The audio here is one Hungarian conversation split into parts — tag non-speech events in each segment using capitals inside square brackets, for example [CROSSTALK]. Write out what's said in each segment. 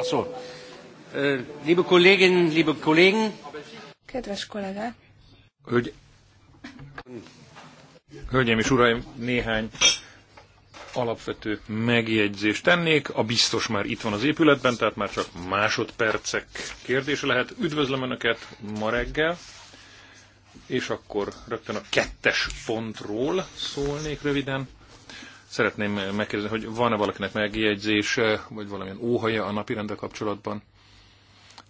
Achso. Äh, liebe Kolleginnen, liebe Kollegen. Kedves kollega. Hölgy... Hölgyeim és uraim, néhány alapvető megjegyzést tennék. A biztos már itt van az épületben, tehát már csak másodpercek kérdése lehet. Üdvözlöm Önöket ma reggel, és akkor rögtön a kettes pontról szólnék röviden. Szeretném megkérdezni, hogy van-e valakinek megjegyzése, vagy valamilyen óhaja a napi rendel kapcsolatban?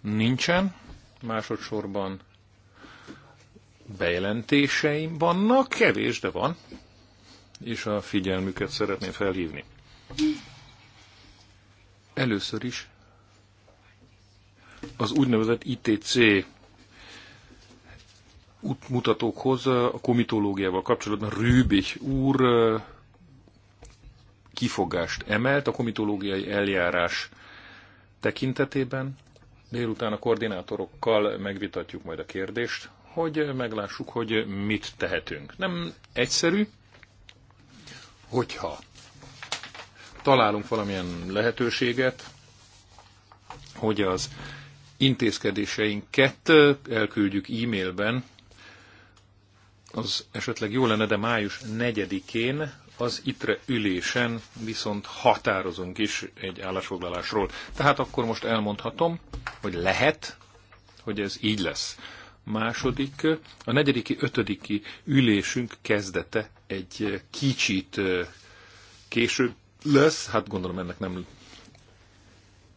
Nincsen. Másodszorban bejelentéseim vannak, kevés, de van. És a figyelmüket szeretném felhívni. Először is az úgynevezett ITC útmutatókhoz a komitológiával kapcsolatban Rübich úr kifogást emelt a komitológiai eljárás tekintetében. Délután a koordinátorokkal megvitatjuk majd a kérdést, hogy meglássuk, hogy mit tehetünk. Nem egyszerű, hogyha találunk valamilyen lehetőséget, hogy az intézkedéseinket elküldjük e-mailben, az esetleg jó lenne, de május 4-én az ITRE ülésen viszont határozunk is egy állásfoglalásról. Tehát akkor most elmondhatom, hogy lehet, hogy ez így lesz. Második, a negyediki, ötödiki ülésünk kezdete egy kicsit később lesz, hát gondolom ennek nem,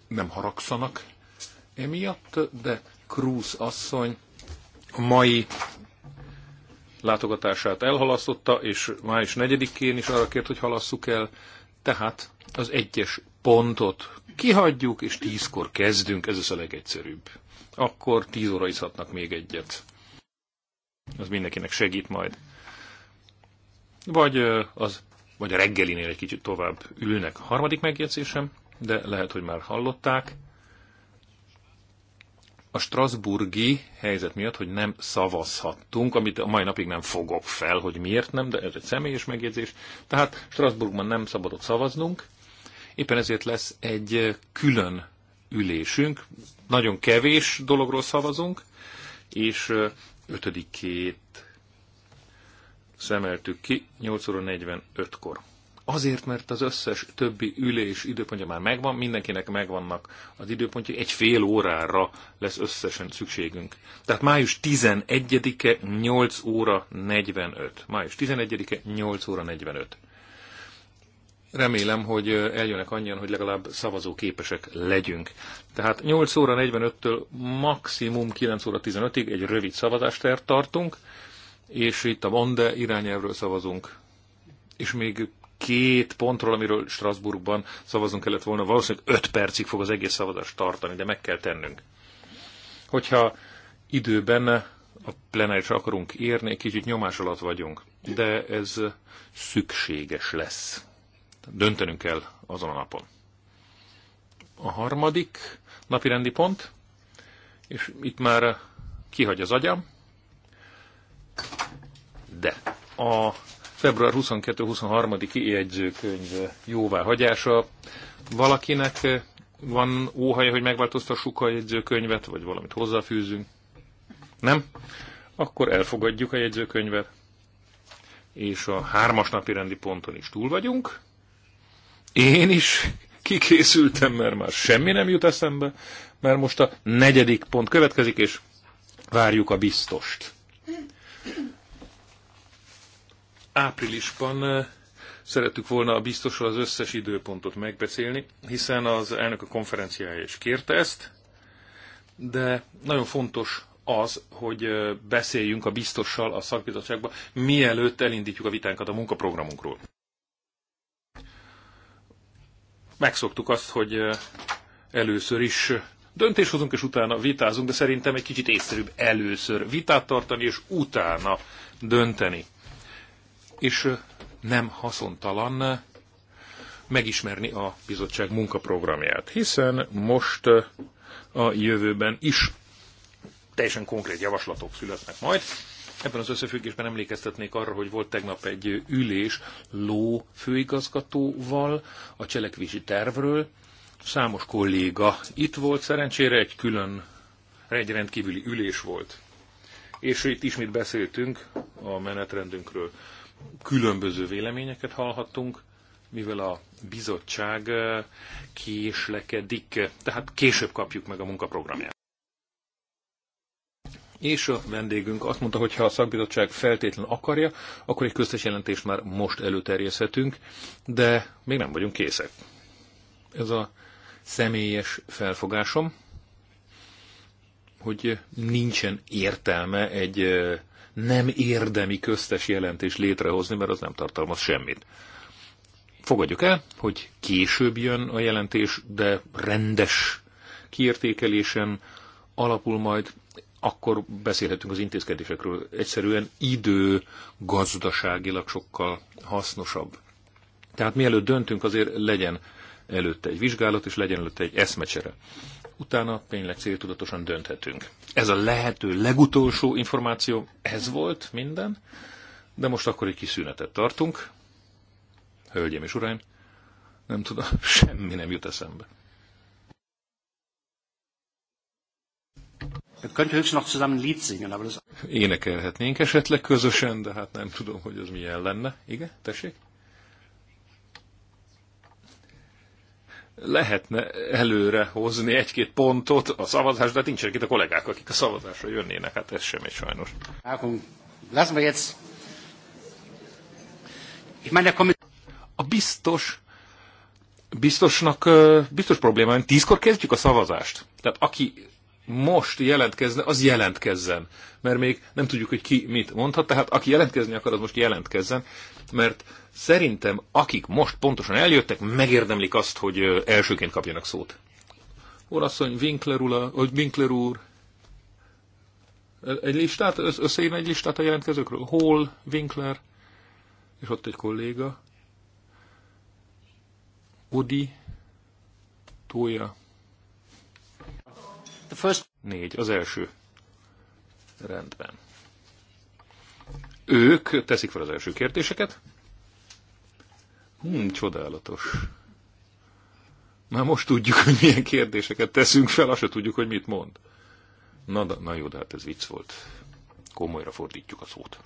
nem haragszanak emiatt, de Krúz asszony a mai látogatását elhalasztotta, és május 4-én is arra kért, hogy halasszuk el, tehát az egyes pontot kihagyjuk, és tízkor kezdünk, ez az a legegyszerűbb. Akkor tíz óra iszhatnak még egyet. Az mindenkinek segít majd. Vagy az vagy a reggelinél egy kicsit tovább ülnek. A harmadik megjegyzésem, de lehet, hogy már hallották a Strasburgi helyzet miatt, hogy nem szavazhattunk, amit a mai napig nem fogok fel, hogy miért nem, de ez egy személyes megjegyzés. Tehát Strasbourgban nem szabadott szavaznunk, éppen ezért lesz egy külön ülésünk. Nagyon kevés dologról szavazunk, és ötödikét szemeltük ki 8 óra 45-kor. Azért, mert az összes többi ülés időpontja már megvan, mindenkinek megvannak az időpontja, egy fél órára lesz összesen szükségünk. Tehát május 11-e 8 óra 45. Május 11-e 8 óra 45. Remélem, hogy eljönnek annyian, hogy legalább szavazóképesek legyünk. Tehát 8 óra 45-től maximum 9 óra 15-ig egy rövid szavazást tartunk, és itt a Monde irányelvről szavazunk, és még két pontról, amiről Strasbourgban szavazunk kellett volna, valószínűleg öt percig fog az egész szavazást tartani, de meg kell tennünk. Hogyha időben a plenáris akarunk érni, egy kicsit nyomás alatt vagyunk, de ez szükséges lesz. Döntenünk kell azon a napon. A harmadik napirendi pont, és itt már kihagy az agyam, de a február 22-23-i jegyzőkönyv jóváhagyása. Valakinek van óhaja, hogy megváltoztassuk a jegyzőkönyvet, vagy valamit hozzáfűzünk? Nem? Akkor elfogadjuk a jegyzőkönyvet. És a hármas napi rendi ponton is túl vagyunk. Én is kikészültem, mert már semmi nem jut eszembe, mert most a negyedik pont következik, és várjuk a biztost áprilisban szerettük volna a biztosról az összes időpontot megbeszélni, hiszen az elnök a konferenciája is kérte ezt, de nagyon fontos az, hogy beszéljünk a biztossal a szakbizottságban, mielőtt elindítjuk a vitánkat a munkaprogramunkról. Megszoktuk azt, hogy először is döntés hozunk, és utána vitázunk, de szerintem egy kicsit észszerűbb először vitát tartani, és utána dönteni és nem haszontalan megismerni a bizottság munkaprogramját, hiszen most a jövőben is teljesen konkrét javaslatok születnek majd. Ebben az összefüggésben emlékeztetnék arra, hogy volt tegnap egy ülés Ló főigazgatóval a cselekvési tervről. Számos kolléga itt volt, szerencsére egy külön, egy rendkívüli ülés volt. És itt ismét beszéltünk a menetrendünkről különböző véleményeket hallhattunk, mivel a bizottság eh, késlekedik, tehát később kapjuk meg a munkaprogramját. És a vendégünk azt mondta, hogy ha a szakbizottság feltétlenül akarja, akkor egy köztes jelentést már most előterjeszthetünk, de még nem vagyunk készek. Ez a személyes felfogásom, hogy nincsen értelme egy eh, nem érdemi köztes jelentés létrehozni, mert az nem tartalmaz semmit. Fogadjuk el, hogy később jön a jelentés, de rendes kiértékelésen alapul majd, akkor beszélhetünk az intézkedésekről. Egyszerűen idő gazdaságilag sokkal hasznosabb. Tehát mielőtt döntünk, azért legyen előtte egy vizsgálat, és legyen előtte egy eszmecsere utána tényleg céltudatosan dönthetünk. Ez a lehető legutolsó információ, ez volt minden, de most akkor egy kis szünetet tartunk. Hölgyeim és uraim, nem tudom, [LAUGHS] semmi nem jut eszembe. Énekelhetnénk esetleg közösen, de hát nem tudom, hogy az milyen lenne. Igen, tessék? lehetne előre hozni egy-két pontot a szavazás, de hát nincsenek itt a kollégák, akik a szavazásra jönnének, hát ez sem egy sajnos. A biztos, biztosnak, biztos probléma, hogy tízkor kezdjük a szavazást. Tehát aki most jelentkezne, az jelentkezzen. Mert még nem tudjuk, hogy ki mit mondhat, tehát aki jelentkezni akar, az most jelentkezzen mert szerintem akik most pontosan eljöttek, megérdemlik azt, hogy elsőként kapjanak szót. Orasszony, Winkler, ula, Winkler úr, egy listát, összeírna egy listát a jelentkezőkről? Hall, Winkler, és ott egy kolléga, Udi, Tója. Négy, az első. Rendben. Ők teszik fel az első kérdéseket. Hmm, csodálatos. Már most tudjuk, hogy milyen kérdéseket teszünk fel, azt se tudjuk, hogy mit mond. Na, na jó, de hát ez vicc volt. Komolyra fordítjuk a szót.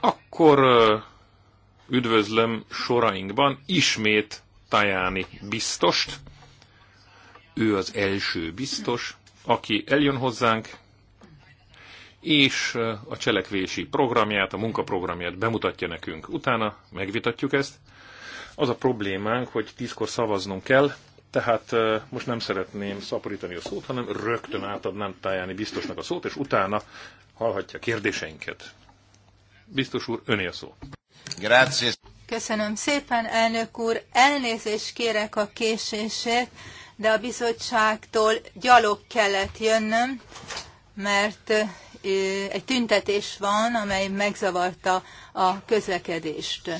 Akkor üdvözlöm sorainkban ismét Tajáni biztost. Ő az első biztos, aki eljön hozzánk, és a cselekvési programját, a munkaprogramját bemutatja nekünk. Utána megvitatjuk ezt. Az a problémánk, hogy tízkor szavaznunk kell, tehát most nem szeretném szaporítani a szót, hanem rögtön átadnám Tájáni biztosnak a szót, és utána hallhatja kérdéseinket. Biztos úr, öné a szó. Grazie. Köszönöm szépen, elnök úr. Elnézést kérek a késésért, de a bizottságtól gyalog kellett jönnöm, mert egy tüntetés van, amely megzavarta a közlekedést.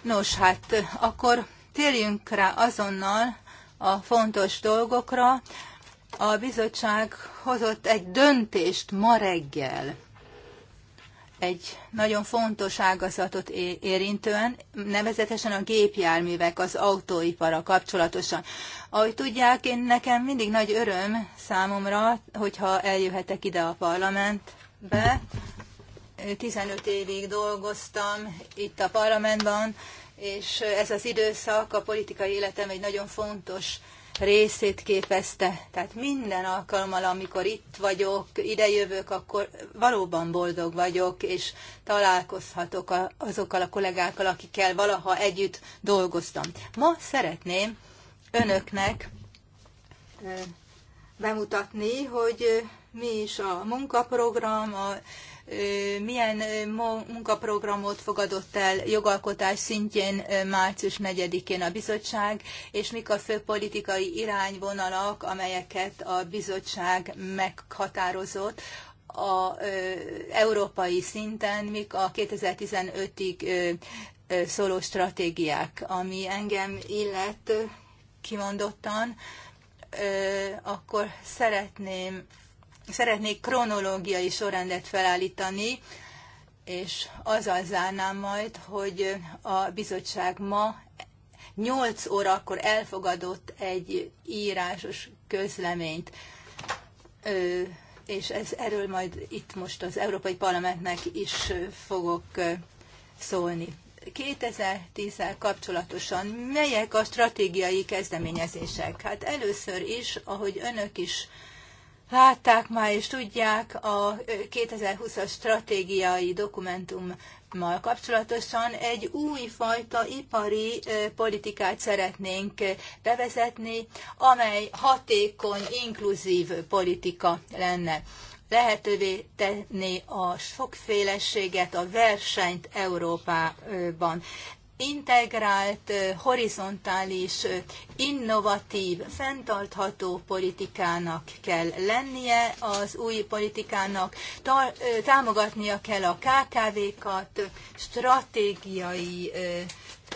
Nos, hát akkor térjünk rá azonnal a fontos dolgokra. A bizottság hozott egy döntést ma reggel egy nagyon fontos ágazatot érintően, nevezetesen a gépjárművek, az autóipara kapcsolatosan. Ahogy tudják, én nekem mindig nagy öröm számomra, hogyha eljöhetek ide a parlamentbe. 15 évig dolgoztam itt a parlamentben, és ez az időszak a politikai életem egy nagyon fontos részét képezte. Tehát minden alkalommal, amikor itt vagyok, idejövök, akkor valóban boldog vagyok, és találkozhatok azokkal a kollégákkal, akikkel valaha együtt dolgoztam. Ma szeretném önöknek bemutatni, hogy mi is a munkaprogram, a milyen munkaprogramot fogadott el jogalkotás szintjén március 4-én a bizottság, és mik a fő politikai irányvonalak, amelyeket a bizottság meghatározott a európai szinten, mik a 2015-ig szóló stratégiák, ami engem illet kimondottan, akkor szeretném Szeretnék kronológiai sorrendet felállítani, és azzal zárnám majd, hogy a bizottság ma 8 órakor elfogadott egy írásos közleményt, Ö, és ez, erről majd itt most az Európai Parlamentnek is fogok szólni. 2010-el kapcsolatosan melyek a stratégiai kezdeményezések? Hát először is, ahogy önök is látták már és tudják a 2020-as stratégiai dokumentummal kapcsolatosan egy új fajta ipari politikát szeretnénk bevezetni, amely hatékony, inkluzív politika lenne. Lehetővé tenni a sokféleséget, a versenyt Európában integrált, horizontális, innovatív, fenntartható politikának kell lennie az új politikának, támogatnia kell a KKV-kat, stratégiai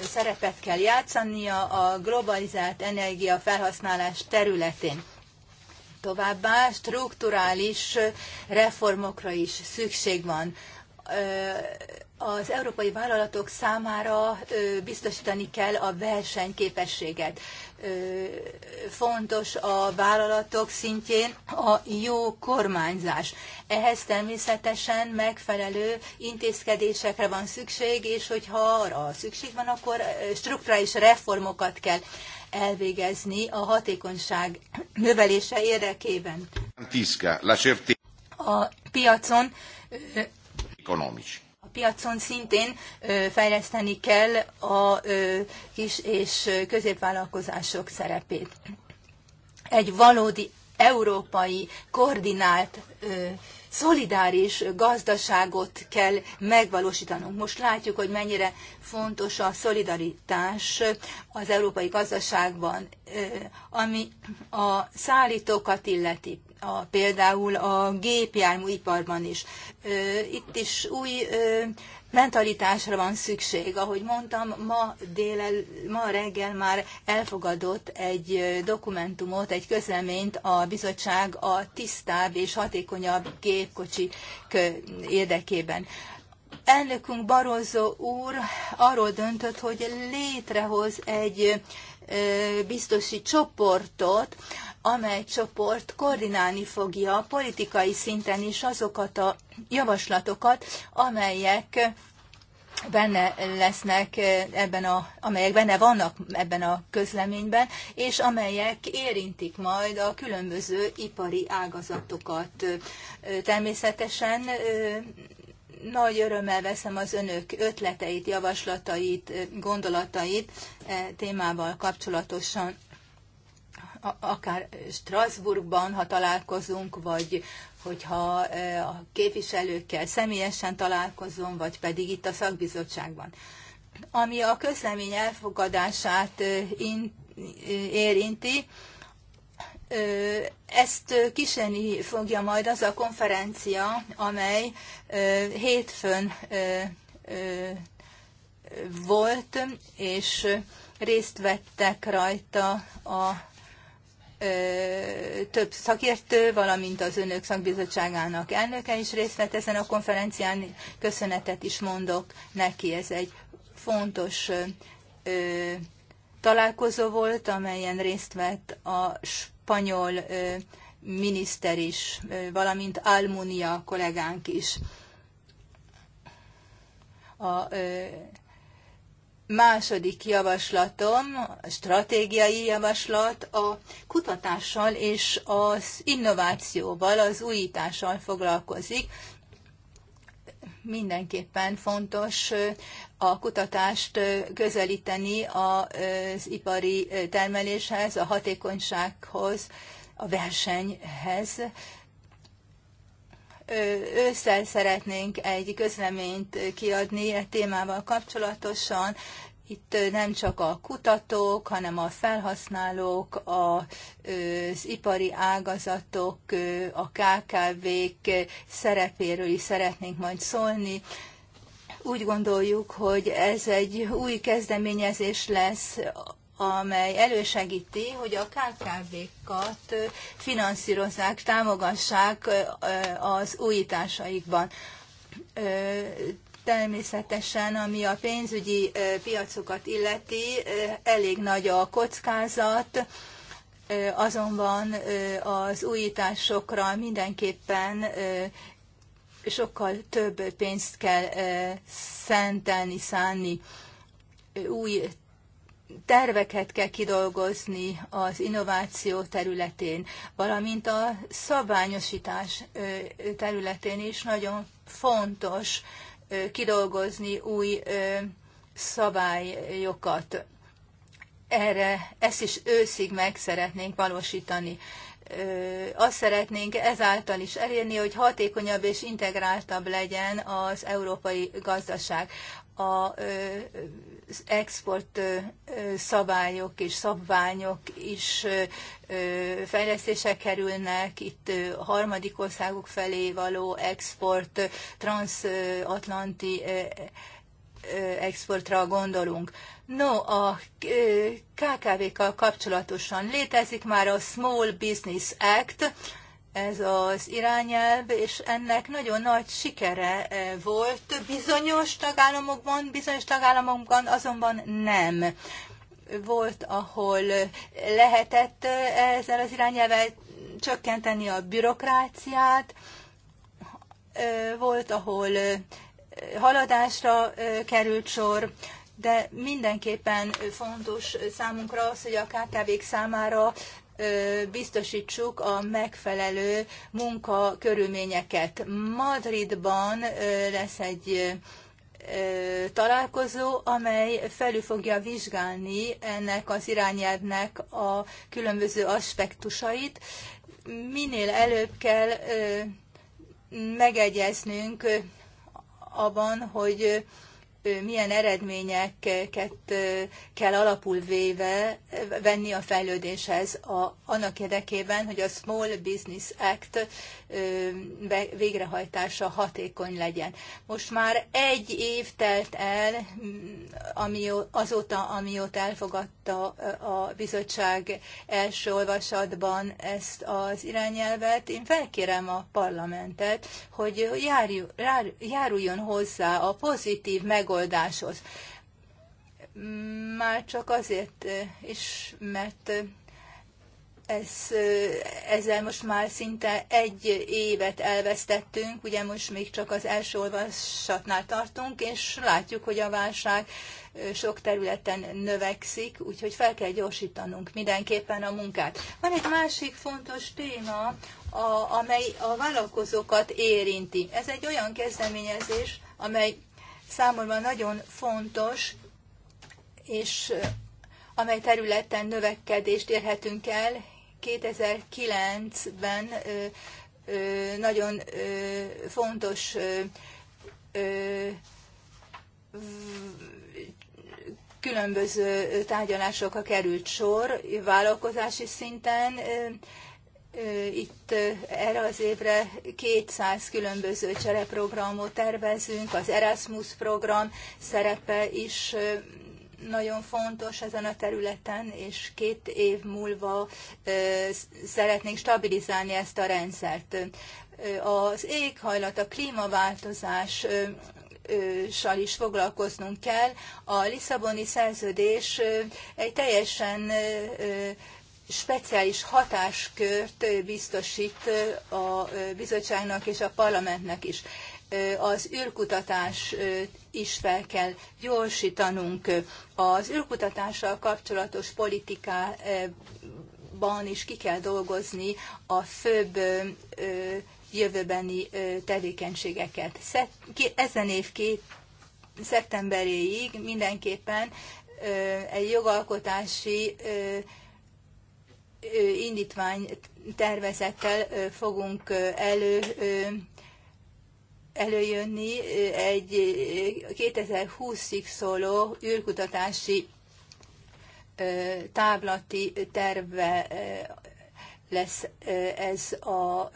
szerepet kell játszania a globalizált energia felhasználás területén. Továbbá strukturális reformokra is szükség van az európai vállalatok számára biztosítani kell a versenyképességet. Fontos a vállalatok szintjén a jó kormányzás. Ehhez természetesen megfelelő intézkedésekre van szükség, és hogyha arra szükség van, akkor strukturális reformokat kell elvégezni a hatékonyság növelése érdekében. A piacon piacon szintén fejleszteni kell a kis és középvállalkozások szerepét. Egy valódi európai, koordinált, szolidáris gazdaságot kell megvalósítanunk. Most látjuk, hogy mennyire fontos a szolidaritás az európai gazdaságban, ami a szállítókat illeti a, például a gépjárműiparban is. Itt is új mentalitásra van szükség. Ahogy mondtam, ma, délel, ma reggel már elfogadott egy dokumentumot, egy közleményt a bizottság a tisztább és hatékonyabb gépkocsi érdekében. Elnökünk Barozó úr arról döntött, hogy létrehoz egy biztosi csoportot, amely csoport koordinálni fogja politikai szinten is azokat a javaslatokat, amelyek benne lesznek eh, ebben a, amelyek benne vannak ebben a közleményben, és amelyek érintik majd a különböző ipari ágazatokat. Eh, természetesen eh, nagy örömmel veszem az önök ötleteit, javaslatait, gondolatait e témával kapcsolatosan akár Strasbourgban, ha találkozunk, vagy hogyha e, a képviselőkkel személyesen találkozom, vagy pedig itt a szakbizottságban. Ami a közlemény elfogadását e, e, érinti, ezt kísérni fogja majd az a konferencia, amely hétfőn volt, és részt vettek rajta a több szakértő, valamint az önök szakbizottságának elnöke is részt vett ezen a konferencián. Köszönetet is mondok neki, ez egy fontos ö, találkozó volt, amelyen részt vett a spanyol ö, miniszter is, ö, valamint Almunia kollégánk is. A ö, Második javaslatom, stratégiai javaslat a kutatással és az innovációval, az újítással foglalkozik. Mindenképpen fontos a kutatást közelíteni az ipari termeléshez, a hatékonysághoz, a versenyhez, ősszel szeretnénk egy közleményt kiadni e témával kapcsolatosan. Itt nem csak a kutatók, hanem a felhasználók, az ipari ágazatok, a KKV-k szerepéről is szeretnénk majd szólni úgy gondoljuk, hogy ez egy új kezdeményezés lesz amely elősegíti, hogy a KKV-kat finanszírozzák, támogassák az újításaikban. Természetesen, ami a pénzügyi piacokat illeti, elég nagy a kockázat, azonban az újításokra mindenképpen sokkal több pénzt kell szentelni, szánni új terveket kell kidolgozni az innováció területén, valamint a szabványosítás területén is nagyon fontos kidolgozni új szabályokat. Erre ezt is őszig meg szeretnénk valósítani. Azt szeretnénk ezáltal is elérni, hogy hatékonyabb és integráltabb legyen az európai gazdaság. A export szabályok és szabványok is fejlesztése kerülnek, itt harmadik országok felé való export, transatlanti exportra gondolunk. No, a KKV-kkal kapcsolatosan létezik már a Small Business Act, ez az irányelv, és ennek nagyon nagy sikere eh, volt bizonyos tagállamokban, bizonyos tagállamokban azonban nem. Volt, ahol lehetett eh, ezzel az irányelvel csökkenteni a bürokráciát, eh, volt, ahol haladásra került sor, de mindenképpen fontos számunkra az, hogy a KKV-k számára biztosítsuk a megfelelő munkakörülményeket. Madridban lesz egy találkozó, amely felül fogja vizsgálni ennek az irányelvnek a különböző aspektusait. Minél előbb kell megegyeznünk abban, hogy milyen eredményeket kell alapul véve venni a fejlődéshez a, annak érdekében, hogy a Small Business Act végrehajtása hatékony legyen. Most már egy év telt el mm, azóta, amióta elfogadta a bizottság első olvasatban ezt az irányelvet. Én felkérem a parlamentet, hogy járuljon hozzá a pozitív megoldáshoz már csak azért is, mert ez, ezzel most már szinte egy évet elvesztettünk, ugye most még csak az első olvasatnál tartunk, és látjuk, hogy a válság sok területen növekszik, úgyhogy fel kell gyorsítanunk mindenképpen a munkát. Van egy másik fontos téma, a, amely a vállalkozókat érinti. Ez egy olyan kezdeményezés, amely számomra nagyon fontos, és amely területen növekedést érhetünk el, 2009-ben nagyon fontos különböző tárgyalásokra került sor vállalkozási szinten. Itt erre az évre 200 különböző csereprogramot tervezünk, az Erasmus program szerepe is nagyon fontos ezen a területen, és két év múlva szeretnénk stabilizálni ezt a rendszert. Az éghajlat, a klímaváltozás sal is foglalkoznunk kell. A Lisszaboni szerződés egy teljesen speciális hatáskört biztosít a bizottságnak és a parlamentnek is az űrkutatás is fel kell gyorsítanunk. Az űrkutatással kapcsolatos politikában is ki kell dolgozni a főbb jövőbeni tevékenységeket. Ezen év két szeptemberéig mindenképpen egy jogalkotási indítvány tervezettel fogunk elő előjönni egy 2020-ig szóló űrkutatási táblati terve lesz ez a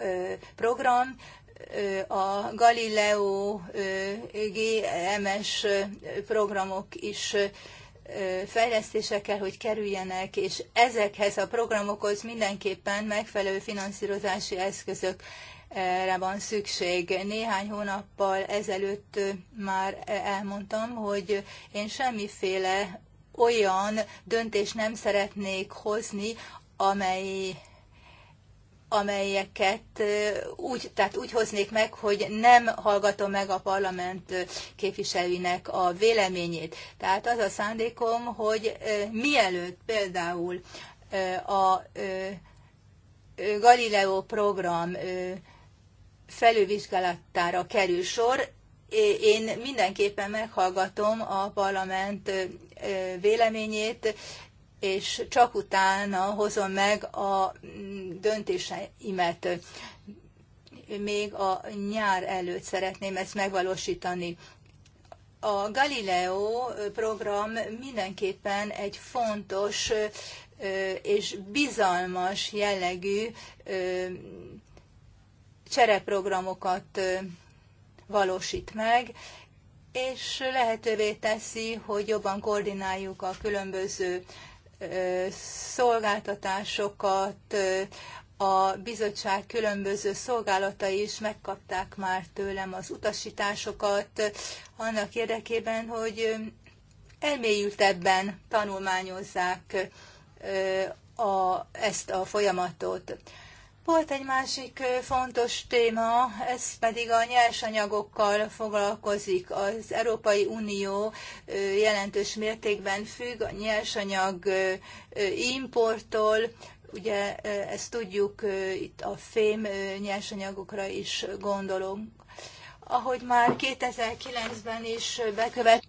program. A Galileo GMS programok is fejlesztése kell, hogy kerüljenek, és ezekhez a programokhoz mindenképpen megfelelő finanszírozási eszközök erre van szükség. Néhány hónappal ezelőtt már elmondtam, hogy én semmiféle olyan döntést nem szeretnék hozni, amely amelyeket úgy, tehát úgy hoznék meg, hogy nem hallgatom meg a parlament képviselőinek a véleményét. Tehát az a szándékom, hogy mielőtt például a Galileo program felülvizsgálatára kerül sor. Én mindenképpen meghallgatom a parlament véleményét, és csak utána hozom meg a mm, döntéseimet. Még a nyár előtt szeretném ezt megvalósítani. A Galileo program mindenképpen egy fontos és bizalmas jellegű csereprogramokat valósít meg, és lehetővé teszi, hogy jobban koordináljuk a különböző szolgáltatásokat, a bizottság különböző szolgálatai is megkapták már tőlem az utasításokat annak érdekében, hogy elmélyültebben tanulmányozzák a, ezt a folyamatot. Volt egy másik fontos téma, ez pedig a nyersanyagokkal foglalkozik. Az Európai Unió jelentős mértékben függ a nyersanyag importtól, ugye ezt tudjuk, itt a fém nyersanyagokra is gondolunk. Ahogy már 2009-ben is bekövet,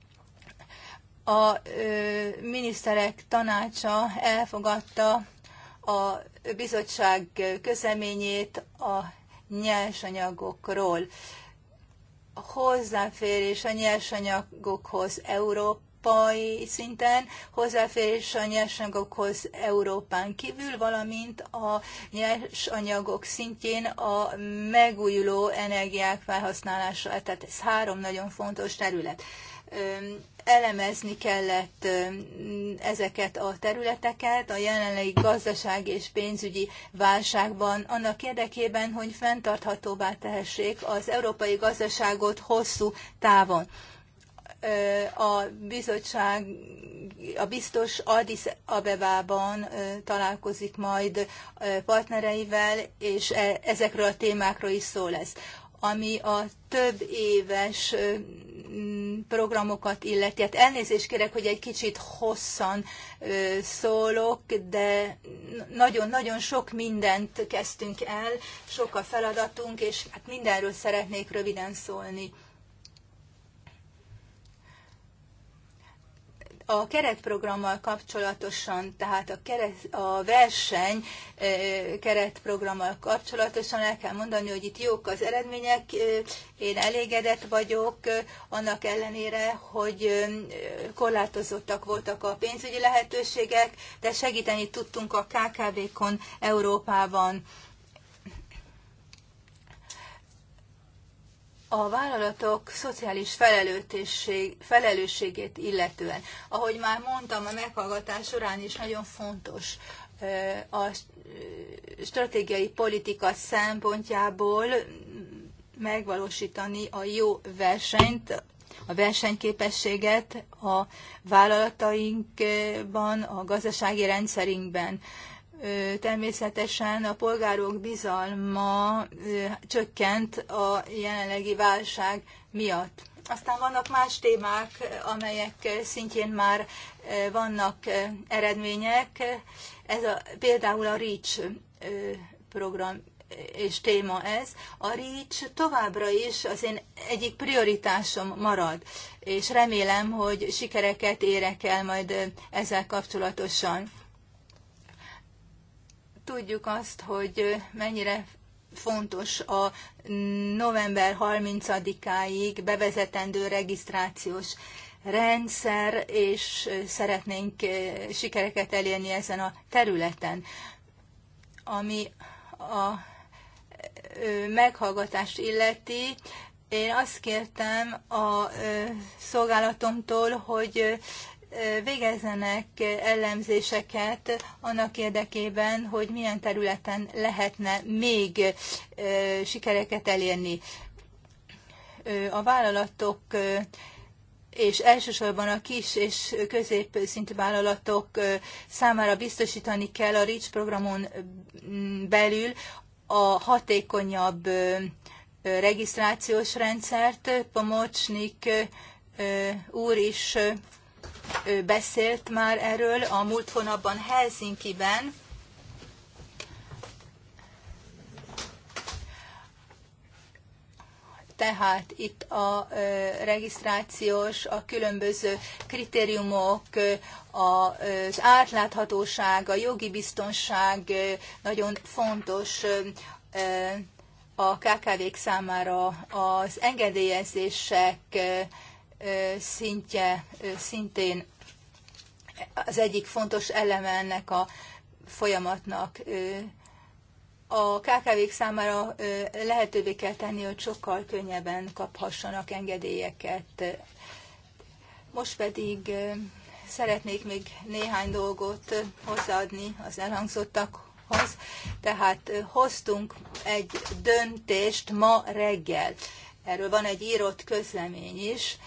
a miniszterek tanácsa elfogadta a bizottság közleményét a nyersanyagokról. Hozzáférés a nyersanyagokhoz európai szinten, hozzáférés a nyersanyagokhoz Európán kívül, valamint a nyersanyagok szintjén a megújuló energiák felhasználása. Tehát ez három nagyon fontos terület elemezni kellett ezeket a területeket a jelenlegi gazdaság és pénzügyi válságban, annak érdekében, hogy fenntarthatóvá tehessék az európai gazdaságot hosszú távon. A bizottság, a biztos Addis Abebában találkozik majd partnereivel, és e, ezekről a témákról is szó lesz ami a több éves programokat illeti. Hát elnézést kérek, hogy egy kicsit hosszan szólok, de nagyon-nagyon sok mindent kezdtünk el, sok a feladatunk, és hát mindenről szeretnék röviden szólni. a keretprogrammal kapcsolatosan, tehát a, keret, a verseny keretprogrammal kapcsolatosan el kell mondani, hogy itt jók az eredmények, én elégedett vagyok, annak ellenére, hogy korlátozottak voltak a pénzügyi lehetőségek, de segíteni tudtunk a KKV-kon Európában. a vállalatok szociális felelősség, felelősségét illetően. Ahogy már mondtam, a meghallgatás során is nagyon fontos a stratégiai politika szempontjából megvalósítani a jó versenyt, a versenyképességet a vállalatainkban, a gazdasági rendszerünkben természetesen a polgárok bizalma csökkent a jelenlegi válság miatt. Aztán vannak más témák, amelyek szintjén már vannak eredmények. Ez a, például a REACH program és téma ez. A REACH továbbra is az én egyik prioritásom marad, és remélem, hogy sikereket érek el majd ezzel kapcsolatosan. Tudjuk azt, hogy mennyire fontos a november 30-áig bevezetendő regisztrációs rendszer, és szeretnénk sikereket elérni ezen a területen. Ami a meghallgatást illeti, én azt kértem a szolgálatomtól, hogy végezzenek ellenzéseket annak érdekében, hogy milyen területen lehetne még sikereket elérni. A vállalatok és elsősorban a kis és középszintű vállalatok számára biztosítani kell a RICS programon belül a hatékonyabb regisztrációs rendszert. Pomocsnik úr is ő beszélt már erről a múlt hónapban Helsinki-ben. Tehát itt a regisztrációs, a különböző kritériumok, az átláthatóság, a jogi biztonság nagyon fontos a KKV-k számára az engedélyezések szintje szintén az egyik fontos eleme ennek a folyamatnak. A KKV-k számára lehetővé kell tenni, hogy sokkal könnyebben kaphassanak engedélyeket. Most pedig szeretnék még néhány dolgot hozzáadni az elhangzottakhoz. Tehát hoztunk egy döntést ma reggel. Erről van egy írott közlemény is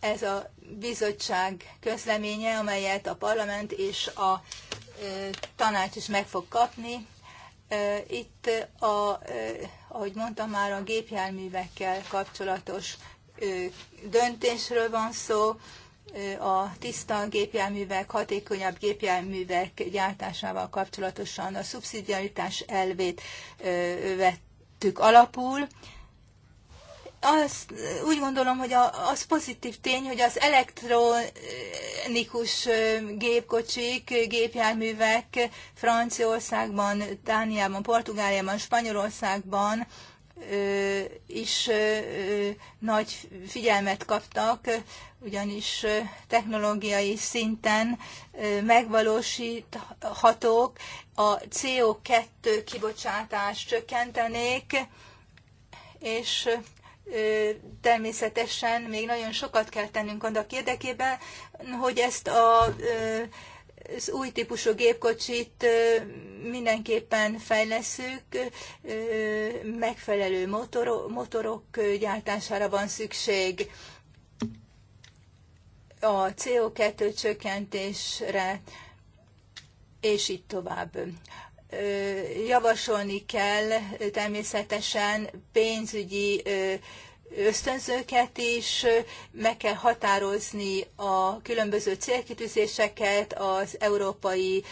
ez a bizottság közleménye, amelyet a parlament és a tanács is meg fog kapni. Itt, a, ahogy mondtam már, a gépjárművekkel kapcsolatos döntésről van szó, a tiszta gépjárművek, hatékonyabb gépjárművek gyártásával kapcsolatosan a szubszidiaritás elvét vettük alapul azt úgy gondolom, hogy a, az pozitív tény, hogy az elektronikus gépkocsik, gépjárművek Franciaországban, Dániában, Portugáliában, Spanyolországban ö, is ö, nagy figyelmet kaptak, ugyanis technológiai szinten megvalósíthatók, a CO2 kibocsátást csökkentenék, és természetesen még nagyon sokat kell tennünk annak érdekében, hogy ezt a, az új típusú gépkocsit mindenképpen fejleszünk, megfelelő motorok, motorok gyártására van szükség, a CO2 csökkentésre, és így tovább javasolni kell természetesen pénzügyi ösztönzőket is, meg kell határozni a különböző célkitűzéseket, az európai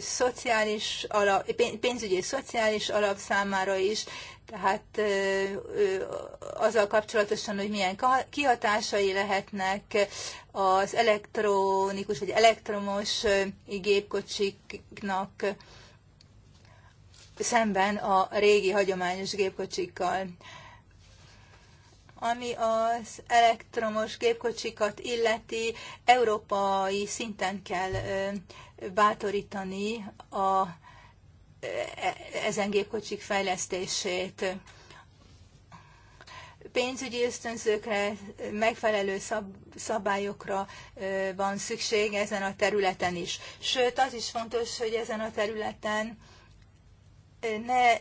szociális alap, pénzügyi és szociális alap számára is, tehát azzal kapcsolatosan, hogy milyen kihatásai lehetnek az elektronikus vagy elektromos gépkocsiknak szemben a régi hagyományos gépkocsikkal. Ami az elektromos gépkocsikat illeti, európai szinten kell bátorítani a ezen gépkocsik fejlesztését. Pénzügyi ösztönzőkre, megfelelő szab, szabályokra van szükség ezen a területen is. Sőt, az is fontos, hogy ezen a területen ne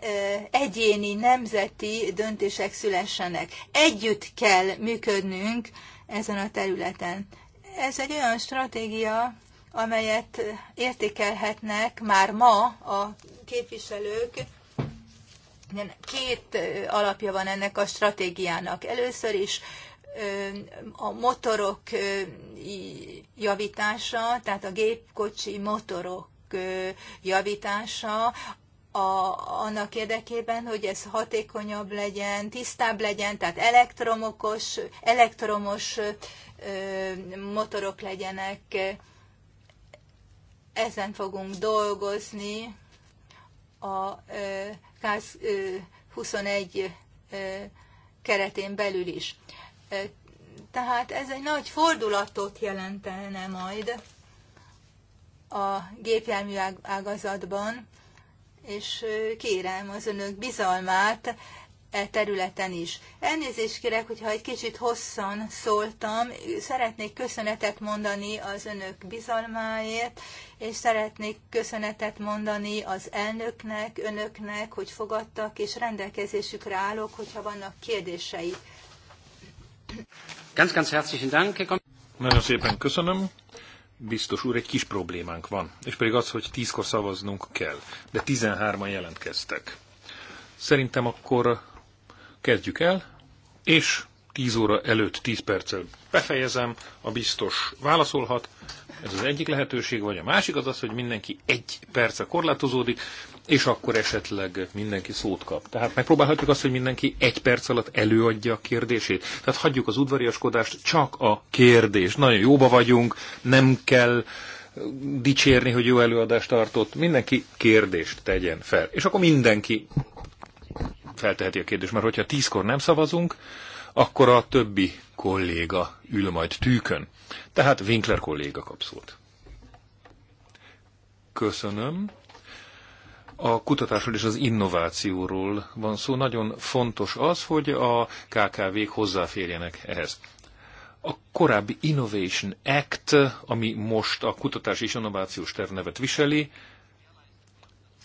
egyéni, nemzeti döntések szülessenek. Együtt kell működnünk ezen a területen. Ez egy olyan stratégia, amelyet értékelhetnek már ma a képviselők. Két alapja van ennek a stratégiának. Először is a motorok javítása, tehát a gépkocsi motorok javítása, a, annak érdekében, hogy ez hatékonyabb legyen, tisztább legyen, tehát elektromokos, elektromos ö, motorok legyenek, ezen fogunk dolgozni a KASZ 21 keretén belül is. Tehát ez egy nagy fordulatot jelentene majd a gépjármű ágazatban, és kérem az önök bizalmát E területen is. Elnézést kérek, hogyha egy kicsit hosszan szóltam, szeretnék köszönetet mondani az önök bizalmáért, és szeretnék köszönetet mondani az elnöknek, önöknek, hogy fogadtak, és rendelkezésükre állok, hogyha vannak kérdései. Ganz, ganz herzlichen Dank. Nagyon szépen köszönöm. Biztos úr, egy kis problémánk van, és pedig az, hogy tízkor szavaznunk kell, de 13-an jelentkeztek. Szerintem akkor Kezdjük el, és 10 óra előtt 10 perccel befejezem, a biztos válaszolhat. Ez az egyik lehetőség, vagy a másik az az, hogy mindenki egy perce korlátozódik, és akkor esetleg mindenki szót kap. Tehát megpróbálhatjuk azt, hogy mindenki egy perc alatt előadja a kérdését. Tehát hagyjuk az udvariaskodást, csak a kérdés. Nagyon jóba vagyunk, nem kell dicsérni, hogy jó előadást tartott, mindenki kérdést tegyen fel. És akkor mindenki felteheti a kérdést, mert hogyha tízkor nem szavazunk, akkor a többi kolléga ül majd tűkön. Tehát Winkler kolléga kap szót. Köszönöm. A kutatásról és az innovációról van szó. Nagyon fontos az, hogy a KKV-k hozzáférjenek ehhez. A korábbi Innovation Act, ami most a kutatás és innovációs terv nevet viseli,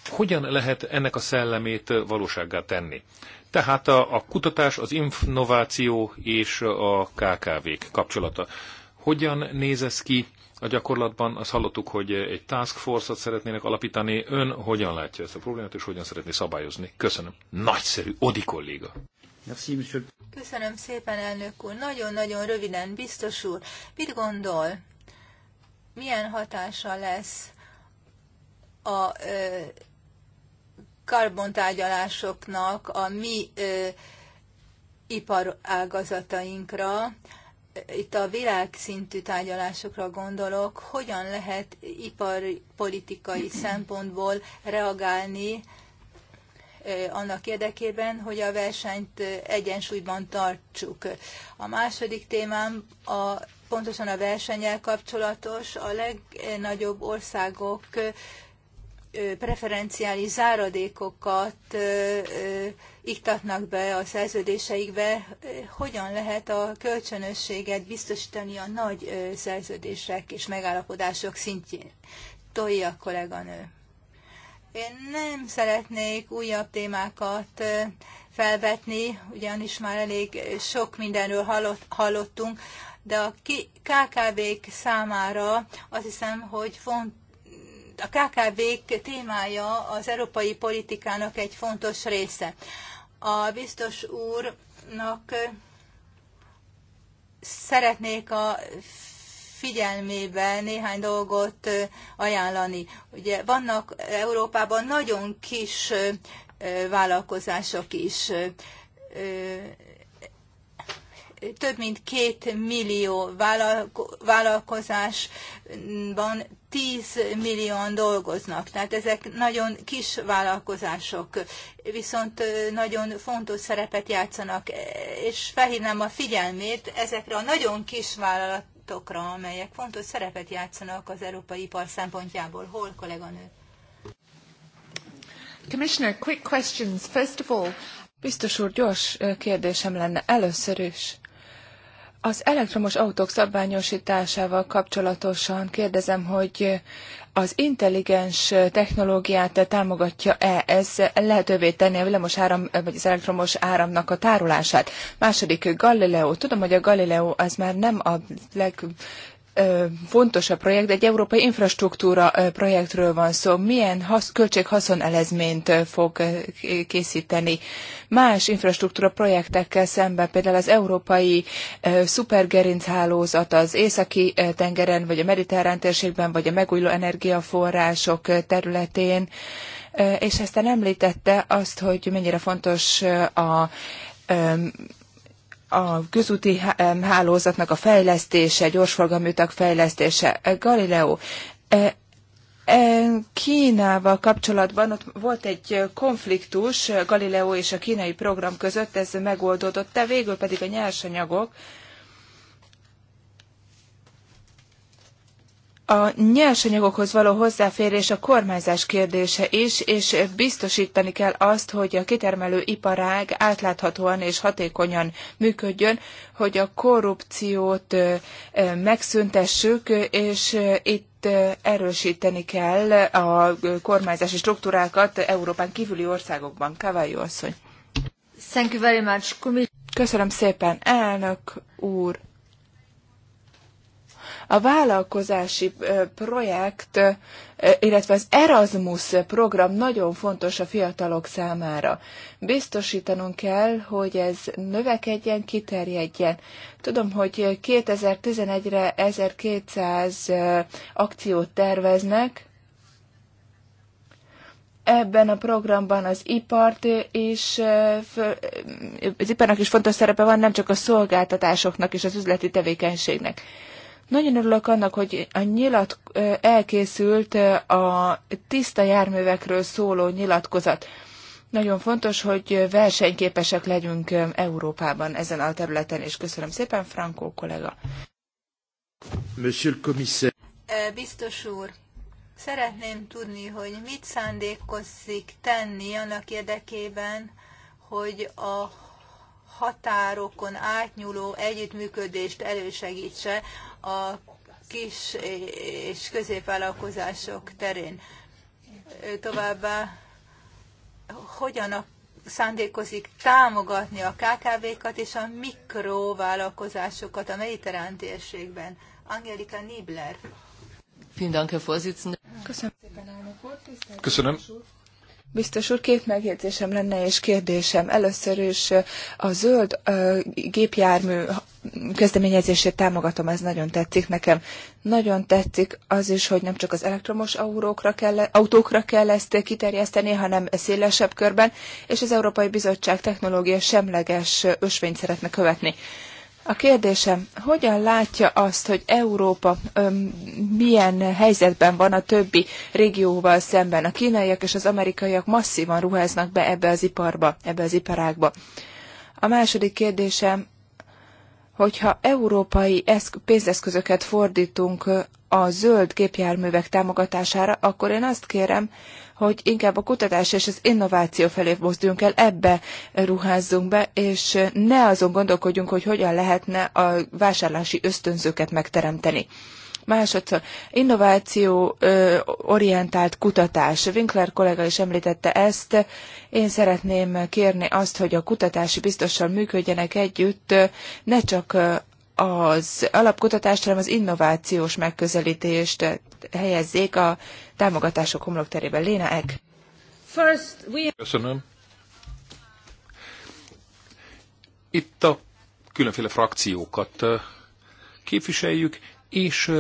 hogyan lehet ennek a szellemét valósággá tenni? Tehát a, a kutatás, az innováció és a KKV-k kapcsolata. Hogyan néz ez ki a gyakorlatban? Azt hallottuk, hogy egy task force-ot szeretnének alapítani. Ön hogyan látja ezt a problémát, és hogyan szeretné szabályozni? Köszönöm. Nagyszerű, Odi kolléga. Köszönöm szépen, elnök úr. Nagyon-nagyon röviden, biztos úr. Mit gondol, milyen hatása lesz a karbontárgyalásoknak a mi ö, iparágazatainkra, itt a világszintű tárgyalásokra gondolok, hogyan lehet iparpolitikai szempontból reagálni annak érdekében, hogy a versenyt egyensúlyban tartsuk. A második témám a, pontosan a versenyel kapcsolatos. A legnagyobb országok preferenciális záradékokat iktatnak be a szerződéseikbe, hogyan lehet a kölcsönösséget biztosítani a nagy szerződések és megállapodások szintjén. Tolja kolléganő. Én nem szeretnék újabb témákat felvetni, ugyanis már elég sok mindenről hallott, hallottunk, de a KKV-k számára azt hiszem, hogy font, a KKV-k témája az európai politikának egy fontos része. A biztos úrnak szeretnék a figyelmébe néhány dolgot ajánlani. Ugye vannak Európában nagyon kis vállalkozások is. Több mint két millió vállalkozásban 10 millióan dolgoznak, tehát ezek nagyon kis vállalkozások, viszont nagyon fontos szerepet játszanak, e, és felhívnám a figyelmét ezekre a nagyon kis vállalatokra, amelyek fontos szerepet játszanak az európai ipar szempontjából. Hol, kolléganő? Commissioner, quick questions. First of all, Biztos úr, gyors kérdésem lenne először is. Az elektromos autók szabványosításával kapcsolatosan kérdezem, hogy az intelligens technológiát támogatja-e? Ez lehetővé tenni a villamos áram, vagy az elektromos áramnak a tárolását. Második Galileo. Tudom, hogy a Galileo az már nem a leg fontos a projekt, egy európai infrastruktúra projektről van szó. Milyen hasz, költséghaszon elezményt fog készíteni? Más infrastruktúra projektekkel szemben, például az európai szupergerinchálózat az északi tengeren, vagy a mediterrán térségben, vagy a megújuló energiaforrások területén, és aztán említette azt, hogy mennyire fontos a a közúti hálózatnak a fejlesztése, gyorsforgalmi utak fejlesztése. E, Galileo, e, e, Kínával kapcsolatban ott volt egy konfliktus Galileo és a kínai program között, ez megoldódott, de végül pedig a nyersanyagok, a nyersanyagokhoz való hozzáférés a kormányzás kérdése is, és biztosítani kell azt, hogy a kitermelő iparág átláthatóan és hatékonyan működjön, hogy a korrupciót megszüntessük, és itt erősíteni kell a kormányzási struktúrákat Európán kívüli országokban. Kavályó asszony. Thank you very much. Köszönöm szépen, elnök úr. A vállalkozási projekt, illetve az Erasmus program nagyon fontos a fiatalok számára. Biztosítanunk kell, hogy ez növekedjen, kiterjedjen. Tudom, hogy 2011-re 1200 akciót terveznek, ebben a programban az ipart is, az iparnak is fontos szerepe van, nem csak a szolgáltatásoknak és az üzleti tevékenységnek. Nagyon örülök annak, hogy a nyilat elkészült a tiszta járművekről szóló nyilatkozat. Nagyon fontos, hogy versenyképesek legyünk Európában ezen a területen, és köszönöm szépen, Frankó kollega. Monsieur le commissaire. Biztos úr, szeretném tudni, hogy mit szándékozik tenni annak érdekében, hogy a határokon átnyúló együttműködést elősegítse a kis és középvállalkozások terén. Továbbá hogyan a szándékozik támogatni a KKV-kat és a mikrovállalkozásokat a mediterrán térségben? Angelika Nibler. Köszönöm szépen, elnök úr. Köszönöm. Biztos úr, két megjegyzésem lenne és kérdésem. Először is a zöld gépjármű kezdeményezését támogatom, ez nagyon tetszik nekem. Nagyon tetszik az is, hogy nem csak az elektromos autókra kell, e- autókra kell ezt kiterjeszteni, hanem szélesebb körben, és az Európai Bizottság technológia semleges ösvényt szeretne követni. A kérdésem, hogyan látja azt, hogy Európa öm, milyen helyzetben van a többi régióval szemben? A kínaiak és az amerikaiak masszívan ruháznak be ebbe az iparba, ebbe az iparágba. A második kérdésem, hogyha európai pénzeszközöket fordítunk a zöld gépjárművek támogatására, akkor én azt kérem, hogy inkább a kutatás és az innováció felé mozduljunk el, ebbe ruházzunk be, és ne azon gondolkodjunk, hogy hogyan lehetne a vásárlási ösztönzőket megteremteni. Másodszor, innováció orientált kutatás. Winkler kollega is említette ezt. Én szeretném kérni azt, hogy a kutatási biztossal működjenek együtt, ne csak az alapkutatást, hanem az innovációs megközelítést helyezzék a támogatások homlokterében. Léna Ek. Köszönöm. Itt a különféle frakciókat képviseljük, és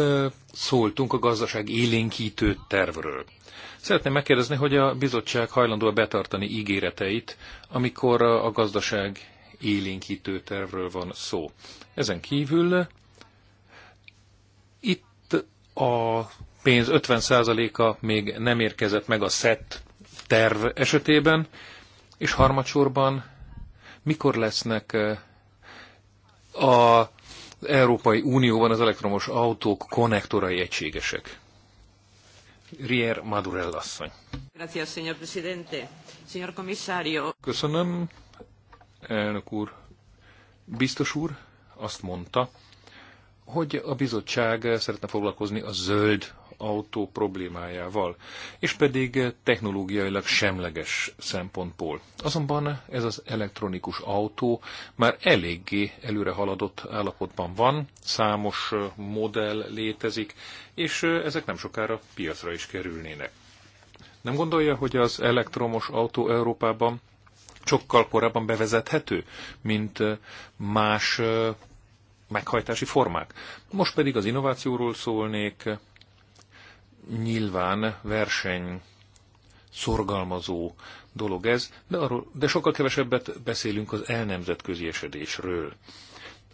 szóltunk a gazdaság élénkítő tervről. Szeretném megkérdezni, hogy a bizottság hajlandó betartani ígéreteit, amikor a gazdaság élénkítő tervről van szó. Ezen kívül itt a pénz 50%-a még nem érkezett meg a SZET terv esetében, és harmadsorban mikor lesznek eh, a Európai Unióban az elektromos autók konnektorai egységesek? Rier Madurell asszony. Köszönöm, elnök úr. Biztos úr azt mondta, hogy a bizottság szeretne foglalkozni a zöld autó problémájával, és pedig technológiailag semleges szempontból. Azonban ez az elektronikus autó már eléggé előre haladott állapotban van, számos modell létezik, és ezek nem sokára piacra is kerülnének. Nem gondolja, hogy az elektromos autó Európában sokkal korábban bevezethető, mint más meghajtási formák. Most pedig az innovációról szólnék, nyilván verseny szorgalmazó dolog ez, de, arról, de sokkal kevesebbet beszélünk az elnemzetközi esedésről.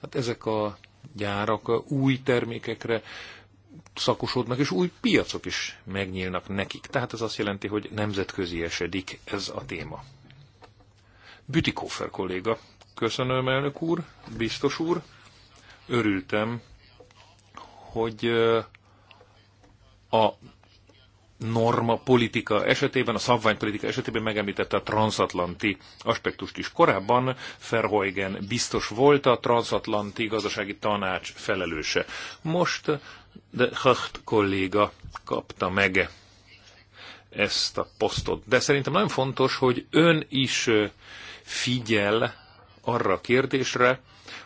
Hát ezek a gyárak új termékekre szakosodnak, és új piacok is megnyílnak nekik. Tehát ez azt jelenti, hogy nemzetközi esedik ez a téma. Bütikófer kolléga, köszönöm elnök úr, biztos úr, örültem, hogy a norma politika esetében, a szabványpolitika esetében megemlítette a transatlanti aspektust is. Korábban Ferhoigen biztos volt a transatlanti gazdasági tanács felelőse. Most de Hacht kolléga kapta meg ezt a posztot. De szerintem nagyon fontos, hogy ön is figyel arra a kérdésre,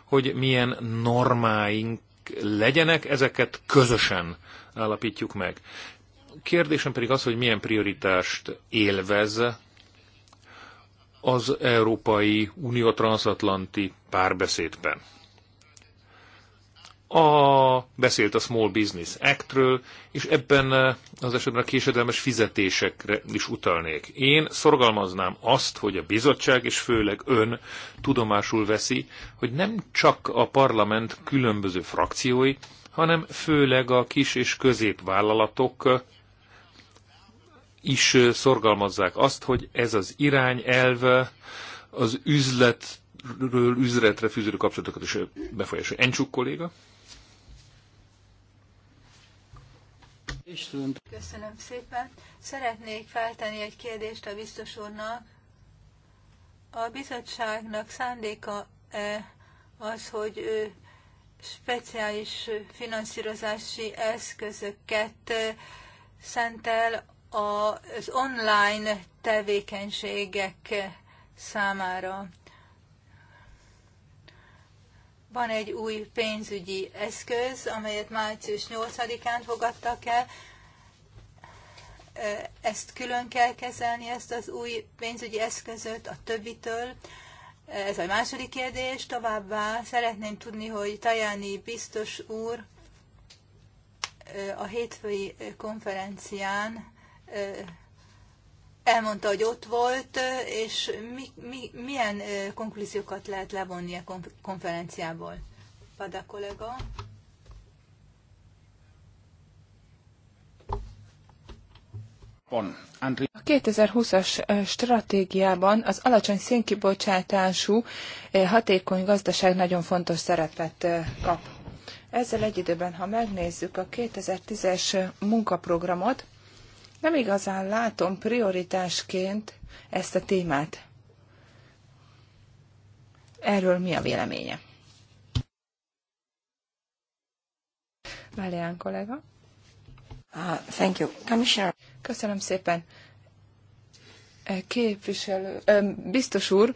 hogy milyen normáink legyenek, ezeket közösen állapítjuk meg. Kérdésem pedig az, hogy milyen prioritást élvez az Európai Unió transatlanti párbeszédben. A, beszélt a Small Business Actről, és ebben eh, az esetben a késedelmes fizetésekre is utalnék. Én szorgalmaznám azt, hogy a bizottság, és főleg ön tudomásul veszi, hogy nem csak a parlament különböző frakciói, hanem főleg a kis és középvállalatok is szorgalmazzák azt, hogy ez az irányelv az üzletről üzletre fűződő kapcsolatokat is befolyásolja. Encsuk kolléga? Köszönöm szépen. Szeretnék feltenni egy kérdést a biztos úrnak. A bizottságnak szándéka -e az, hogy ő speciális finanszírozási eszközöket szentel az online tevékenységek számára. Van egy új pénzügyi eszköz, amelyet március 8-án fogadtak el. Ezt külön kell kezelni, ezt az új pénzügyi eszközöt a többitől. Ez a második kérdés. Továbbá szeretném tudni, hogy Tajani biztos úr a hétfői konferencián elmondta, hogy ott volt, és mi, mi, milyen konklúziókat lehet levonni a konferenciából? Pada kollega. A 2020-as stratégiában az alacsony szénkibocsátású hatékony gazdaság nagyon fontos szerepet kap. Ezzel egy időben, ha megnézzük a 2010-es munkaprogramot, nem igazán látom prioritásként ezt a témát. Erről mi a véleménye? Valéán kollega. Uh, thank you. Commissioner. Köszönöm szépen. Képviselő, biztos úr,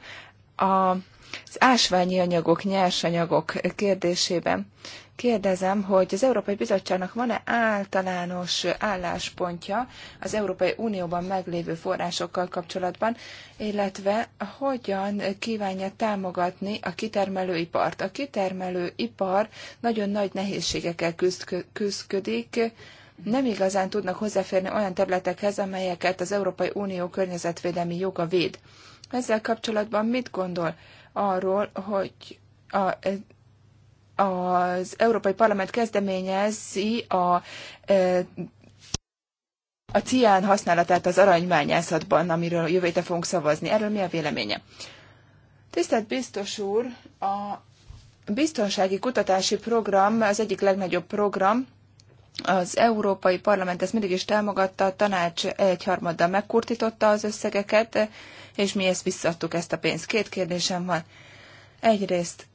a az ásványi anyagok, nyersanyagok kérdésében. Kérdezem, hogy az Európai Bizottságnak van-e általános álláspontja az Európai Unióban meglévő forrásokkal kapcsolatban, illetve hogyan kívánja támogatni a kitermelőipart. A kitermelőipar nagyon nagy nehézségekkel küzdködik, nem igazán tudnak hozzáférni olyan területekhez, amelyeket az Európai Unió környezetvédelmi joga véd. Ezzel kapcsolatban mit gondol arról, hogy a, az Európai Parlament kezdeményezi a e, a cián használatát az aranymányászatban, amiről jövő héten fogunk szavazni. Erről mi a véleménye? Tisztelt biztos úr, a biztonsági kutatási program az egyik legnagyobb program, az Európai Parlament ezt mindig is támogatta, a tanács egyharmaddal megkurtította az összegeket, és mi ezt visszaadtuk, ezt a pénzt. Két kérdésem van. Egyrészt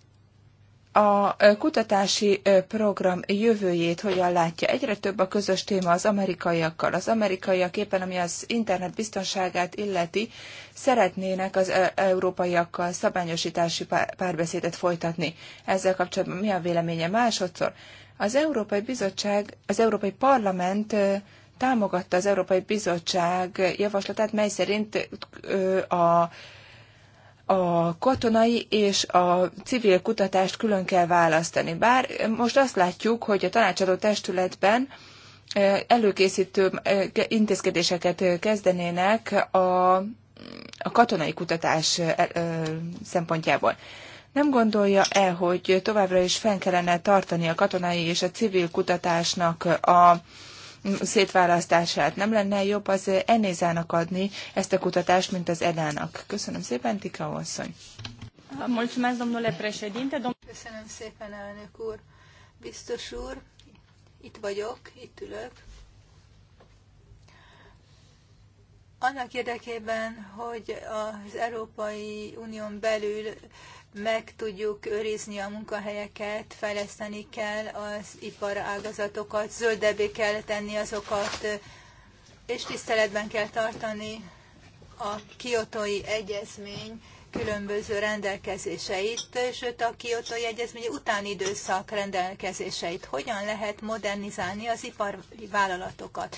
a kutatási program jövőjét hogyan látja? Egyre több a közös téma az amerikaiakkal. Az amerikaiak éppen, ami az internet biztonságát illeti, szeretnének az európaiakkal szabályosítási párbeszédet folytatni. Ezzel kapcsolatban mi a véleménye másodszor? Az Európai Bizottság, az Európai Parlament támogatta az Európai Bizottság javaslatát, mely szerint a a katonai és a civil kutatást külön kell választani. Bár most azt látjuk, hogy a tanácsadó testületben előkészítő intézkedéseket kezdenének a, a katonai kutatás szempontjából. Nem gondolja-e, hogy továbbra is fenn kellene tartani a katonai és a civil kutatásnak a szétválasztását? Nem lenne jobb az Enézának adni ezt a kutatást, mint az Edának? Köszönöm szépen, Tika Olszony. Köszönöm szépen, elnök úr. Biztos úr, itt vagyok, itt ülök. Annak érdekében, hogy az Európai Unión belül meg tudjuk őrizni a munkahelyeket, fejleszteni kell az iparágazatokat, zöldebbé kell tenni azokat, és tiszteletben kell tartani a kiotói egyezmény különböző rendelkezéseit, sőt a kiotói egyezmény utáni időszak rendelkezéseit. Hogyan lehet modernizálni az ipari vállalatokat?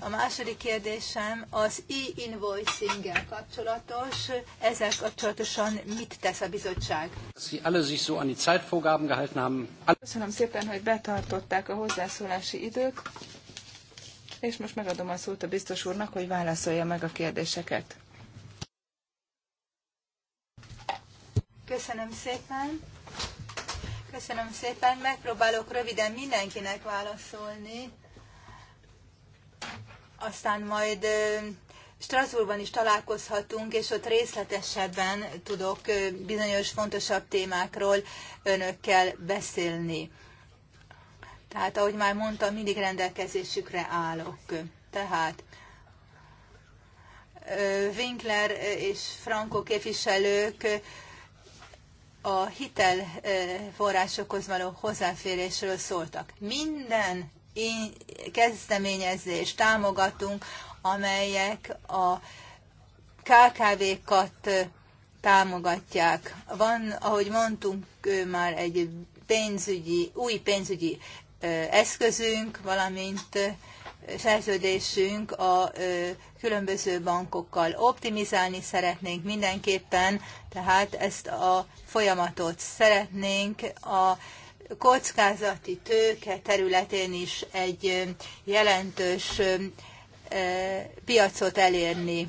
A második kérdésem az e-invoicing-gel kapcsolatos. Ezzel kapcsolatosan mit tesz a bizottság? Köszönöm szépen, hogy betartották a hozzászólási időt, és most megadom a szót a biztos úrnak, hogy válaszolja meg a kérdéseket. Köszönöm szépen. Köszönöm szépen. Megpróbálok röviden mindenkinek válaszolni aztán majd Strasbourgban is találkozhatunk, és ott részletesebben tudok bizonyos fontosabb témákról önökkel beszélni. Tehát, ahogy már mondtam, mindig rendelkezésükre állok. Tehát Winkler és Franco képviselők a hitelforrásokhoz való hozzáférésről szóltak. Minden kezdeményezést támogatunk, amelyek a KKV-kat támogatják. Van, ahogy mondtunk, már egy pénzügyi, új pénzügyi eszközünk, valamint szerződésünk a különböző bankokkal. Optimizálni szeretnénk mindenképpen, tehát ezt a folyamatot szeretnénk a kockázati tőke területén is egy jelentős piacot elérni.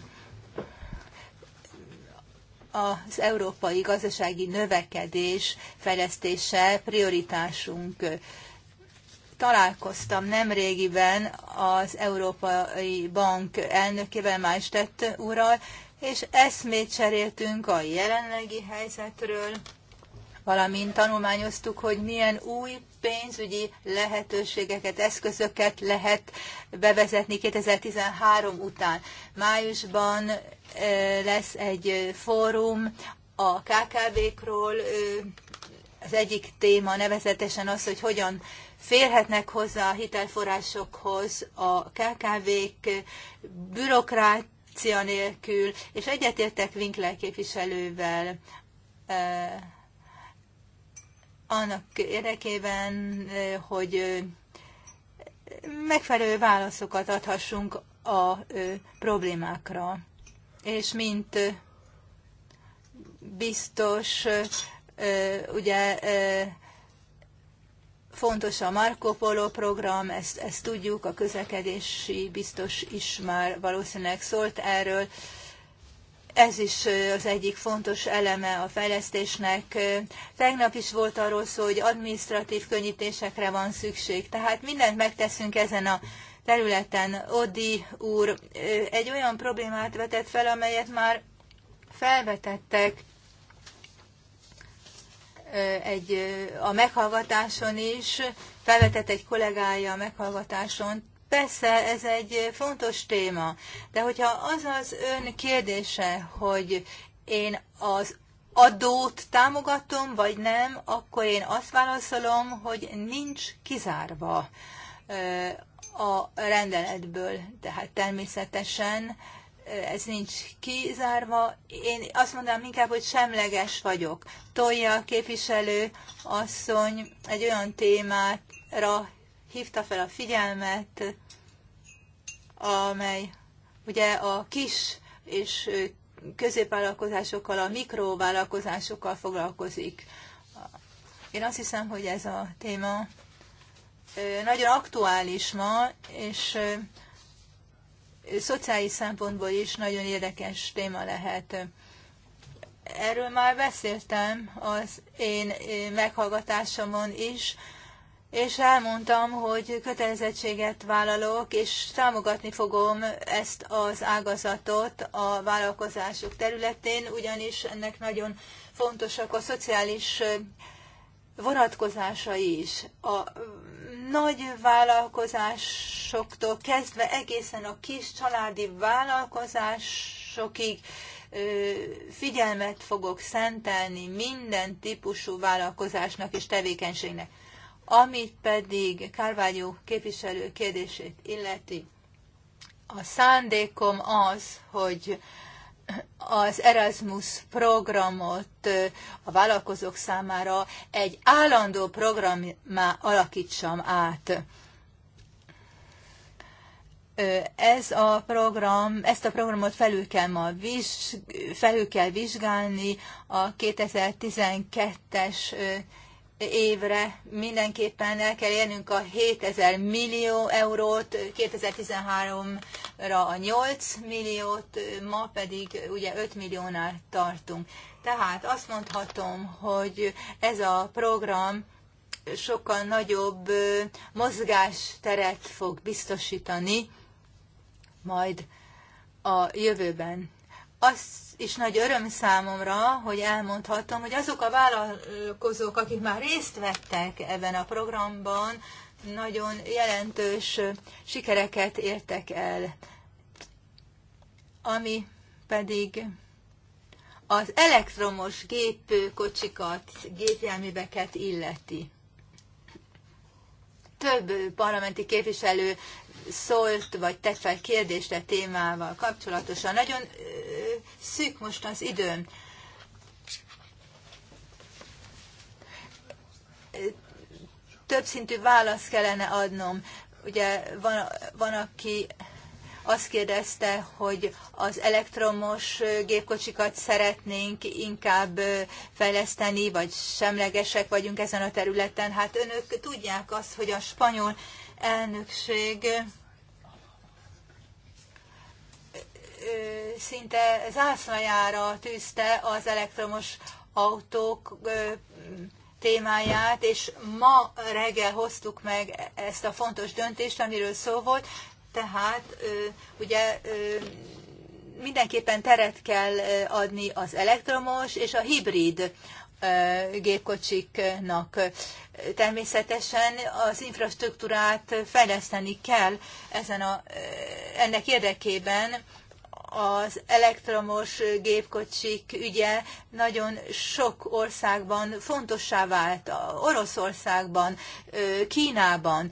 Az európai gazdasági növekedés fejlesztése prioritásunk. Találkoztam nemrégiben az Európai Bank elnökével, Mástett úrral, és eszmét cseréltünk a jelenlegi helyzetről, valamint tanulmányoztuk, hogy milyen új pénzügyi lehetőségeket, eszközöket lehet bevezetni 2013 után. Májusban lesz egy fórum a KKV-król, az egyik téma nevezetesen az, hogy hogyan férhetnek hozzá a hitelforrásokhoz a KKV-k bürokrácia nélkül, és egyetértek Winkler képviselővel annak érdekében, eh, hogy eh, megfelelő válaszokat adhassunk a eh, problémákra. És mint biztos, ugye fontos a Marco Polo program, ezt, ezt tudjuk, a közlekedési biztos is már valószínűleg szólt erről ez is az egyik fontos eleme a fejlesztésnek. Tegnap is volt arról szó, hogy administratív könnyítésekre van szükség. Tehát mindent megteszünk ezen a területen. Odi úr egy olyan problémát vetett fel, amelyet már felvetettek egy, a meghallgatáson is, felvetett egy kollégája a meghallgatáson, Persze, ez egy fontos téma, de hogyha az az ön kérdése, hogy én az adót támogatom, vagy nem, akkor én azt válaszolom, hogy nincs kizárva a rendeletből. Tehát természetesen ez nincs kizárva. Én azt mondanám inkább, hogy semleges vagyok. Tolja a képviselő asszony egy olyan témára hívta fel a figyelmet, amely ugye a kis és középvállalkozásokkal, a mikrovállalkozásokkal foglalkozik. Én azt hiszem, hogy ez a téma nagyon aktuális ma, és szociális szempontból is nagyon érdekes téma lehet. Erről már beszéltem az én meghallgatásomon is, és elmondtam, hogy kötelezettséget vállalok, és támogatni fogom ezt az ágazatot a vállalkozások területén, ugyanis ennek nagyon fontosak a szociális vonatkozásai is. A nagy vállalkozásoktól kezdve egészen a kis családi vállalkozásokig figyelmet fogok szentelni minden típusú vállalkozásnak és tevékenységnek. Amit pedig Kárványú képviselő kérdését illeti, a szándékom az, hogy az Erasmus programot a vállalkozók számára egy állandó programmá alakítsam át. Ez a program, ezt a programot felül kell ma viz, felül kell vizsgálni a 2012-es évre mindenképpen el kell érnünk a 7000 millió eurót, 2013-ra a 8 milliót, ma pedig ugye 5 milliónál tartunk. Tehát azt mondhatom, hogy ez a program sokkal nagyobb mozgásteret fog biztosítani majd a jövőben. Azt is nagy öröm számomra, hogy elmondhatom, hogy azok a vállalkozók, akik már részt vettek ebben a programban, nagyon jelentős sikereket értek el. Ami pedig az elektromos gépkocsikat, gépjárműveket illeti. Több parlamenti képviselő szólt, vagy tett fel kérdést a e témával kapcsolatosan. Nagyon szűk most az időm. Többszintű választ kellene adnom. Ugye van, van aki azt kérdezte, hogy az elektromos gépkocsikat szeretnénk inkább fejleszteni, vagy semlegesek vagyunk ezen a területen. Hát önök tudják azt, hogy a spanyol elnökség szinte zászlajára tűzte az elektromos autók témáját, és ma reggel hoztuk meg ezt a fontos döntést, amiről szó volt, tehát ugye mindenképpen teret kell adni az elektromos és a hibrid gépkocsiknak. Természetesen az infrastruktúrát fejleszteni kell ezen a, ennek érdekében, az elektromos gépkocsik ügye nagyon sok országban fontossá vált, Oroszországban, Kínában.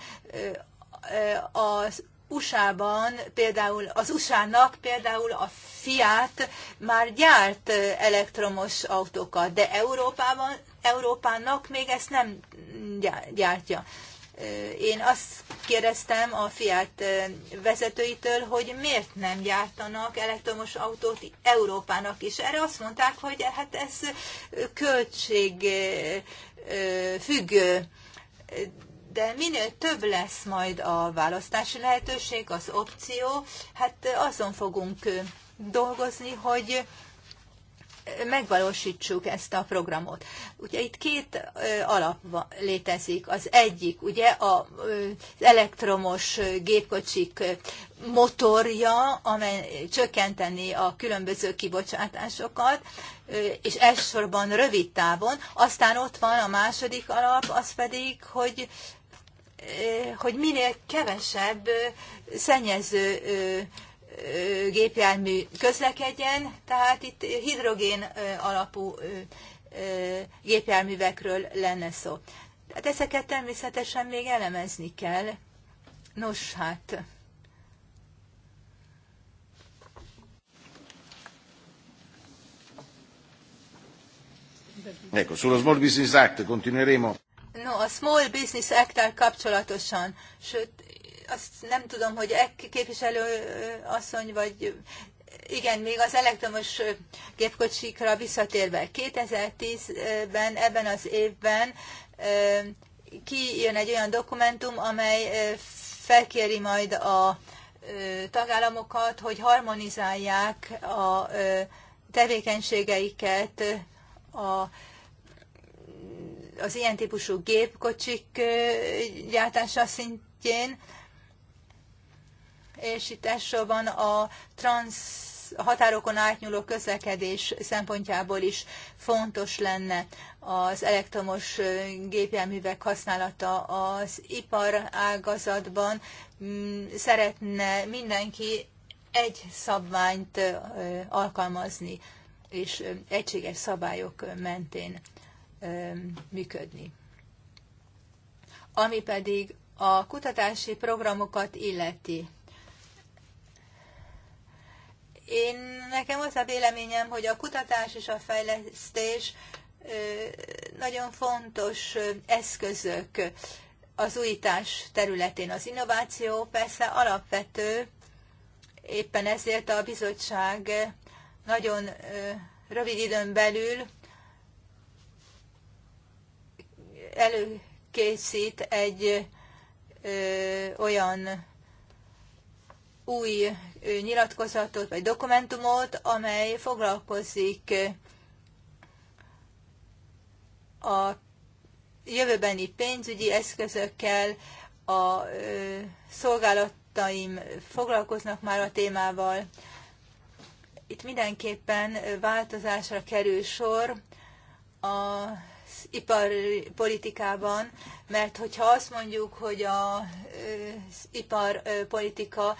Az USA-ban például, az USA-nak például a Fiat már gyárt elektromos autókat, de Európában, Európának még ezt nem gyártja. Én azt kérdeztem a Fiat vezetőitől, hogy miért nem gyártanak elektromos autót Európának is. Erre azt mondták, hogy hát ez költség függő de minél több lesz majd a választási lehetőség, az opció, hát azon fogunk dolgozni, hogy megvalósítsuk ezt a programot. Ugye itt két alap létezik. Az egyik, ugye az elektromos gépkocsik motorja, amely csökkenteni a különböző kibocsátásokat, és elsősorban rövid távon. Aztán ott van a második alap, az pedig, hogy Eh, hogy minél kevesebb eh, szennyező eh, gépjármű közlekedjen, tehát itt hidrogén alapú gépjárművekről lenne szó. Tehát ezeket természetesen még elemezni kell. Nos, hát... Ecco, sullo Small Business Act continueremo. No, a Small Business act kapcsolatosan, sőt, azt nem tudom, hogy egy képviselő asszony, vagy igen, még az elektromos gépkocsikra visszatérve, 2010-ben, ebben az évben kijön egy olyan dokumentum, amely felkéri majd a tagállamokat, hogy harmonizálják a tevékenységeiket a az ilyen típusú gépkocsik gyártása szintjén, és itt elsősorban a trans határokon átnyúló közlekedés szempontjából is fontos lenne az elektromos gépjárművek használata az iparágazatban. Mm, szeretne mindenki egy szabványt alkalmazni, és egységes szabályok mentén működni. Ami pedig a kutatási programokat illeti. Én nekem az a véleményem, hogy a kutatás és a fejlesztés nagyon fontos eszközök az újítás területén. Az innováció persze alapvető, éppen ezért a bizottság nagyon rövid időn belül előkészít egy olyan új nyilatkozatot vagy dokumentumot, amely foglalkozik a jövőbeni pénzügyi eszközökkel, a szolgálataim foglalkoznak már a témával. Itt mindenképpen változásra kerül sor a iparpolitikában, mert hogyha azt mondjuk, hogy az iparpolitika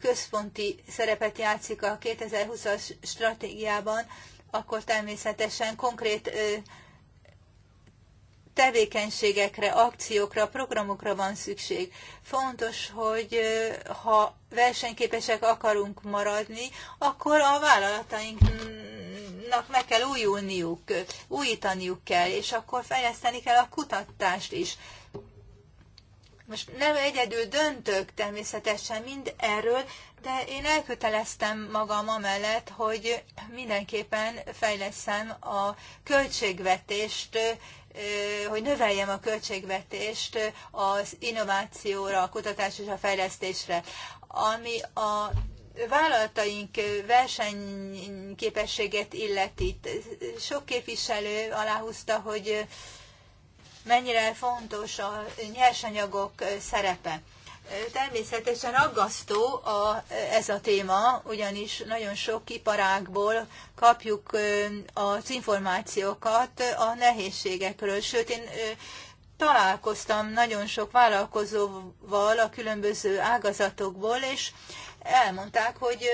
központi szerepet játszik a 2020-as stratégiában, akkor természetesen konkrét tevékenységekre, akciókra, programokra van szükség. Fontos, hogy ha versenyképesek akarunk maradni, akkor a vállalataink nak meg kell újulniuk, újítaniuk kell, és akkor fejleszteni kell a kutatást is. Most nem egyedül döntök természetesen mind erről, de én elköteleztem magam amellett, hogy mindenképpen fejleszem a költségvetést, hogy növeljem a költségvetést az innovációra, a kutatás és a fejlesztésre. Ami a vállalataink versenyképességet illeti. Sok képviselő aláhúzta, hogy mennyire fontos a nyersanyagok szerepe. Természetesen aggasztó a, ez a téma, ugyanis nagyon sok iparágból kapjuk az információkat a nehézségekről. Sőt, én találkoztam nagyon sok vállalkozóval a különböző ágazatokból, és elmondták, hogy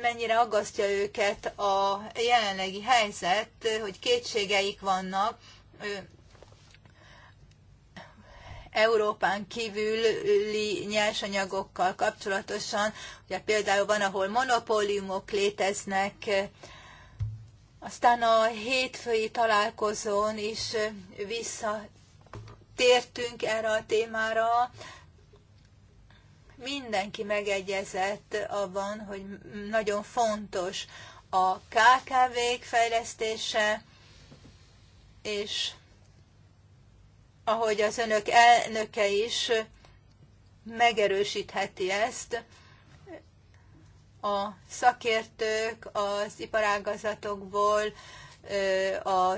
mennyire aggasztja őket a jelenlegi helyzet, hogy kétségeik vannak, Európán kívüli nyersanyagokkal kapcsolatosan. Ugye például van, ahol monopóliumok léteznek, aztán a hétfői találkozón is visszatértünk erre a témára, mindenki megegyezett abban, hogy nagyon fontos a KKV-k fejlesztése, és ahogy az önök elnöke is megerősítheti ezt, a szakértők az iparágazatokból, a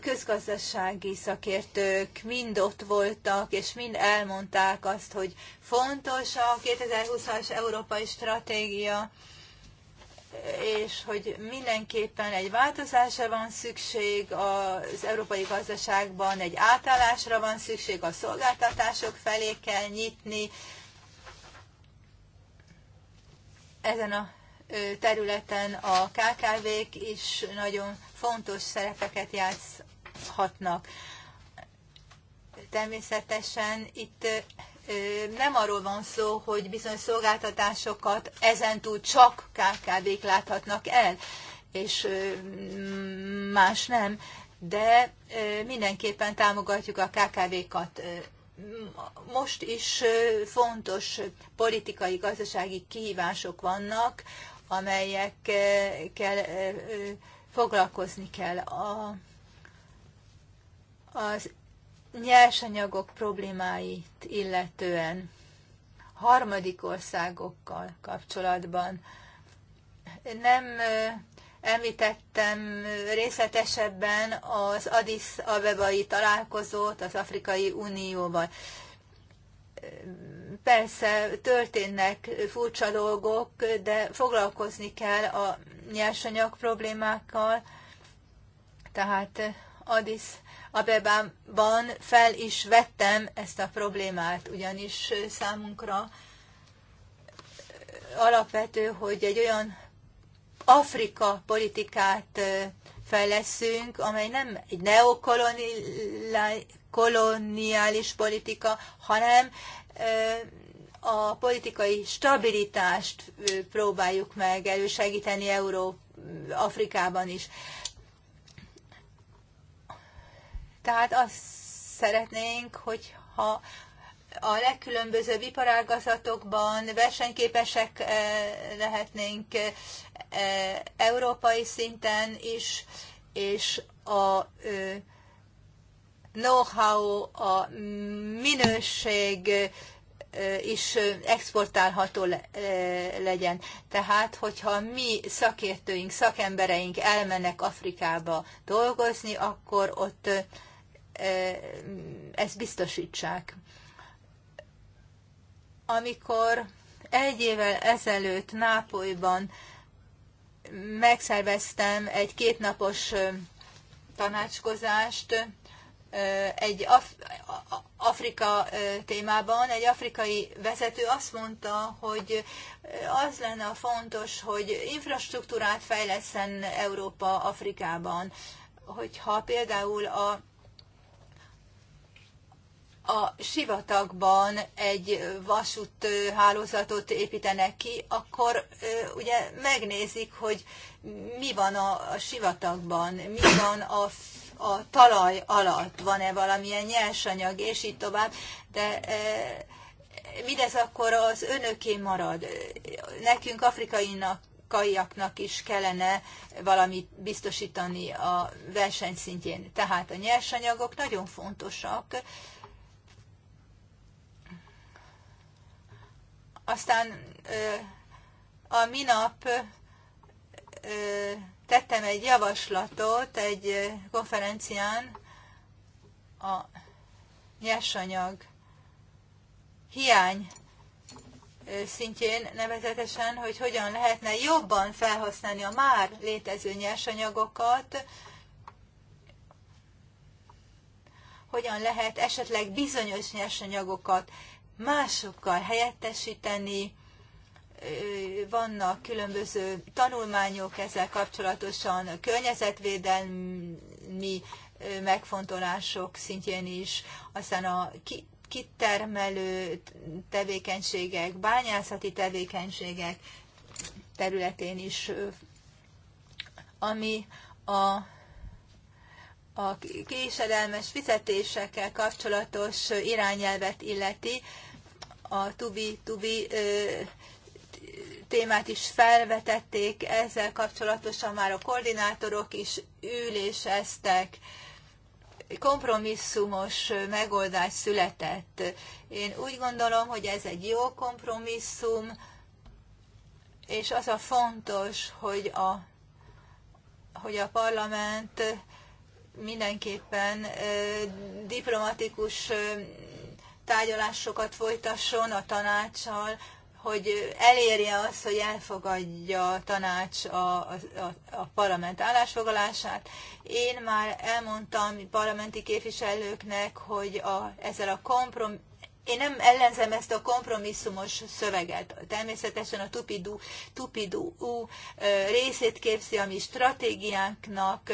közgazdasági szakértők mind ott voltak, és mind elmondták azt, hogy fontos a 2020-as európai stratégia, és hogy mindenképpen egy változásra van szükség az európai gazdaságban, egy átállásra van szükség, a szolgáltatások felé kell nyitni. Ezen a területen a KKV-k is nagyon fontos szerepeket játszhatnak. Természetesen itt nem arról van szó, hogy bizonyos szolgáltatásokat ezentúl csak KKV-k láthatnak el, és más nem, de mindenképpen támogatjuk a KKV-kat. Most is fontos politikai, gazdasági kihívások vannak, amelyekkel foglalkozni kell. A, az nyersanyagok problémáit illetően harmadik országokkal kapcsolatban nem említettem részletesebben az Addis Abebai találkozót az Afrikai Unióval. Persze történnek furcsa dolgok, de foglalkozni kell a nyersanyag problémákkal, tehát Addis Abebában fel is vettem ezt a problémát, ugyanis számunkra alapvető, hogy egy olyan Afrika politikát fejleszünk, amely nem egy neokoloniális politika, hanem a politikai stabilitást próbáljuk meg elősegíteni Euró Afrikában is. Tehát azt szeretnénk, hogyha a legkülönbözőbb iparágazatokban versenyképesek lehetnénk európai szinten is, és a know-how, a minőség is exportálható legyen. Tehát, hogyha mi szakértőink, szakembereink elmennek Afrikába dolgozni, akkor ott ezt biztosítsák. Amikor egy évvel ezelőtt Nápolyban megszerveztem egy kétnapos tanácskozást, egy Af- Afrika témában. Egy afrikai vezető azt mondta, hogy az lenne a fontos, hogy infrastruktúrát fejleszen Európa Afrikában. Hogyha például a a sivatagban egy vasút hálózatot építenek ki, akkor ugye megnézik, hogy mi van a sivatagban, mi van a a talaj alatt, van-e valamilyen nyersanyag, és így tovább, de e, mindez akkor az önöké marad. Nekünk, afrikainak, kaiaknak is kellene valamit biztosítani a versenyszintjén. Tehát a nyersanyagok nagyon fontosak. Aztán e, a minap e, tettem egy javaslatot egy konferencián a nyersanyag hiány szintjén nevezetesen, hogy hogyan lehetne jobban felhasználni a már létező nyersanyagokat, hogyan lehet esetleg bizonyos nyersanyagokat másokkal helyettesíteni, vannak különböző tanulmányok ezzel kapcsolatosan, környezetvédelmi megfontolások szintjén is, aztán a kitermelő tevékenységek, bányászati tevékenységek területén is, ami a a késedelmes fizetésekkel kapcsolatos irányelvet illeti, a tubi-tubi témát is felvetették, ezzel kapcsolatosan már a koordinátorok is üléseztek, kompromisszumos megoldás született. Én úgy gondolom, hogy ez egy jó kompromisszum, és az a fontos, hogy a, hogy a parlament mindenképpen diplomatikus tárgyalásokat folytasson a tanácssal, hogy elérje azt, hogy elfogadja a tanács a, a, a parlament állásfoglalását. Én már elmondtam parlamenti képviselőknek, hogy a, ezzel a komprom, én nem ellenzem ezt a kompromisszumos szöveget. Természetesen a tupidú, tupidú ú részét képzi a mi stratégiánknak,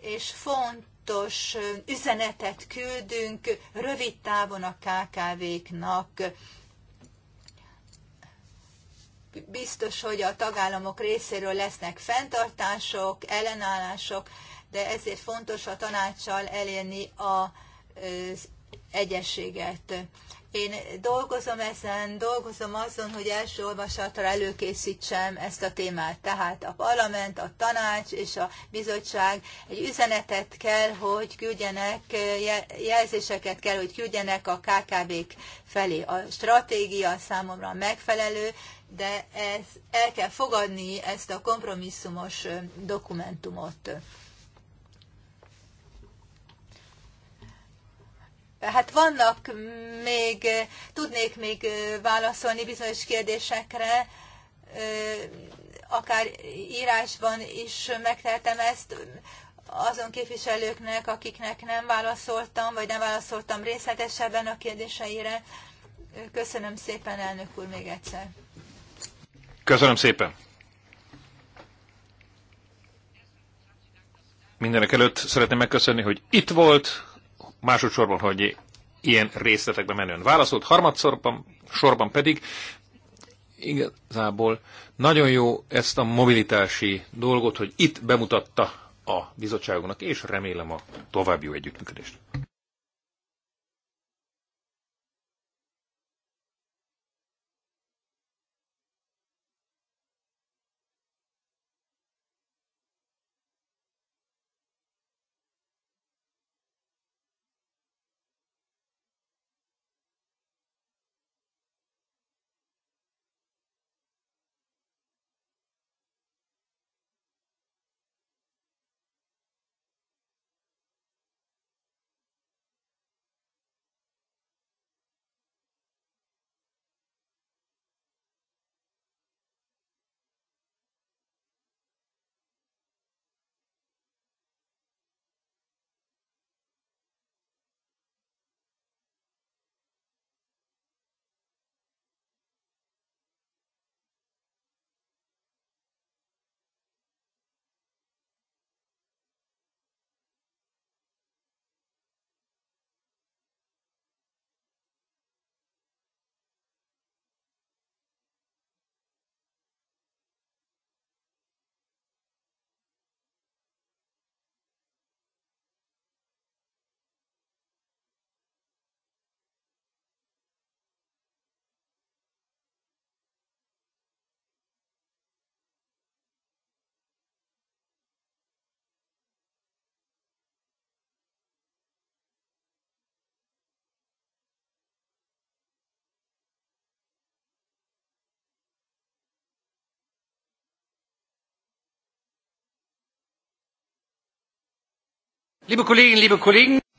és fontos üzenetet küldünk rövid távon a KKV-knak Biztos, hogy a tagállamok részéről lesznek fenntartások, ellenállások, de ezért fontos a tanácssal elérni az egyességet. Én dolgozom ezen, dolgozom azon, hogy első olvasatra előkészítsem ezt a témát. Tehát a parlament, a tanács és a bizottság egy üzenetet kell, hogy küldjenek, jelzéseket kell, hogy küldjenek a KKV-k felé. A stratégia számomra megfelelő, de ez, el kell fogadni ezt a kompromisszumos dokumentumot. Hát vannak még, tudnék még válaszolni bizonyos kérdésekre, akár írásban is megtehetem ezt azon képviselőknek, akiknek nem válaszoltam, vagy nem válaszoltam részletesebben a kérdéseire. Köszönöm szépen, elnök úr, még egyszer. Köszönöm szépen! Mindenek előtt szeretném megköszönni, hogy itt volt, másodszorban, hogy ilyen részletekbe menően válaszolt, harmadszorban sorban pedig igazából nagyon jó ezt a mobilitási dolgot, hogy itt bemutatta a bizottságunknak, és remélem a további jó együttműködést.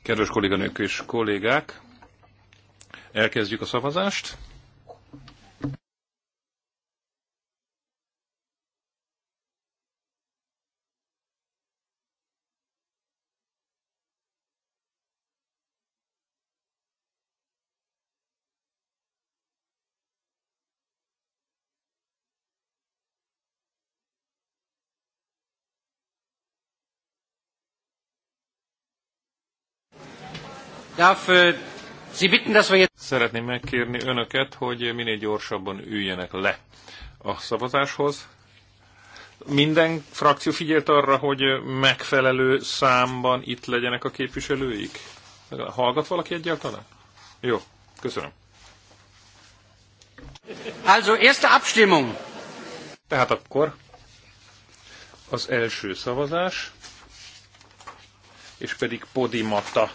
Kedves kolléganők és kollégák, elkezdjük a szavazást. Szeretném megkérni önöket, hogy minél gyorsabban üljenek le a szavazáshoz. Minden frakció figyelt arra, hogy megfelelő számban itt legyenek a képviselőik? Hallgat valaki egyáltalán? Jó, köszönöm. Also, erste Abstimmung. Tehát akkor az első szavazás, és pedig Podimata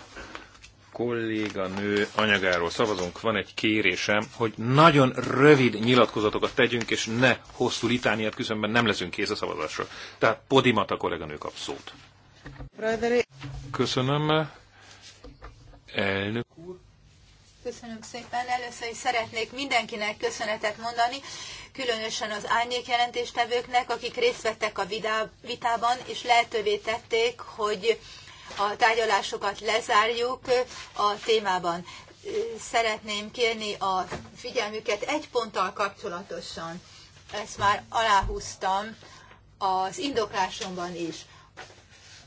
kolléganő anyagáról szavazunk, van egy kérésem, hogy nagyon rövid nyilatkozatokat tegyünk, és ne hosszú litániát, különben nem leszünk kész a szavazásra. Tehát a kolléganő kap szót. Köszönöm, elnök úr. Köszönöm szépen. Először is szeretnék mindenkinek köszönetet mondani, különösen az árnyék jelentéstevőknek, akik részt vettek a vitában, és lehetővé tették, hogy a tárgyalásokat lezárjuk a témában. Szeretném kérni a figyelmüket egy ponttal kapcsolatosan. Ezt már aláhúztam az indoklásomban is.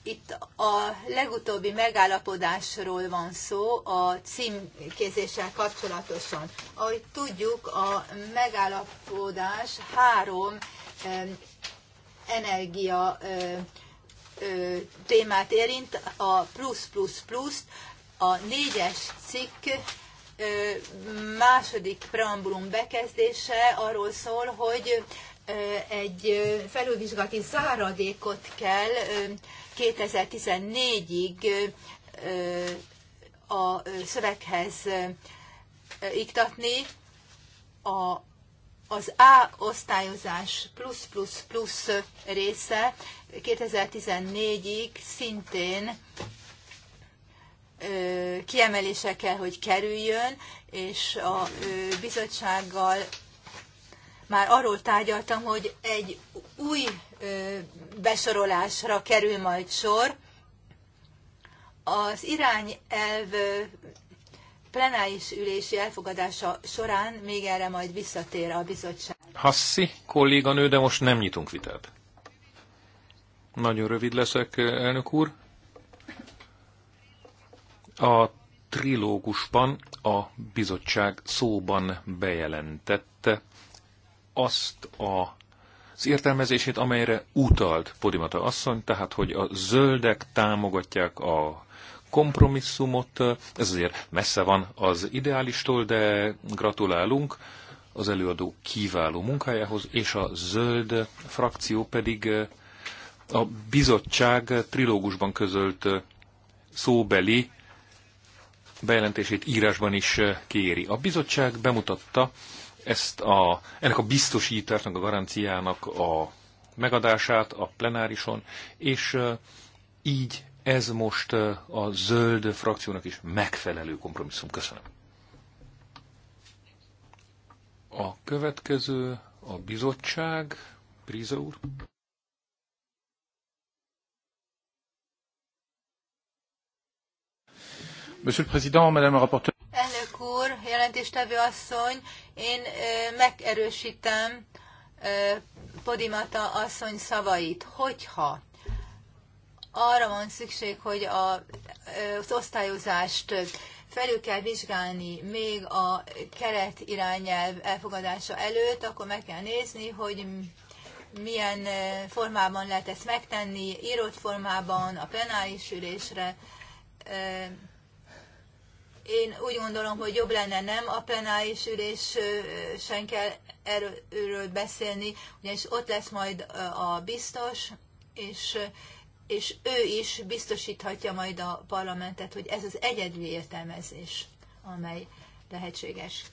Itt a legutóbbi megállapodásról van szó a címkézéssel kapcsolatosan. Ahogy tudjuk, a megállapodás három energia témát érint, a plusz plusz plusz, a négyes cikk második preambulum bekezdése arról szól, hogy egy felülvizsgálati záradékot kell 2014-ig a szöveghez iktatni. A, az A osztályozás plusz plusz plusz része 2014-ig szintén kiemelése kell, hogy kerüljön, és a bizottsággal már arról tárgyaltam, hogy egy új besorolásra kerül majd sor. Az irányelv plenáris ülési elfogadása során még erre majd visszatér a bizottság. Hasszi kolléganő, de most nem nyitunk vitát. Nagyon rövid leszek, elnök úr. A trilógusban a bizottság szóban bejelentette azt a az értelmezését, amelyre utalt Podimata asszony, tehát hogy a zöldek támogatják a kompromisszumot, ez azért messze van az ideálistól, de gratulálunk az előadó kiváló munkájához, és a zöld frakció pedig a bizottság trilógusban közölt szóbeli bejelentését írásban is kéri. A bizottság bemutatta ezt a, ennek a biztosításnak, a garanciának a megadását a plenárison, és így ez most a zöld frakciónak is megfelelő kompromisszum. Köszönöm. A következő a bizottság. Príza úr. Monsieur le Président, Madame la Rapporteur. Elnök úr, jelentéstevő asszony, én ö, megerősítem ö, Podimata asszony szavait, hogyha arra van szükség, hogy a, az osztályozást felül kell vizsgálni még a keret irányelv elfogadása előtt, akkor meg kell nézni, hogy milyen formában lehet ezt megtenni, írott formában, a plenáris ülésre én úgy gondolom, hogy jobb lenne nem a plenáris ülésen kell erről beszélni, ugyanis ott lesz majd a biztos, és, és ő is biztosíthatja majd a parlamentet, hogy ez az egyedüli értelmezés, amely lehetséges.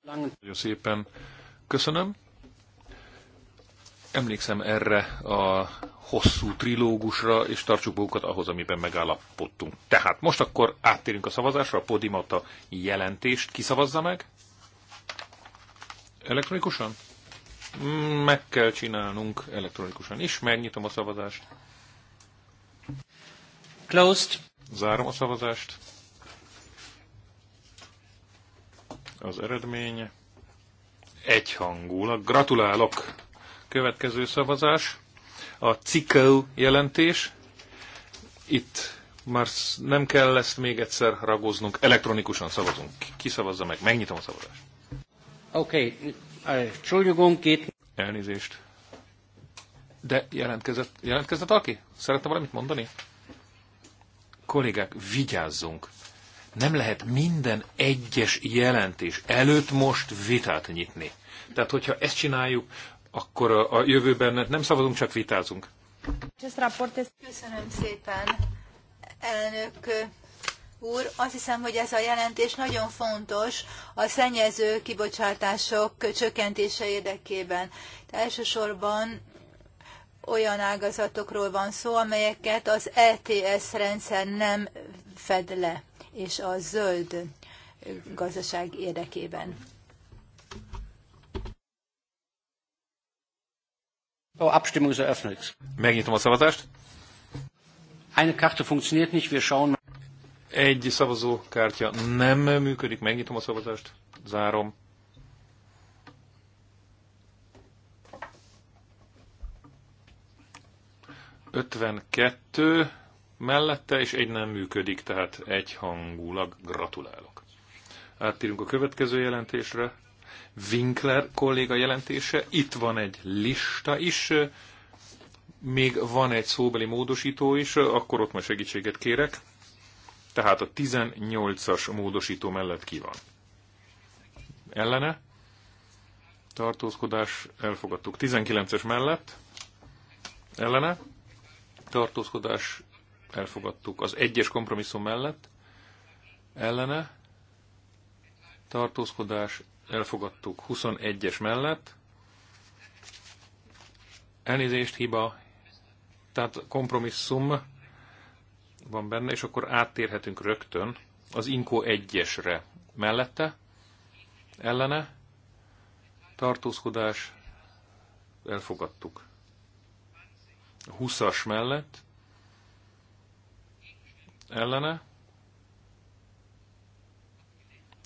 Nagyon szépen köszönöm. Emlékszem erre a hosszú trilógusra, és tartsuk magunkat ahhoz, amiben megállapodtunk. Tehát most akkor áttérünk a szavazásra, a Podimata jelentést kiszavazza meg. Elektronikusan? Mm, meg kell csinálnunk elektronikusan is. Megnyitom a szavazást. Closed. Zárom a szavazást. Az eredmény egyhangulag. Gratulálok! Következő szavazás a CICO jelentés. Itt már nem kell ezt még egyszer ragoznunk, elektronikusan szavazunk. Ki szavazza meg? Megnyitom a szavazást. Oké, okay. Eh, csúlyogunk itt. Elnézést. De jelentkezett, jelentkezett aki? Szeretne valamit mondani? Kollégák, vigyázzunk! Nem lehet minden egyes jelentés előtt most vitát nyitni. Tehát, hogyha ezt csináljuk, akkor a jövőben nem szavazunk, csak vitázunk. Köszönöm szépen, elnök úr. Azt hiszem, hogy ez a jelentés nagyon fontos a szennyező kibocsátások csökkentése érdekében. De elsősorban olyan ágazatokról van szó, amelyeket az ETS rendszer nem fed le, és a zöld gazdaság érdekében. Oh, megnyitom a szavazást. Eine Karte funktioniert nicht, wir schauen. Egy szavazókártya nem működik, megnyitom a szavazást, zárom. Ötvenkettő mellette, és egy nem működik, tehát egyhangulag gratulálok. Áttérünk a következő jelentésre. Winkler kolléga jelentése. Itt van egy lista is, még van egy szóbeli módosító is, akkor ott majd segítséget kérek. Tehát a 18-as módosító mellett ki van. Ellene? Tartózkodás, elfogadtuk. 19-es mellett? Ellene? Tartózkodás, elfogadtuk. Az egyes kompromisszum mellett? Ellene? Tartózkodás, elfogadtuk 21-es mellett. Elnézést, hiba, tehát kompromisszum van benne, és akkor áttérhetünk rögtön az Inko 1-esre mellette, ellene, tartózkodás, elfogadtuk. 20-as mellett, ellene,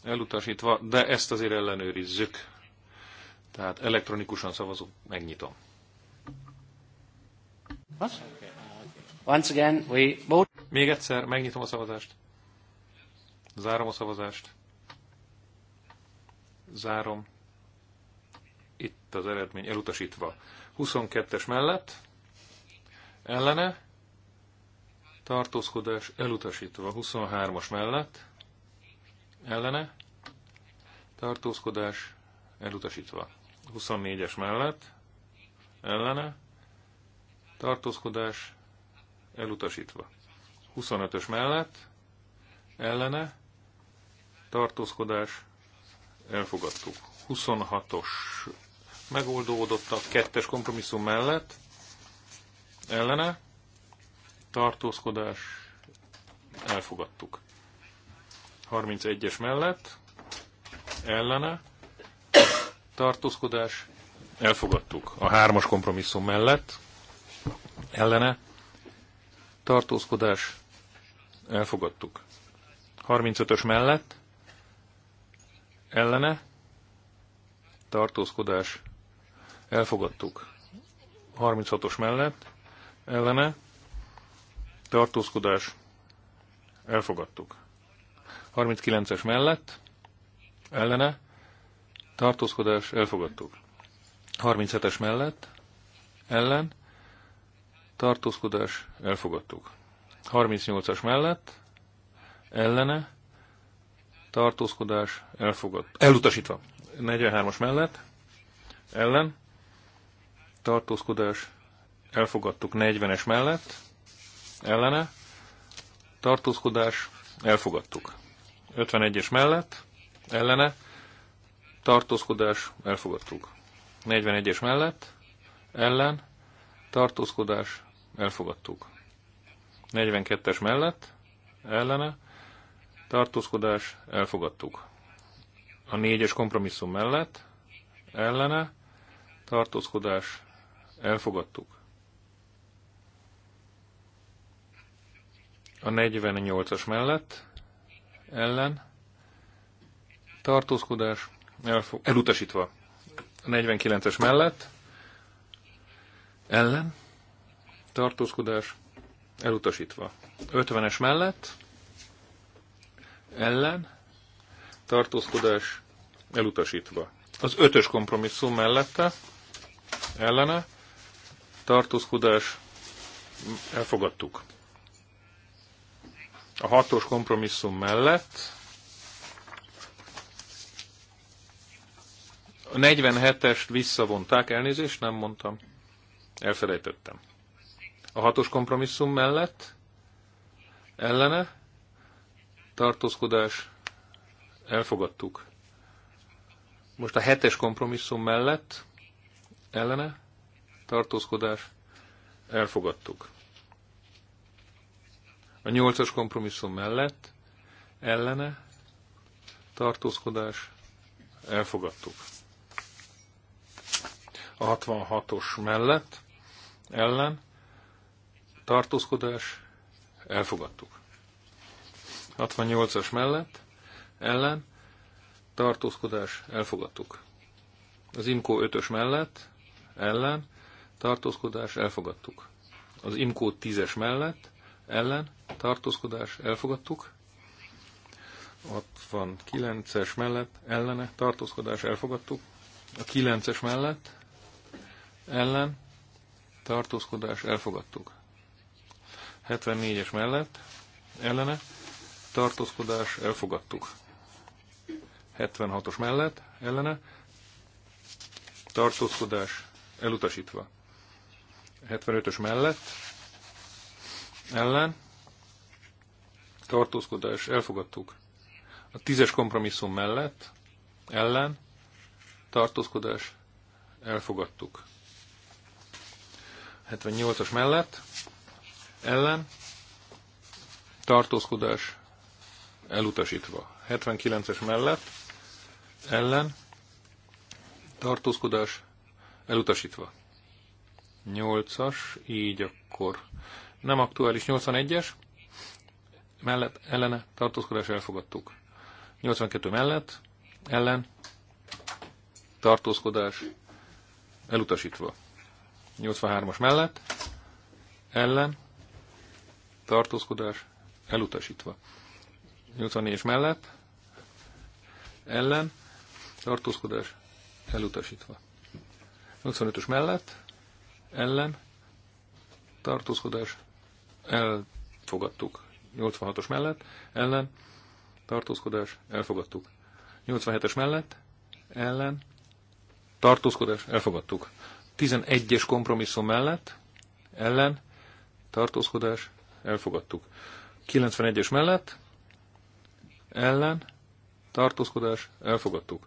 elutasítva, de ezt azért ellenőrizzük. Tehát elektronikusan szavazunk, megnyitom. Once again, we vote. Még egyszer, megnyitom a szavazást. Zárom a szavazást. Zárom. Itt az eredmény elutasítva. 22-es mellett. Ellene. Tartózkodás elutasítva. 23-as mellett ellene, tartózkodás elutasítva. 24-es mellett, ellene, tartózkodás elutasítva. 25-ös mellett, ellene, tartózkodás elfogadtuk. 26-os megoldódott a kettes kompromisszum mellett, ellene, tartózkodás elfogadtuk. 31-es mellett, ellene, tartózkodás, elfogadtuk. A hármas kompromisszum mellett, ellene, tartózkodás, elfogadtuk. 35-ös mellett, ellene, tartózkodás, elfogadtuk. 36-os mellett, ellene, tartózkodás, elfogadtuk. 39-es mellett, ellene, tartózkodás, elfogadtuk. 37-es mellett, ellen, tartózkodás, elfogadtuk. 38-as mellett, ellene, tartózkodás, elfogadtuk. elutasítva. 43-as mellett, ellen, tartózkodás, elfogadtuk 40-es mellett, ellene, tartózkodás, elfogadtuk. 51-es mellett, ellene, tartózkodás, elfogadtuk. 41-es mellett, ellen, tartózkodás, elfogadtuk. 42-es mellett, ellene, tartózkodás, elfogadtuk. A 4-es kompromisszum mellett, ellene, tartózkodás, elfogadtuk. A 48-as mellett, ellen, tartózkodás elfog, elutasítva. 49-es mellett, ellen, tartózkodás elutasítva. 50-es mellett, ellen, tartózkodás elutasítva. Az ötös kompromisszum mellette, ellene, tartózkodás elfogadtuk a hatos kompromisszum mellett a 47-est visszavonták, elnézést, nem mondtam, elfelejtettem. A hatos kompromisszum mellett ellene tartózkodás elfogadtuk. Most a hetes kompromisszum mellett ellene tartózkodás elfogadtuk. A nyolcas kompromisszum mellett ellene tartózkodás elfogadtuk. A 66-os mellett ellen tartózkodás elfogadtuk. 68-as mellett ellen tartózkodás elfogadtuk. Az IMKO 5-ös mellett ellen tartózkodás elfogadtuk. Az IMKO 10-es mellett ellen tartózkodás, elfogadtuk. 69-es mellett, ellene, tartózkodás, elfogadtuk. A 9-es mellett, ellen, tartózkodás, elfogadtuk. 74-es mellett, ellene, tartózkodás, elfogadtuk. 76-os mellett, ellene, tartózkodás, elutasítva. 75-ös mellett, ellen, tartózkodás elfogadtuk. A tízes kompromisszum mellett, ellen, tartózkodás elfogadtuk. 78-as mellett, ellen, tartózkodás elutasítva. 79-es mellett, ellen, tartózkodás elutasítva. 8-as, így akkor nem aktuális 81-es, mellett, ellene, tartózkodás elfogadtuk. 82 mellett, ellen, tartózkodás elutasítva. 83-as mellett, ellen, tartózkodás elutasítva. 84 mellett, ellen, tartózkodás elutasítva. 85-ös mellett, ellen, tartózkodás elfogadtuk. 86-os mellett, ellen, tartózkodás, elfogadtuk. 87-es mellett, ellen, tartózkodás, elfogadtuk. 11-es kompromisszum mellett, ellen, tartózkodás, elfogadtuk. 91-es mellett, ellen, tartózkodás, elfogadtuk.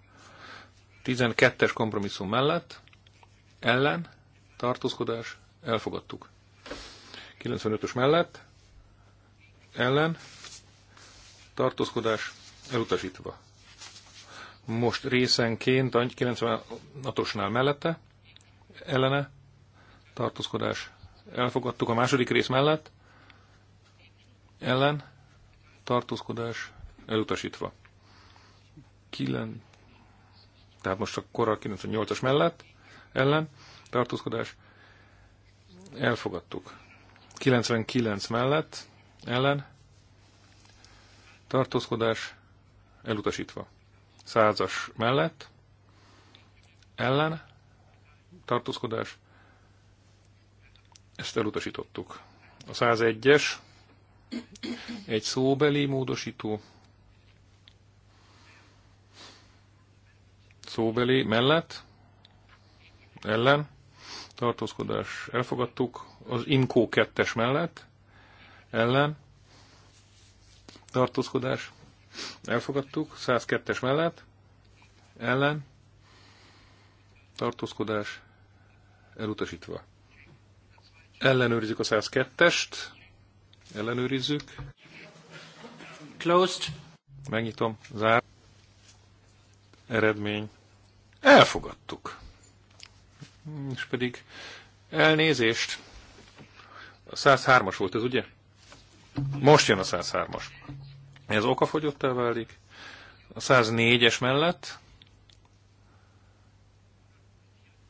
12-es kompromisszum mellett, ellen, tartózkodás, elfogadtuk. 95-ös mellett, ellen, tartózkodás elutasítva. Most részenként a 96-osnál mellette, ellene, tartózkodás elfogadtuk a második rész mellett, ellen, tartózkodás elutasítva. 9, tehát most akkor a 98-as mellett, ellen, tartózkodás elfogadtuk. 99 mellett, ellen, tartózkodás elutasítva. Százas mellett, ellen, tartózkodás, ezt elutasítottuk. A 101-es, egy szóbeli módosító, szóbeli mellett, ellen, tartózkodás elfogadtuk, az IMCO 2-es mellett, ellen tartózkodás elfogadtuk, 102-es mellett ellen tartózkodás elutasítva. Ellenőrizzük a 102-est, ellenőrizzük. Closed. Megnyitom, zár. Eredmény. Elfogadtuk. És pedig elnézést. A 103-as volt ez, ugye? Most jön a 103-as. Ez okafogyott válik. A 104-es mellett.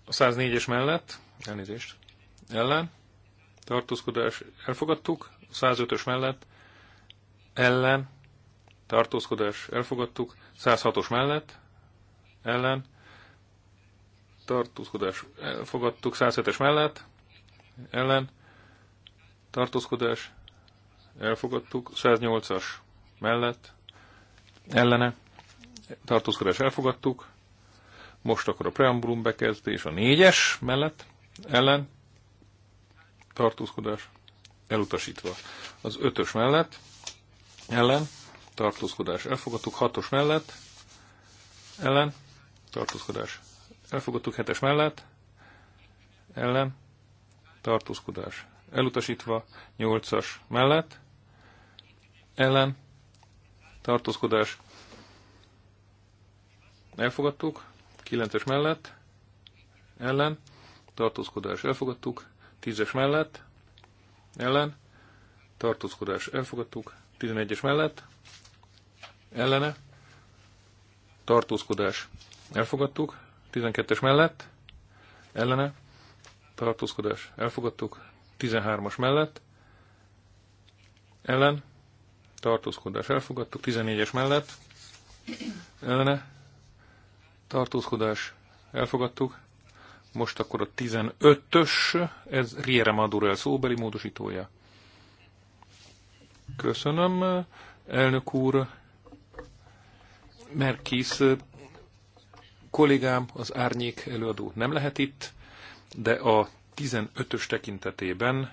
A 104-es mellett. Elnézést. Ellen. Tartózkodás. Elfogadtuk. A 105-ös mellett. Ellen. Tartózkodás. Elfogadtuk. 106-os mellett. Ellen. Tartózkodás. Elfogadtuk. 107-es mellett. Ellen. Tartózkodás elfogadtuk, 108-as mellett, ellene, tartózkodás elfogadtuk, most akkor a preambulum bekezdés a 4-es mellett, ellen, tartózkodás elutasítva. Az 5-ös mellett, ellen, tartózkodás elfogadtuk, 6-os mellett, ellen, tartózkodás elfogadtuk, 7-es mellett, ellen, tartózkodás elutasítva, 8-as mellett, ellen tartózkodás elfogadtuk, 9-es mellett ellen tartózkodás elfogadtuk, 10-es mellett ellen tartózkodás elfogadtuk, 11-es mellett ellene tartózkodás elfogadtuk, 12-es mellett ellene tartózkodás elfogadtuk, 13-as mellett ellen tartózkodás elfogadtuk, 14-es mellett ellene tartózkodás elfogadtuk. Most akkor a 15-ös, ez Riera Madurel szóbeli módosítója. Köszönöm, elnök úr. Merkis kollégám, az árnyék előadó nem lehet itt, de a 15-ös tekintetében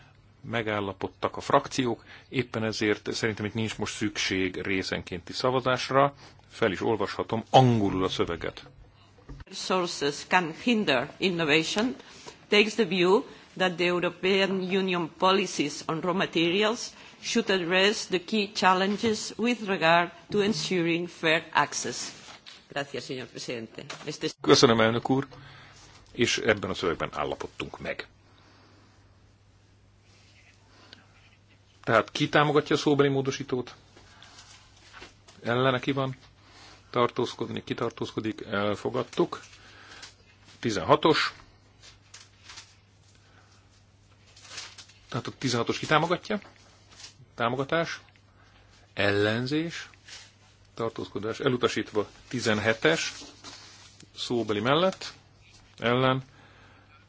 megállapodtak a frakciók, éppen ezért szerintem itt nincs most szükség részenkénti szavazásra, fel is olvashatom angolul a szöveget. Sources can hinder innovation, takes the view that the European Union policies on raw materials should address the key challenges with regard to ensuring fair access. Gracias, señor presidente. Köszönöm, elnök úr, és ebben a szövegben állapodtunk meg. Tehát ki támogatja a szóbeli módosítót? Ellene ki van? Tartózkodni, kitartózkodik, elfogadtuk. 16-os. Tehát a 16-os kitámogatja. Támogatás. Ellenzés. Tartózkodás elutasítva 17-es. Szóbeli mellett. Ellen.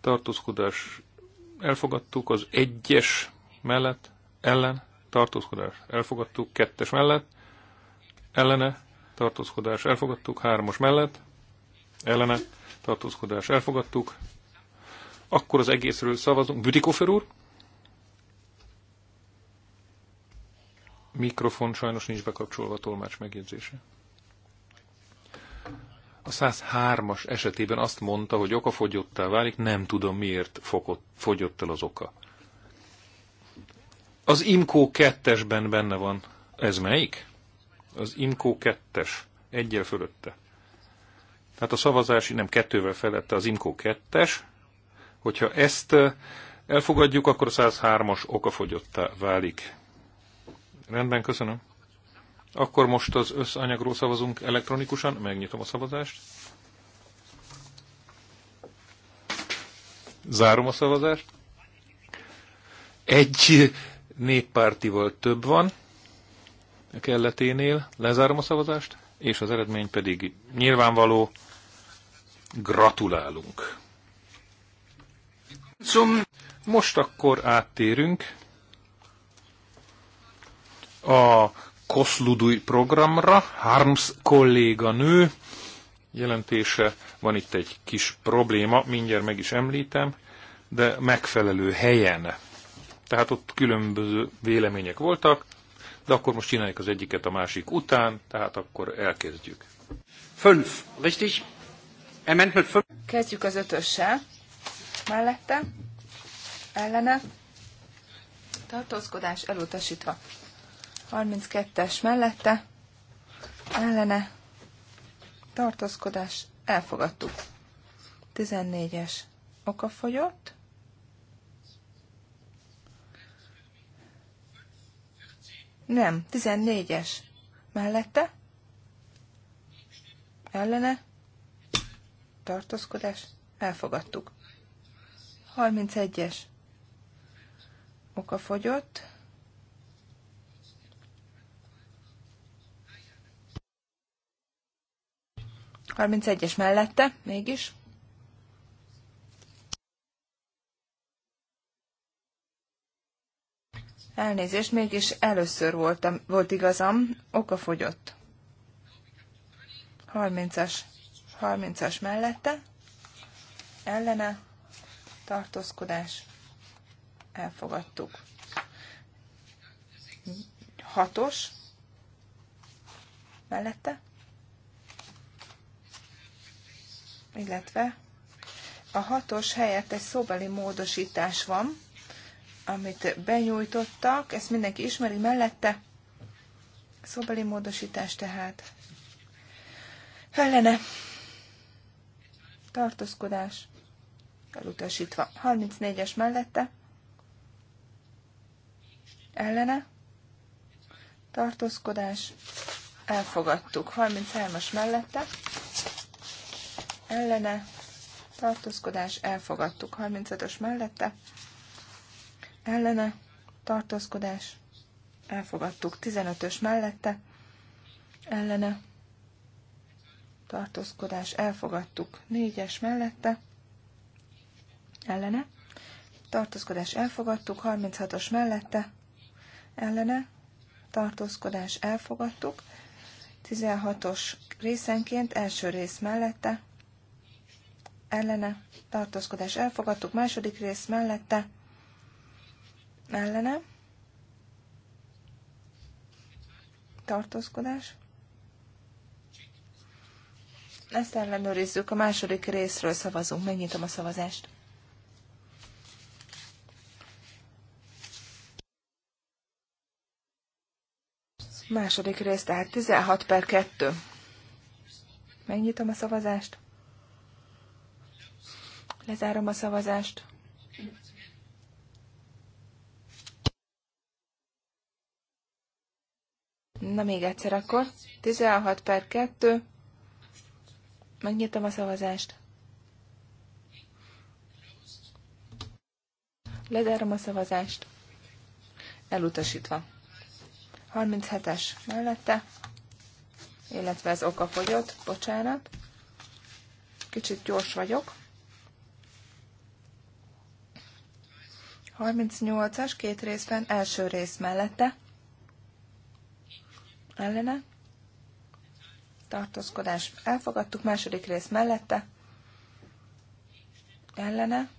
Tartózkodás elfogadtuk. Az 1-es mellett ellen, tartózkodás, elfogadtuk, kettes mellett, ellene, tartózkodás, elfogadtuk, hármas mellett, ellene, tartózkodás, elfogadtuk. Akkor az egészről szavazunk. Bütikofer úr? Mikrofon sajnos nincs bekapcsolva, a tolmács megjegyzése. A 103-as esetében azt mondta, hogy okafogyottá válik, nem tudom miért fogott, fogyott el az oka. Az IMCO 2-esben benne van. Ez melyik? Az IMCO 2-es. Egyel fölötte. Tehát a szavazási nem kettővel felette az IMCO 2-es. Hogyha ezt elfogadjuk, akkor 103-as okafogyottá válik. Rendben, köszönöm. Akkor most az összanyagról szavazunk elektronikusan. Megnyitom a szavazást. Zárom a szavazást. Egy néppártival több van a kelleténél, lezárom a szavazást, és az eredmény pedig nyilvánvaló, gratulálunk. Most akkor áttérünk a Koszludúj programra, Harms nő. jelentése, van itt egy kis probléma, mindjárt meg is említem, de megfelelő helyen tehát ott különböző vélemények voltak, de akkor most csináljuk az egyiket a másik után, tehát akkor elkezdjük. Fünf, richtig? Amendment fünf. Kezdjük az ötössel. Mellette, ellene, tartózkodás elutasítva. 32-es mellette, ellene, tartózkodás, elfogadtuk. 14-es okafogyott, Nem, 14-es. Mellette? Ellene? Tartózkodás? Elfogadtuk. 31-es. Oka fogyott. Harmincegyes mellette, mégis. Elnézést, mégis először voltam, volt igazam, oka fogyott. 30-as, 30-as mellette, ellene, tartózkodás, elfogadtuk. 6-os, mellette, illetve a 6-os helyett egy szóbeli módosítás van, amit benyújtottak, ezt mindenki ismeri mellette. Szóbeli módosítás tehát. Ellene. Tartózkodás. Elutasítva. 34-es mellette. Ellene. Tartózkodás. Elfogadtuk. 33-as mellette. Ellene. Tartózkodás. Elfogadtuk. 35-ös mellette ellene, tartózkodás, elfogadtuk 15-ös mellette, ellene, tartózkodás, elfogadtuk 4-es mellette, ellene, tartózkodás, elfogadtuk 36-os mellette, ellene, tartózkodás, elfogadtuk 16-os részenként, első rész mellette, ellene, tartózkodás, elfogadtuk második rész mellette, ellene, tartózkodás. Ezt ellenőrizzük, a második részről szavazunk, megnyitom a szavazást. Második rész, tehát 16 per 2. Megnyitom a szavazást. Lezárom a szavazást. Na még egyszer akkor. 16 per 2. Megnyitom a szavazást. Lezárom a szavazást. Elutasítva. 37-es mellette, illetve ez oka fogyott, bocsánat. Kicsit gyors vagyok. 38-as, két részben, első rész mellette ellene, tartózkodás elfogadtuk, második rész mellette, ellene,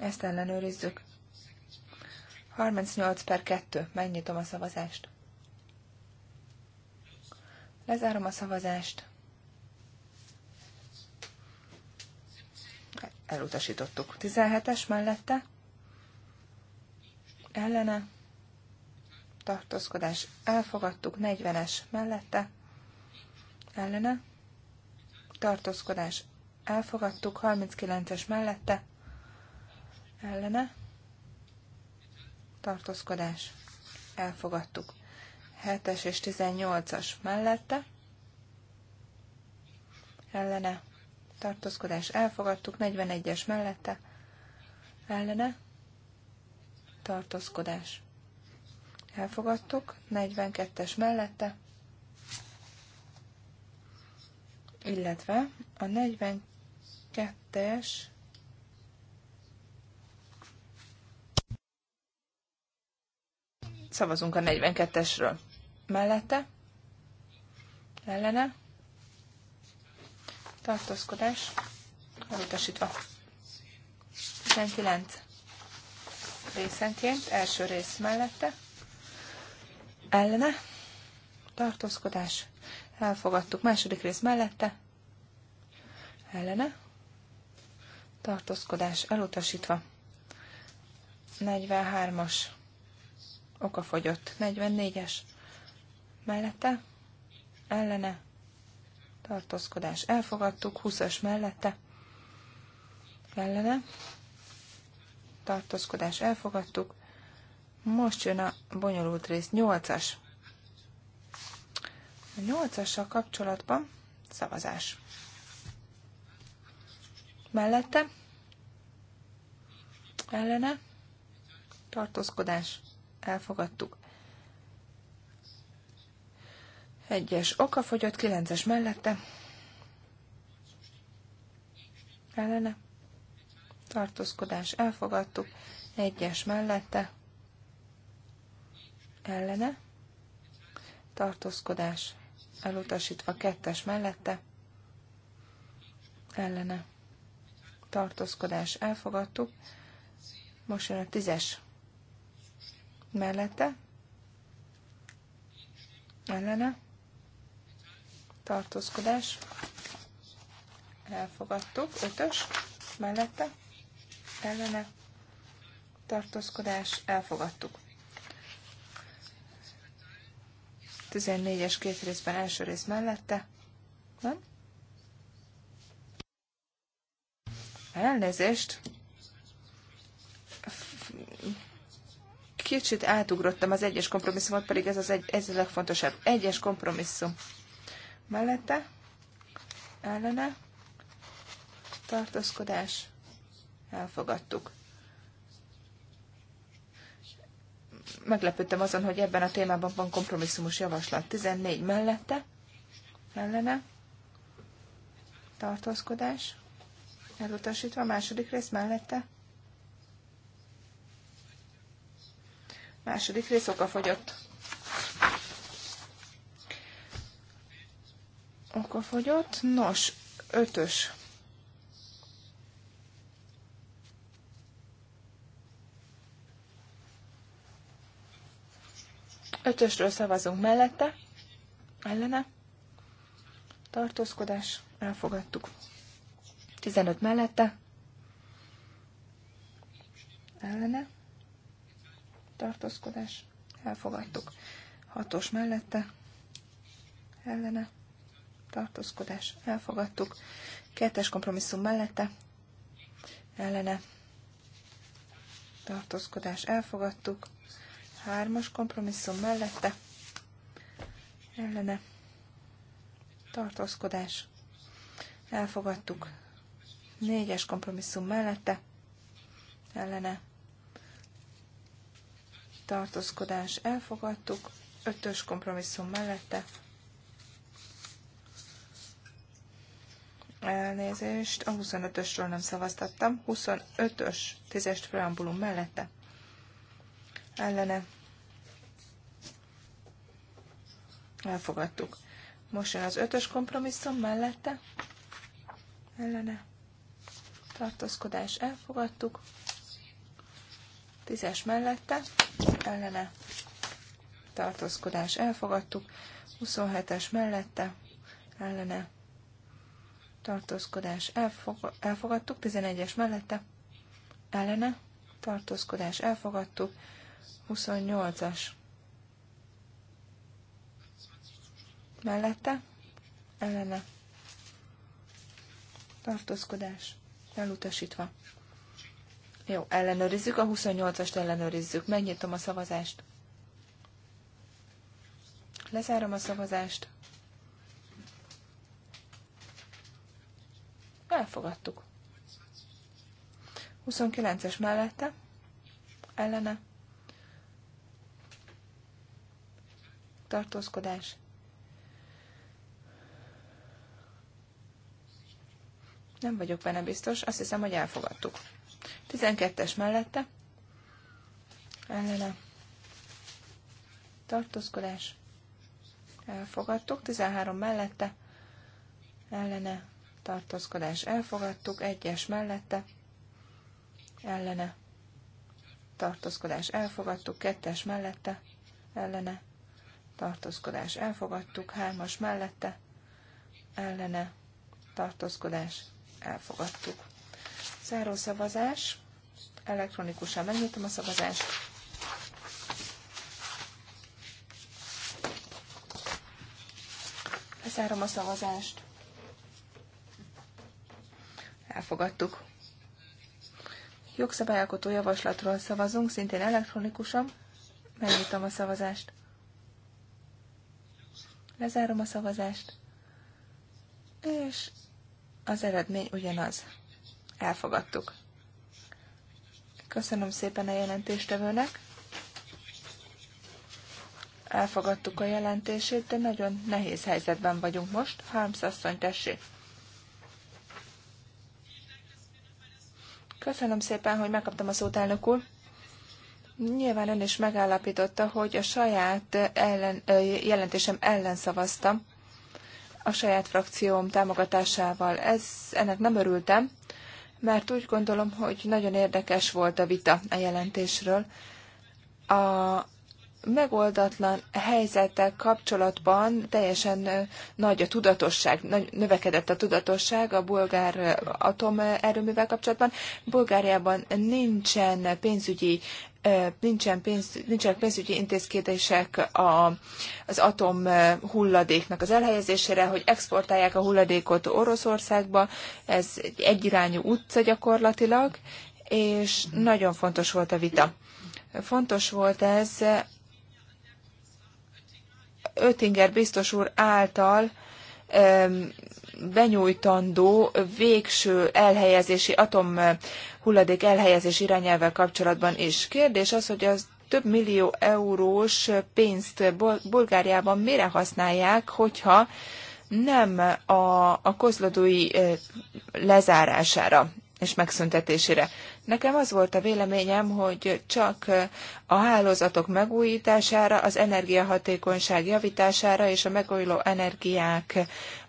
ezt ellenőrizzük. 38 per 2, megnyitom a szavazást. Lezárom a szavazást. Elutasítottuk. 17-es mellette ellene, tartózkodás elfogadtuk, 40-es mellette, ellene, tartózkodás elfogadtuk, 39-es mellette, ellene, tartózkodás elfogadtuk, 7-es és 18-as mellette, ellene, tartózkodás elfogadtuk, 41-es mellette, ellene, tartózkodás. Elfogadtuk, 42-es mellette, illetve a 42-es szavazunk a 42-esről. Mellette, ellene, tartózkodás, elutasítva. 19 részenként, első rész mellette, ellene, tartózkodás, elfogadtuk, második rész mellette, ellene, tartózkodás, elutasítva, 43-as, okafogyott, 44-es, mellette, ellene, tartózkodás, elfogadtuk, 20-as mellette, ellene, tartózkodás elfogadtuk. Most jön a bonyolult rész, nyolcas. A nyolcassal kapcsolatban szavazás. Mellette ellene tartózkodás elfogadtuk. Egyes okafogyott, kilences mellette. Ellene tartózkodás elfogadtuk, egyes mellette, ellene, tartózkodás elutasítva, kettes mellette, ellene, tartózkodás elfogadtuk, most jön a tízes mellette, ellene, tartózkodás, elfogadtuk, ötös, mellette, ellene tartózkodás elfogadtuk. 14-es két részben első rész mellette. Nem? Elnézést. Kicsit átugrottam az egyes kompromisszumot, pedig ez, az egy, ez a legfontosabb. Egyes kompromisszum. Mellette, ellene, tartózkodás, elfogadtuk. Meglepődtem azon, hogy ebben a témában van kompromisszumos javaslat. 14 mellette, ellene, tartózkodás, elutasítva, a második rész mellette. Második rész Oka fogyott. Nos, ötös Ötösről szavazunk mellette, ellene, tartózkodás, elfogadtuk. 15 mellette, ellene, tartózkodás, elfogadtuk. Hatos mellette, ellene, tartózkodás, elfogadtuk. Kettes kompromisszum mellette, ellene, tartózkodás, elfogadtuk. Hármas kompromisszum mellette ellene tartózkodás. Elfogadtuk. Négyes kompromisszum mellette ellene tartózkodás. Elfogadtuk. Ötös kompromisszum mellette Elnézést, a 25-ösről nem szavaztattam. 25-ös, 10 preambulum mellette ellene elfogadtuk. Most jön az ötös kompromisszum mellette, ellene tartózkodás elfogadtuk, tízes mellette, ellene tartózkodás elfogadtuk, 27-es mellette, ellene tartózkodás elfog, elfogadtuk, 11-es mellette, ellene tartózkodás elfogadtuk, 28-as. Mellette? Ellene. Tartózkodás. Elutasítva. Jó, ellenőrizzük, a 28-ast ellenőrizzük. Megnyitom a szavazást. Lezárom a szavazást. Elfogadtuk. 29-es mellette. Ellene. tartózkodás. Nem vagyok benne biztos, azt hiszem, hogy elfogadtuk. 12-es mellette, ellene, tartózkodás, elfogadtuk. 13 mellette, ellene, tartózkodás, elfogadtuk. 1-es mellette, ellene, tartózkodás, elfogadtuk. 2-es mellette, ellene, tartózkodás elfogadtuk, hármas mellette, ellene, tartózkodás elfogadtuk. Záró szavazás, elektronikusan megnyitom a szavazást. Lezárom a szavazást. Elfogadtuk. Jogszabályalkotó javaslatról szavazunk, szintén elektronikusan. Megnyitom a szavazást. Lezárom a szavazást, és az eredmény ugyanaz. Elfogadtuk. Köszönöm szépen a jelentéstevőnek. Elfogadtuk a jelentését, de nagyon nehéz helyzetben vagyunk most. Harms asszony, tessék! Köszönöm szépen, hogy megkaptam a szót, elnök úr. Nyilván ön is megállapította, hogy a saját ellen, jelentésem ellen szavaztam a saját frakcióm támogatásával. Ez, ennek nem örültem, mert úgy gondolom, hogy nagyon érdekes volt a vita a jelentésről. A megoldatlan helyzettel kapcsolatban teljesen nagy a tudatosság, nagy, növekedett a tudatosság a bulgár atomerőművel kapcsolatban. Bulgáriában nincsen pénzügyi nincsen pénz, nincsenek pénzügyi intézkedések a, az atom hulladéknak az elhelyezésére, hogy exportálják a hulladékot Oroszországba, ez egy egyirányú utca gyakorlatilag, és nagyon fontos volt a vita. Fontos volt ez Ötinger biztos úr által benyújtandó végső elhelyezési atom eh, hulladék elhelyezés irányelvvel kapcsolatban is. Kérdés az, hogy az több millió eurós pénzt Bulgáriában mire használják, hogyha nem a, a kozlodói eh, lezárására és megszüntetésére. Nekem az volt a véleményem, hogy csak a hálózatok megújítására, az energiahatékonyság javítására és a megújuló energiák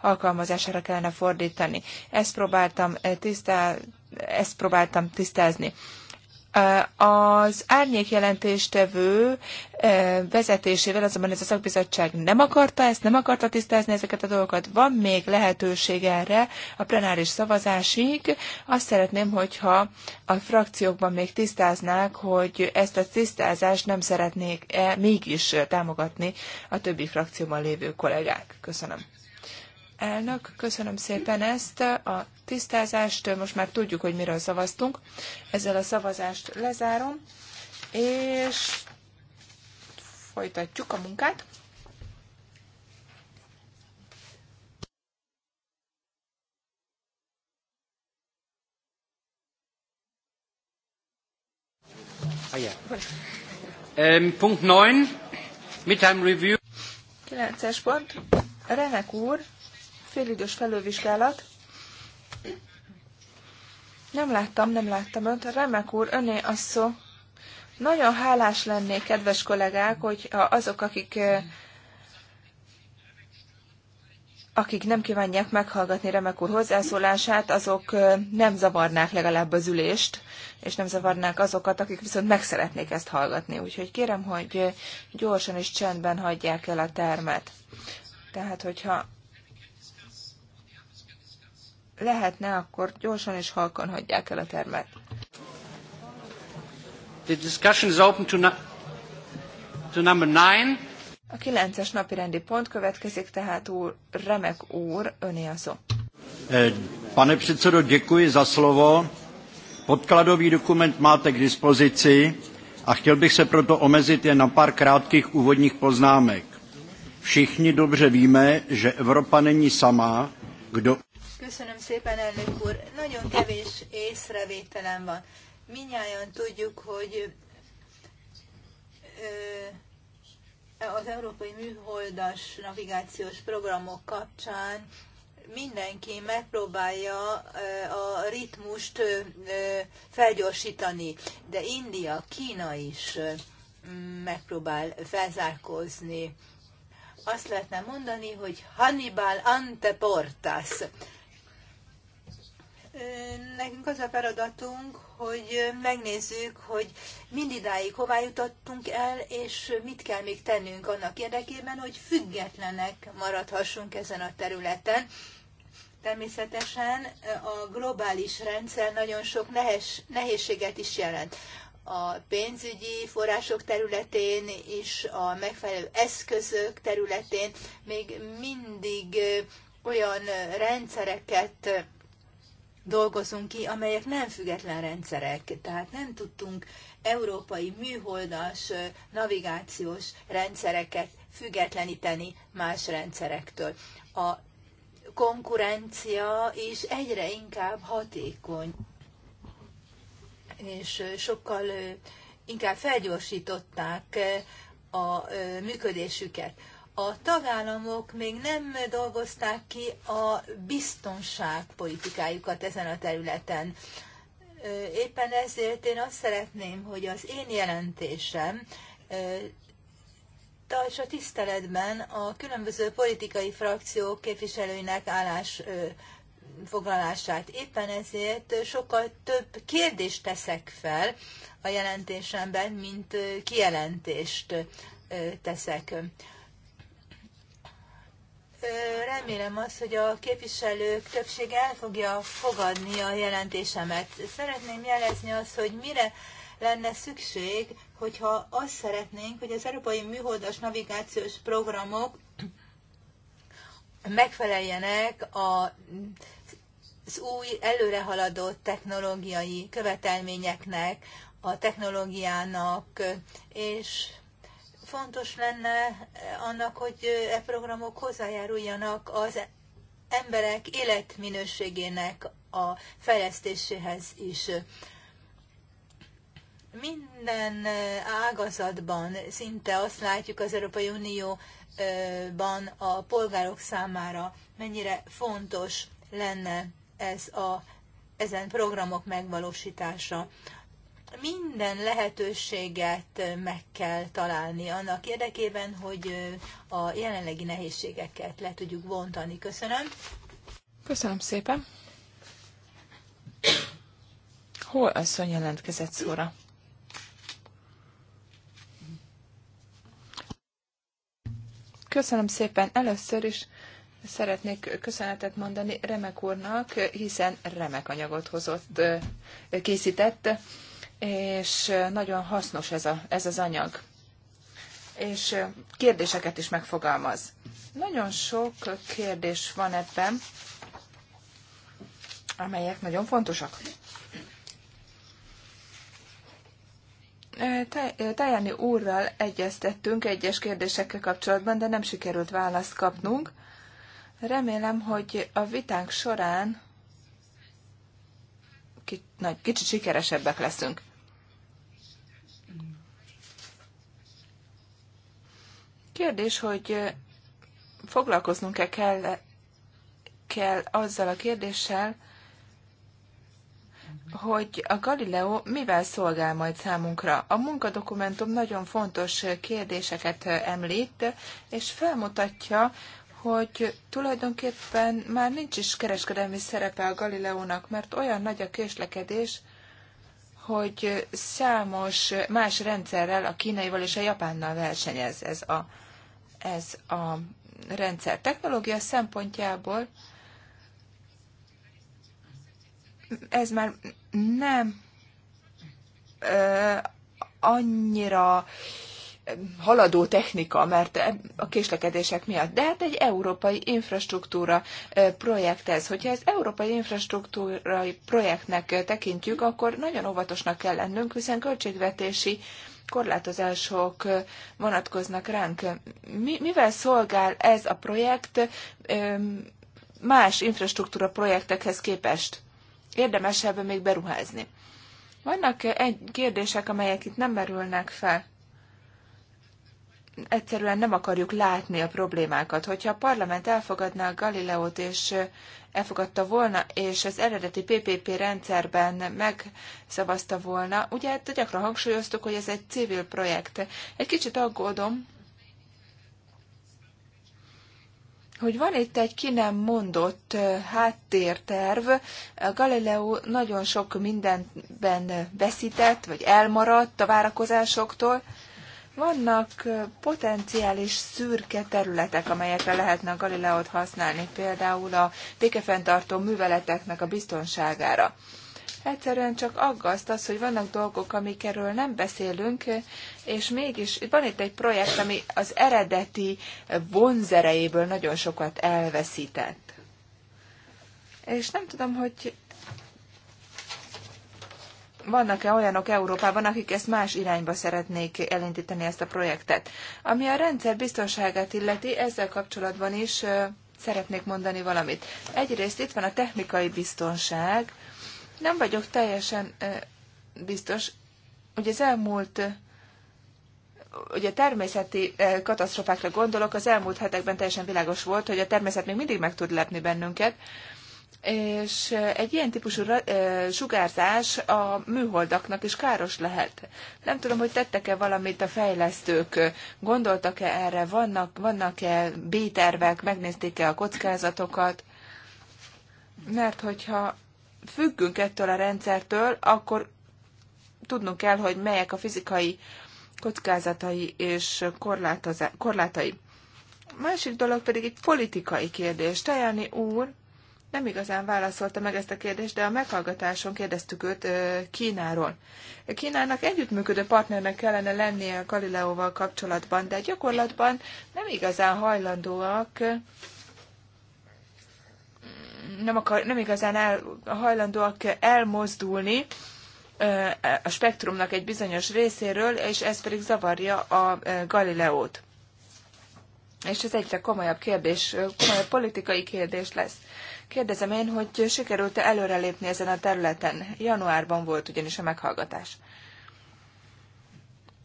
alkalmazására kellene fordítani. Ezt próbáltam, tisztá... Ezt próbáltam tisztázni. Az árnyék jelentéstevő vezetésével azonban ez a szakbizottság nem akarta ezt, nem akarta tisztázni ezeket a dolgokat. Van még lehetőség erre a plenáris szavazásig. Azt szeretném, hogyha a frakciókban még tisztáznák, hogy ezt a tisztázást nem szeretnék -e mégis támogatni a többi frakcióban lévő kollégák. Köszönöm. Elnök, köszönöm szépen ezt a tisztázást, most már tudjuk, hogy miről szavaztunk. Ezzel a szavazást lezárom, és folytatjuk a munkát. Ah, ähm, Punkt 9, Midtime Review. 9-es pont. Renek úr, félidős felővizsgálat. Nem láttam, nem láttam önt. Remek úr, öné a szó. Nagyon hálás lennék, kedves kollégák, hogy azok, akik akik nem kívánják meghallgatni Remek úr hozzászólását, azok nem zavarnák legalább az ülést, és nem zavarnák azokat, akik viszont meg szeretnék ezt hallgatni. Úgyhogy kérem, hogy gyorsan és csendben hagyják el a termet. Tehát, hogyha lehetne, akkor gyorsan és halkan hagyják el a termet. The discussion is open to, to number nine. A kilences napi rendi pont következik, tehát úr, remek úr, öné a szó. Eh, pane předsedo, děkuji za slovo. Podkladový dokument máte k dispozici a chtěl bych se proto omezit jen na pár krátkých úvodních poznámek. Všichni dobře víme, že Evropa není sama, kdo Köszönöm szépen, elnök úr. Nagyon kevés észrevételem van. Minnyáján tudjuk, hogy az európai műholdas navigációs programok kapcsán mindenki megpróbálja a ritmust felgyorsítani, de India, Kína is megpróbál felzárkózni. Azt lehetne mondani, hogy Hannibal Anteportas. portas. Nekünk az a feladatunk, hogy megnézzük, hogy mindidáig hová jutottunk el, és mit kell még tennünk annak érdekében, hogy függetlenek maradhassunk ezen a területen. Természetesen a globális rendszer nagyon sok nehes, nehézséget is jelent. A pénzügyi források területén és a megfelelő eszközök területén még mindig olyan rendszereket dolgozunk ki, amelyek nem független rendszerek. Tehát nem tudtunk európai műholdas navigációs rendszereket függetleníteni más rendszerektől. A konkurencia is egyre inkább hatékony, és sokkal inkább felgyorsították a működésüket a tagállamok még nem dolgozták ki a biztonságpolitikájukat ezen a területen. Éppen ezért én azt szeretném, hogy az én jelentésem a tiszteletben a különböző politikai frakciók képviselőinek állás foglalását. Éppen ezért sokkal több kérdést teszek fel a jelentésemben, mint kijelentést teszek remélem azt, hogy a képviselők többsége el fogja fogadni a jelentésemet. Szeretném jelezni azt, hogy mire lenne szükség, hogyha azt szeretnénk, hogy az európai műholdas navigációs programok megfeleljenek a az új előrehaladott technológiai követelményeknek, a technológiának, és fontos lenne eh, annak, hogy eh, e programok hozzájáruljanak az emberek életminőségének a fejlesztéséhez is. Minden eh, ágazatban szinte azt látjuk az Európai Unióban a polgárok számára, mennyire fontos lenne ez a, ezen programok megvalósítása minden lehetőséget meg kell találni annak érdekében, hogy a jelenlegi nehézségeket le tudjuk vontani. Köszönöm. Köszönöm szépen. Hol asszony jelentkezett szóra? Köszönöm szépen először is. Szeretnék köszönetet mondani Remek úrnak, hiszen remek anyagot hozott, készített és nagyon hasznos ez, a, ez az anyag. És kérdéseket is megfogalmaz. Nagyon sok kérdés van ebben, amelyek nagyon fontosak. Tajani úrral egyeztettünk egyes kérdésekkel kapcsolatban, de nem sikerült választ kapnunk. Remélem, hogy a vitánk során kicsit sikeresebbek leszünk. Kérdés, hogy foglalkoznunk-e kell, kell azzal a kérdéssel, hogy a Galileo mivel szolgál majd számunkra. A munkadokumentum nagyon fontos kérdéseket említ, és felmutatja, hogy tulajdonképpen már nincs is kereskedelmi szerepe a Galileónak, mert olyan nagy a késlekedés, hogy számos más rendszerrel, a kínaival és a japánnal versenyez ez a ez a rendszer. Technológia szempontjából ez már nem annyira haladó technika, mert a késlekedések miatt. De hát egy európai infrastruktúra projekt ez. Hogyha ez európai infrastruktúrai projektnek tekintjük, akkor nagyon óvatosnak kell lennünk, hiszen költségvetési korlátozások vonatkoznak ránk. Mi, mivel szolgál ez a projekt más infrastruktúra projektekhez képest? Érdemes még beruházni. Vannak egy kérdések, amelyek itt nem merülnek fel egyszerűen nem akarjuk látni a problémákat. Hogyha a parlament elfogadná a Galileót, és elfogadta volna, és az eredeti PPP rendszerben megszavazta volna, ugye hát gyakran hangsúlyoztuk, hogy ez egy civil projekt. Egy kicsit aggódom, hogy van itt egy ki nem mondott háttérterv. A Galileo nagyon sok mindenben veszített, vagy elmaradt a várakozásoktól, vannak potenciális szürke területek, amelyekre lehetne a Galileót használni, például a békefenntartó műveleteknek a biztonságára. Egyszerűen csak aggaszt az, hogy vannak dolgok, amikről nem beszélünk, és mégis van itt egy projekt, ami az eredeti vonzerejéből nagyon sokat elveszített. És nem tudom, hogy vannak-e olyanok Európában, akik ezt más irányba szeretnék elindítani ezt a projektet. Ami a rendszer biztonságát illeti, ezzel kapcsolatban is szeretnék mondani valamit. Egyrészt itt van a technikai biztonság. Nem vagyok teljesen biztos, hogy az elmúlt ugye természeti katasztrofákra gondolok, az elmúlt hetekben teljesen világos volt, hogy a természet még mindig meg tud lepni bennünket, és eh, egy ilyen típusú eh, sugárzás a műholdaknak is káros lehet. Nem tudom, hogy tettek-e valamit a fejlesztők, gondoltak-e erre, vannak, vannak-e B-tervek, megnézték-e a kockázatokat, mert hogyha függünk ettől a rendszertől, akkor tudnunk kell, hogy melyek a fizikai kockázatai és korlátai. Másik dolog pedig egy politikai kérdés. Tajani úr nem igazán válaszolta meg ezt a kérdést, de a meghallgatáson kérdeztük őt Kínáról. Kínának együttműködő partnernek kellene lennie a Galileóval kapcsolatban, de gyakorlatban nem igazán hajlandóak nem, akar, nem igazán el, hajlandóak elmozdulni a spektrumnak egy bizonyos részéről, és ez pedig zavarja a Galileót. És ez egyre komolyabb kérdés, komolyabb politikai kérdés lesz. Kérdezem én, hogy sikerült-e előrelépni ezen a területen? Januárban volt ugyanis a meghallgatás.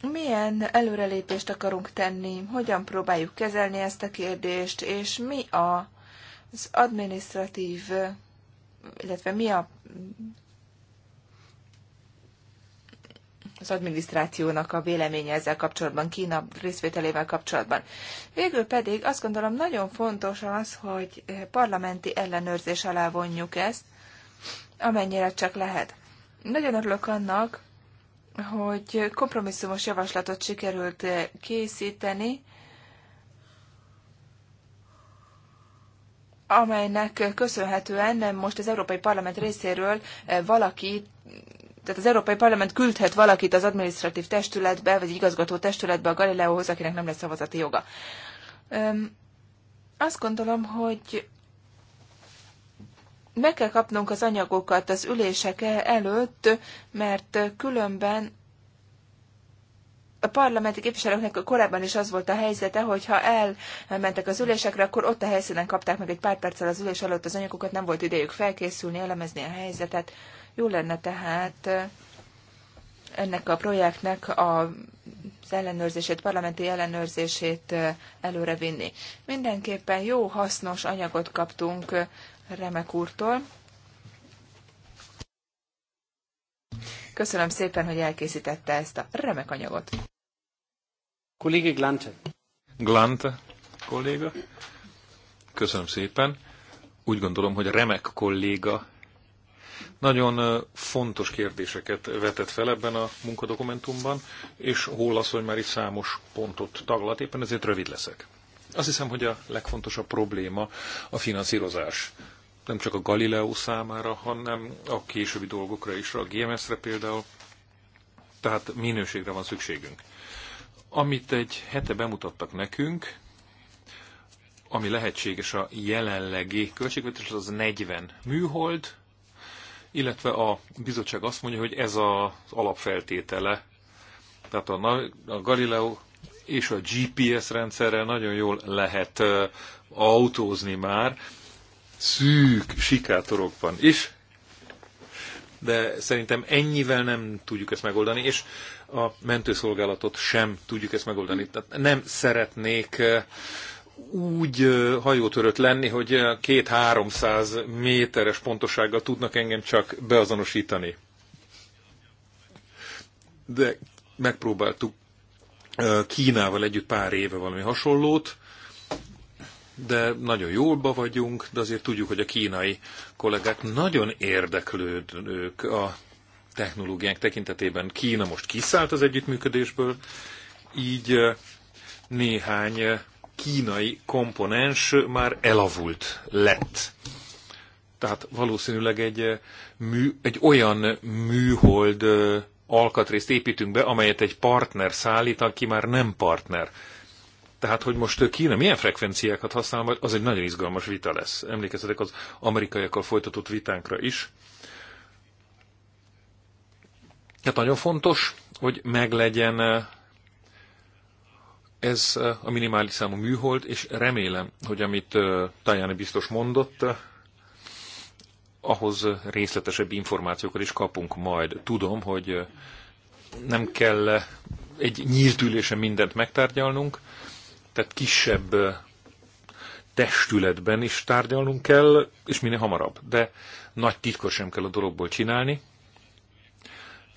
Milyen előrelépést akarunk tenni, hogyan próbáljuk kezelni ezt a kérdést, és mi a, az administratív, illetve mi a az adminisztrációnak a véleménye ezzel kapcsolatban, Kína részvételével kapcsolatban. Végül pedig azt gondolom nagyon fontos az, hogy parlamenti ellenőrzés alá vonjuk ezt, amennyire csak lehet. Nagyon örülök annak, hogy kompromisszumos javaslatot sikerült készíteni, amelynek köszönhetően most az Európai Parlament részéről valaki tehát az Európai Parlament küldhet valakit az adminisztratív testületbe, vagy igazgató testületbe a Galileóhoz, akinek nem lesz szavazati joga. Öm, azt gondolom, hogy meg kell kapnunk az anyagokat az ülések e- előtt, mert különben a parlamenti képviselőknek korábban is az volt a helyzete, hogy ha elmentek az ülésekre, akkor ott a helyszínen kapták meg egy pár perccel az ülés előtt az anyagokat, nem volt idejük felkészülni, elemezni a helyzetet. Jó lenne tehát ennek a projektnek a az ellenőrzését, parlamenti ellenőrzését előrevinni. Mindenképpen jó, hasznos anyagot kaptunk Remek úrtól. Köszönöm szépen, hogy elkészítette ezt a remek anyagot. Kollégi Glante. Glante kolléga. Köszönöm szépen. Úgy gondolom, hogy remek kolléga nagyon fontos kérdéseket vetett fel ebben a munkadokumentumban, és hol az, hogy már itt számos pontot taglalt, éppen ezért rövid leszek. Azt hiszem, hogy a legfontosabb probléma a finanszírozás. Nem csak a Galileo számára, hanem a későbbi dolgokra is, a GMS-re például. Tehát minőségre van szükségünk. Amit egy hete bemutattak nekünk, ami lehetséges a jelenlegi költségvetés, az 40 műhold, illetve a bizottság azt mondja, hogy ez az alapfeltétele. Tehát a, a Galileo és a GPS rendszerrel nagyon jól lehet autózni már, szűk sikátorokban is, de szerintem ennyivel nem tudjuk ezt megoldani, és a mentőszolgálatot sem tudjuk ezt megoldani. Tehát nem szeretnék úgy hajótörött lenni, hogy két-háromszáz méteres pontosággal tudnak engem csak beazonosítani. De megpróbáltuk Kínával együtt pár éve valami hasonlót, de nagyon jólba vagyunk, de azért tudjuk, hogy a kínai kollégák nagyon érdeklődők a technológiánk tekintetében. Kína most kiszállt az együttműködésből, így néhány kínai komponens már elavult lett. Tehát valószínűleg egy, eh, mű, egy olyan műhold eh, alkatrészt építünk be, amelyet egy partner szállít, aki már nem partner. Tehát, hogy most Kína milyen frekvenciákat használ, az egy nagyon izgalmas vita lesz. Emlékezzetek az amerikaiakkal folytatott vitánkra is. Tehát nagyon fontos, hogy meglegyen eh, ez eh, a minimális számú műhold, és remélem, hogy amit eh, Tajani biztos mondott, eh, ahhoz részletesebb információkat is kapunk majd. Tudom, hogy nem kell egy nyílt ülésen mindent megtárgyalnunk, tehát kisebb testületben is tárgyalnunk kell, és minél hamarabb. De nagy titkot sem kell a dologból csinálni,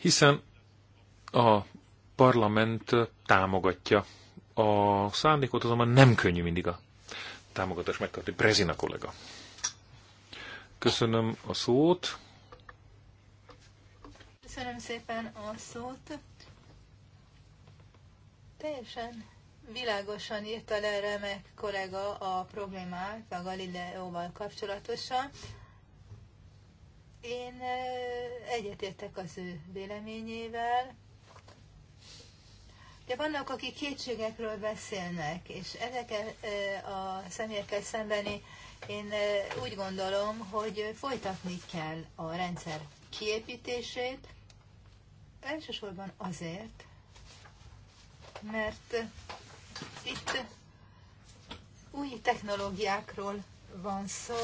hiszen a parlament támogatja a szándékot azonban nem könnyű mindig a támogatás megkapni. Prezina kollega. Köszönöm a szót. Köszönöm szépen a szót. Teljesen világosan írta le remek kollega a problémát a Galileóval kapcsolatosan. Én eh, egyetértek az ő véleményével. De vannak, akik kétségekről beszélnek, és ezekkel a személyekkel szembeni én úgy gondolom, hogy folytatni kell a rendszer kiépítését, elsősorban azért, mert itt új technológiákról van szó,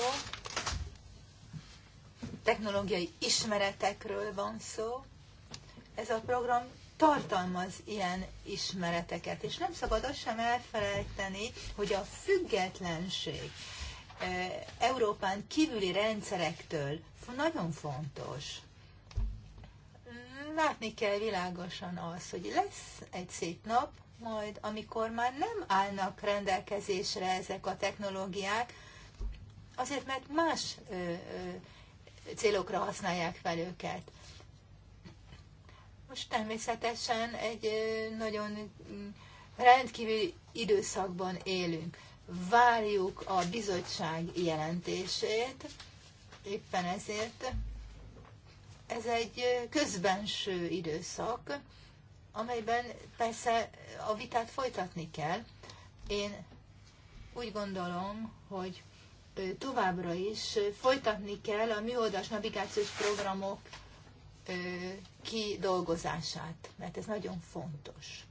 technológiai ismeretekről van szó. Ez a program tartalmaz ilyen ismereteket. És nem szabad azt sem elfelejteni, hogy a függetlenség Európán kívüli rendszerektől nagyon fontos. Látni kell világosan az, hogy lesz egy szép nap, majd amikor már nem állnak rendelkezésre ezek a technológiák, azért mert más ö, ö, célokra használják fel őket. Most természetesen egy nagyon mm, rendkívüli időszakban élünk. Várjuk a bizottság jelentését, éppen ezért ez egy közbenső időszak, amelyben persze a vitát folytatni kell. Én úgy gondolom, hogy továbbra is folytatni kell a műoldás navigációs programok kidolgozását, mert ez nagyon fontos.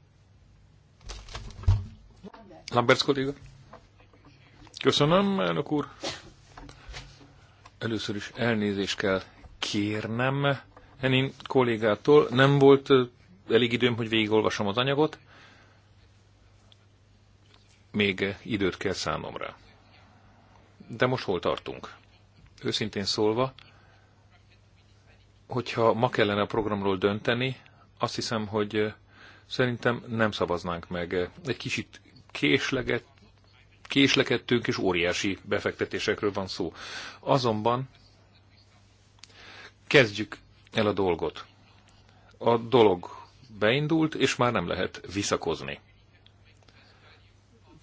Lamberts kolléga. Köszönöm, elnök úr. Először is elnézést kell kérnem Henin kollégától. Nem volt elég időm, hogy végigolvasom az anyagot. Még időt kell szánnom rá. De most hol tartunk? Őszintén szólva, hogyha ma kellene a programról dönteni, azt hiszem, hogy szerintem nem szavaznánk meg. Egy kicsit késleget, késlekedtünk, és óriási befektetésekről van szó. Azonban kezdjük el a dolgot. A dolog beindult, és már nem lehet visszakozni.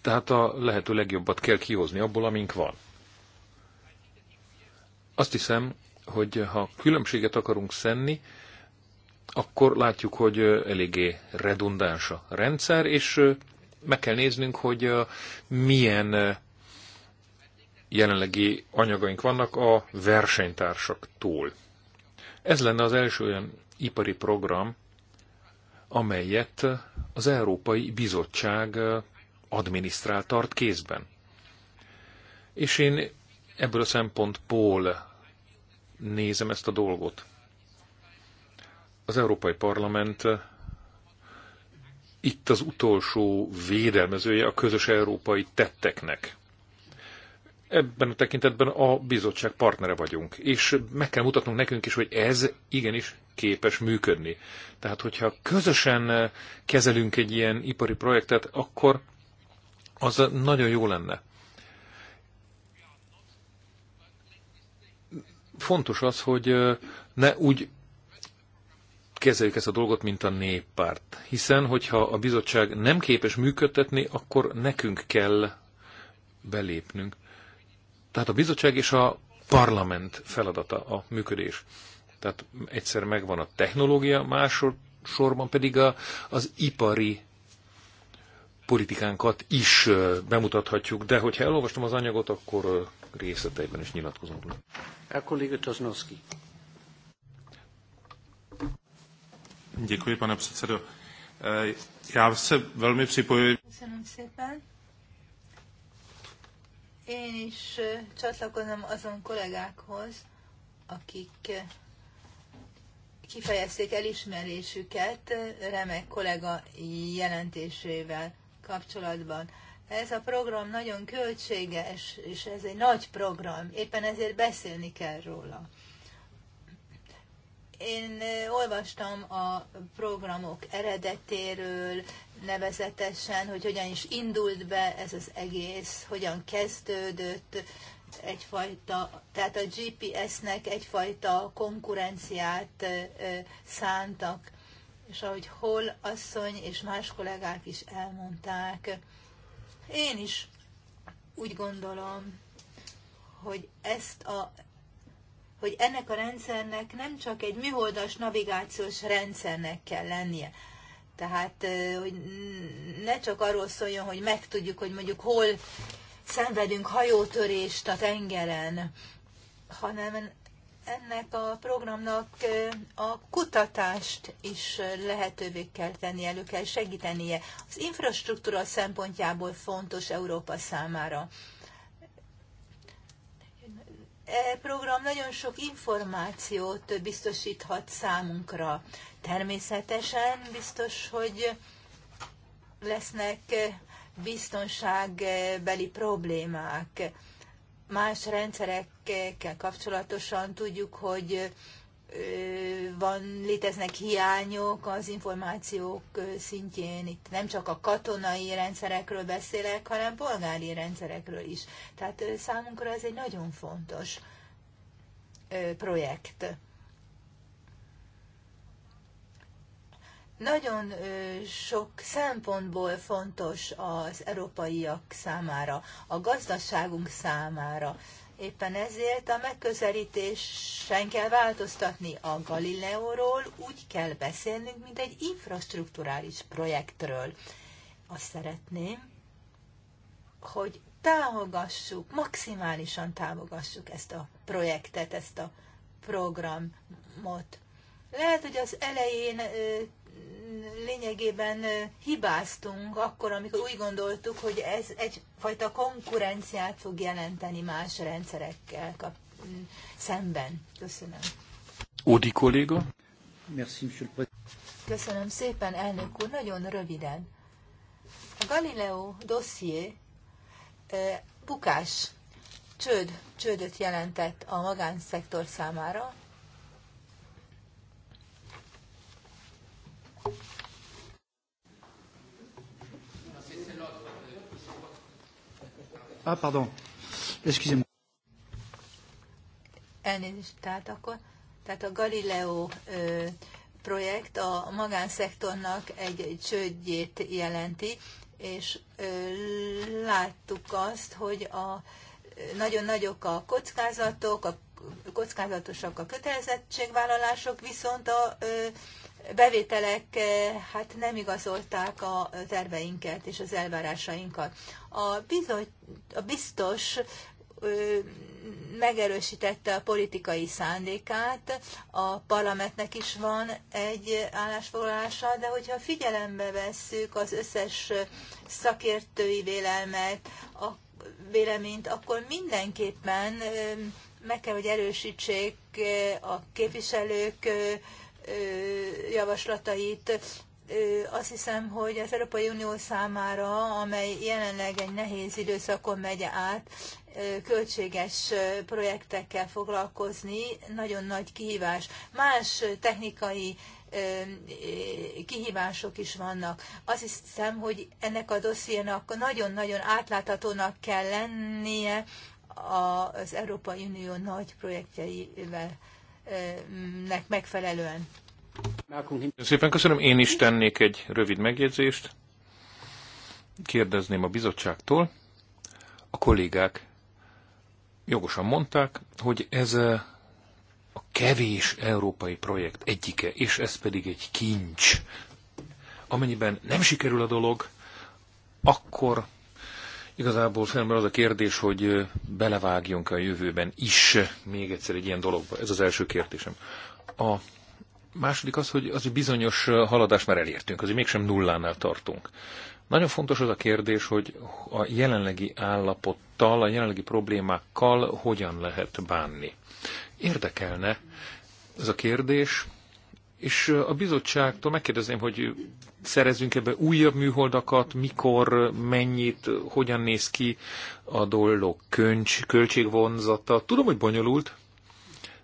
Tehát a lehető legjobbat kell kihozni abból, amink van. Azt hiszem, hogy ha különbséget akarunk szenni, akkor látjuk, hogy eléggé redundáns a rendszer, és meg kell néznünk, hogy milyen jelenlegi anyagaink vannak a versenytársaktól. Ez lenne az első olyan ipari program, amelyet az Európai Bizottság adminisztrál tart kézben. És én ebből a szempontból nézem ezt a dolgot. Az Európai Parlament eh, itt az utolsó védelmezője a közös európai tetteknek. Ebben a tekintetben a bizottság partnere vagyunk, és meg kell mutatnunk nekünk is, hogy ez igenis képes működni. Tehát, hogyha közösen eh, kezelünk egy ilyen ipari projektet, akkor az nagyon jó lenne. fontos az, hogy ne úgy kezeljük ezt a dolgot, mint a néppárt. Hiszen, hogyha a bizottság nem képes működtetni, akkor nekünk kell belépnünk. Tehát a bizottság és a parlament feladata a működés. Tehát egyszer megvan a technológia, másodszorban pedig a, az ipari politikánkat is bemutathatjuk, de hogyha elolvastam az anyagot, akkor részleteiben is nyilatkozunk. Herr Kollege Tosnowski. Děkuji, pane předsedo. E, já se velmi připojuji. Köszönöm szépen. Én is e, csatlakozom azon kollégákhoz, akik e, kifejezték elismerésüket remek kollega jelentésével kapcsolatban. Ez a program nagyon költséges, és ez egy nagy program, éppen ezért beszélni kell róla. Én olvastam a programok eredetéről, nevezetesen, hogy hogyan is indult be ez az egész, hogyan kezdődött, egyfajta, tehát a GPS-nek egyfajta konkurenciát szántak, és ahogy Hol asszony és más kollégák is elmondták, én is úgy gondolom, hogy ezt a hogy ennek a rendszernek nem csak egy műholdas navigációs rendszernek kell lennie. Tehát, hogy ne csak arról szóljon, hogy megtudjuk, hogy mondjuk hol szenvedünk hajótörést a tengeren, hanem ennek a programnak a kutatást is lehetővé kell tennie, elő kell segítenie. Az infrastruktúra szempontjából fontos Európa számára. E program nagyon sok információt biztosíthat számunkra. Természetesen biztos, hogy lesznek biztonságbeli problémák Más rendszerekkel kapcsolatosan tudjuk, hogy van, léteznek hiányok az információk szintjén. Itt nem csak a katonai rendszerekről beszélek, hanem polgári rendszerekről is. Tehát számunkra ez egy nagyon fontos projekt. nagyon sok szempontból fontos az európaiak számára, a gazdaságunk számára. Éppen ezért a megközelítésen kell változtatni a Galileóról, úgy kell beszélnünk, mint egy infrastruktúrális projektről. Azt szeretném, hogy támogassuk, maximálisan támogassuk ezt a projektet, ezt a programot. Lehet, hogy az elején lényegében hibáztunk akkor, amikor úgy gondoltuk, hogy ez egyfajta konkurenciát fog jelenteni más rendszerekkel kap- szemben. Köszönöm. Ódi kolléga. Köszönöm szépen, elnök úr. Nagyon röviden. A Galileo dosszié bukás, csőd, csődöt jelentett a magánszektor számára, Ah, pardon. Excusez-moi. Elnézést, tehát akkor, tehát a Galileo ö, projekt a magánszektornak egy csődjét jelenti, és ö, láttuk azt, hogy a nagyon nagyok a kockázatok, a kockázatosak a kötelezettségvállalások, viszont a ö, bevételek eh, hát nem igazolták a terveinket és az elvárásainkat. A, bizony, a biztos megerősítette a politikai szándékát, a parlamentnek is van egy állásfoglalása, de hogyha figyelembe vesszük az összes szakértői vélelmet, a véleményt, akkor mindenképpen meg kell, hogy erősítsék a képviselők javaslatait. Azt hiszem, hogy az Európai Unió számára, amely jelenleg egy nehéz időszakon megy át, költséges projektekkel foglalkozni nagyon nagy kihívás. Más technikai kihívások is vannak. Azt hiszem, hogy ennek a dossziénak nagyon-nagyon átláthatónak kell lennie az Európai Unió nagy projektjeivel nek megfelelően. Szépen köszönöm, én is tennék egy rövid megjegyzést. Kérdezném a bizottságtól. A kollégák jogosan mondták, hogy ez a kevés európai projekt egyike, és ez pedig egy kincs. Amennyiben nem sikerül a dolog, akkor Igazából felmerül az a kérdés, hogy belevágjunk a jövőben is még egyszer egy ilyen dologba. Ez az első kérdésem. A második az, hogy az hogy bizonyos haladás már elértünk, azért mégsem nullánál tartunk. Nagyon fontos az a kérdés, hogy a jelenlegi állapottal, a jelenlegi problémákkal hogyan lehet bánni. Érdekelne ez a kérdés, és a bizottságtól megkérdezném, hogy szerezünk ebbe újabb műholdakat, mikor, mennyit, hogyan néz ki a dolog könycs, költségvonzata. Tudom, hogy bonyolult,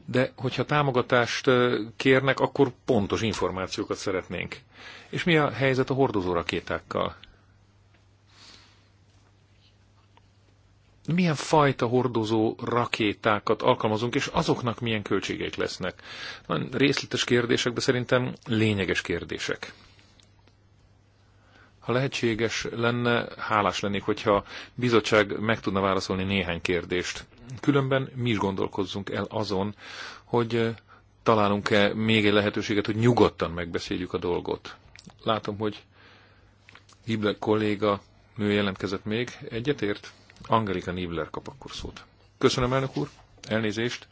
de hogyha támogatást kérnek, akkor pontos információkat szeretnénk. És mi a helyzet a hordozórakétákkal? milyen fajta hordozó rakétákat alkalmazunk, és azoknak milyen költségek lesznek. Nagyon részletes kérdések, de szerintem lényeges kérdések. Ha lehetséges lenne, hálás lennék, hogyha bizottság meg tudna válaszolni néhány kérdést. Különben mi is gondolkozzunk el azon, hogy eh, találunk-e még egy lehetőséget, hogy nyugodtan megbeszéljük a dolgot. Látom, hogy Hibler kolléga nő jelentkezett még. Egyetért? Angelika Nibler kap akkor szót. Köszönöm, elnök úr, elnézést,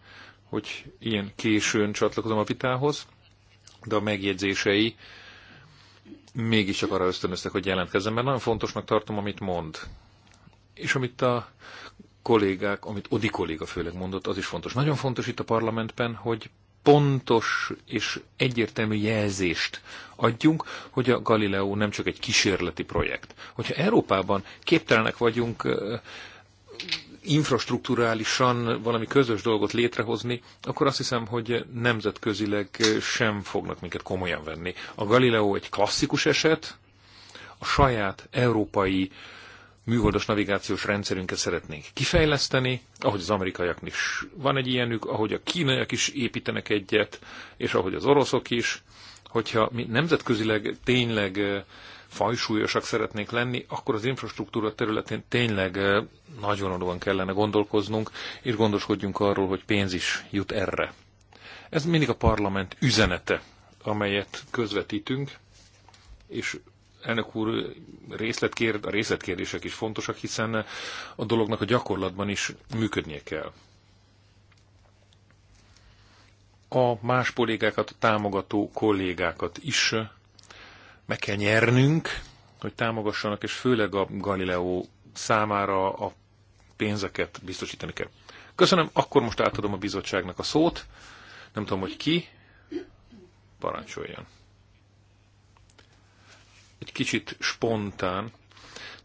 hogy ilyen későn csatlakozom a vitához, de a megjegyzései mégiscsak arra ösztönöztek, hogy jelentkezzem, mert nagyon fontosnak tartom, amit mond. És amit a kollégák, amit Odi kolléga főleg mondott, az is fontos. Nagyon fontos itt a parlamentben, hogy pontos és egyértelmű jelzést adjunk, hogy a Galileo nem csak egy kísérleti projekt. Hogyha Európában képtelenek vagyunk infrastruktúrálisan valami közös dolgot létrehozni, akkor azt hiszem, hogy nemzetközileg sem fognak minket komolyan venni. A Galileo egy klasszikus eset, a saját európai uh, műholdas navigációs rendszerünket szeretnénk kifejleszteni, ahogy az amerikaiak is van egy ilyenük, ahogy a kínaiak is építenek egyet, és ahogy az oroszok is, hogyha mi nemzetközileg tényleg eh, fajsúlyosak szeretnénk lenni, akkor az infrastruktúra területén tényleg eh, nagyon adóan kellene gondolkoznunk, és gondoskodjunk arról, hogy pénz is jut erre. Ez mindig a parlament üzenete, amelyet közvetítünk, és elnök úr, részletkér, a részletkérdések is fontosak, hiszen a dolognak a gyakorlatban is működnie kell. A más kollégákat, a támogató kollégákat is meg kell nyernünk, hogy támogassanak, és főleg a Galileo számára a pénzeket biztosítani kell. Köszönöm, akkor most átadom a bizottságnak a szót. Nem tudom, hogy ki. Parancsoljon egy kicsit spontán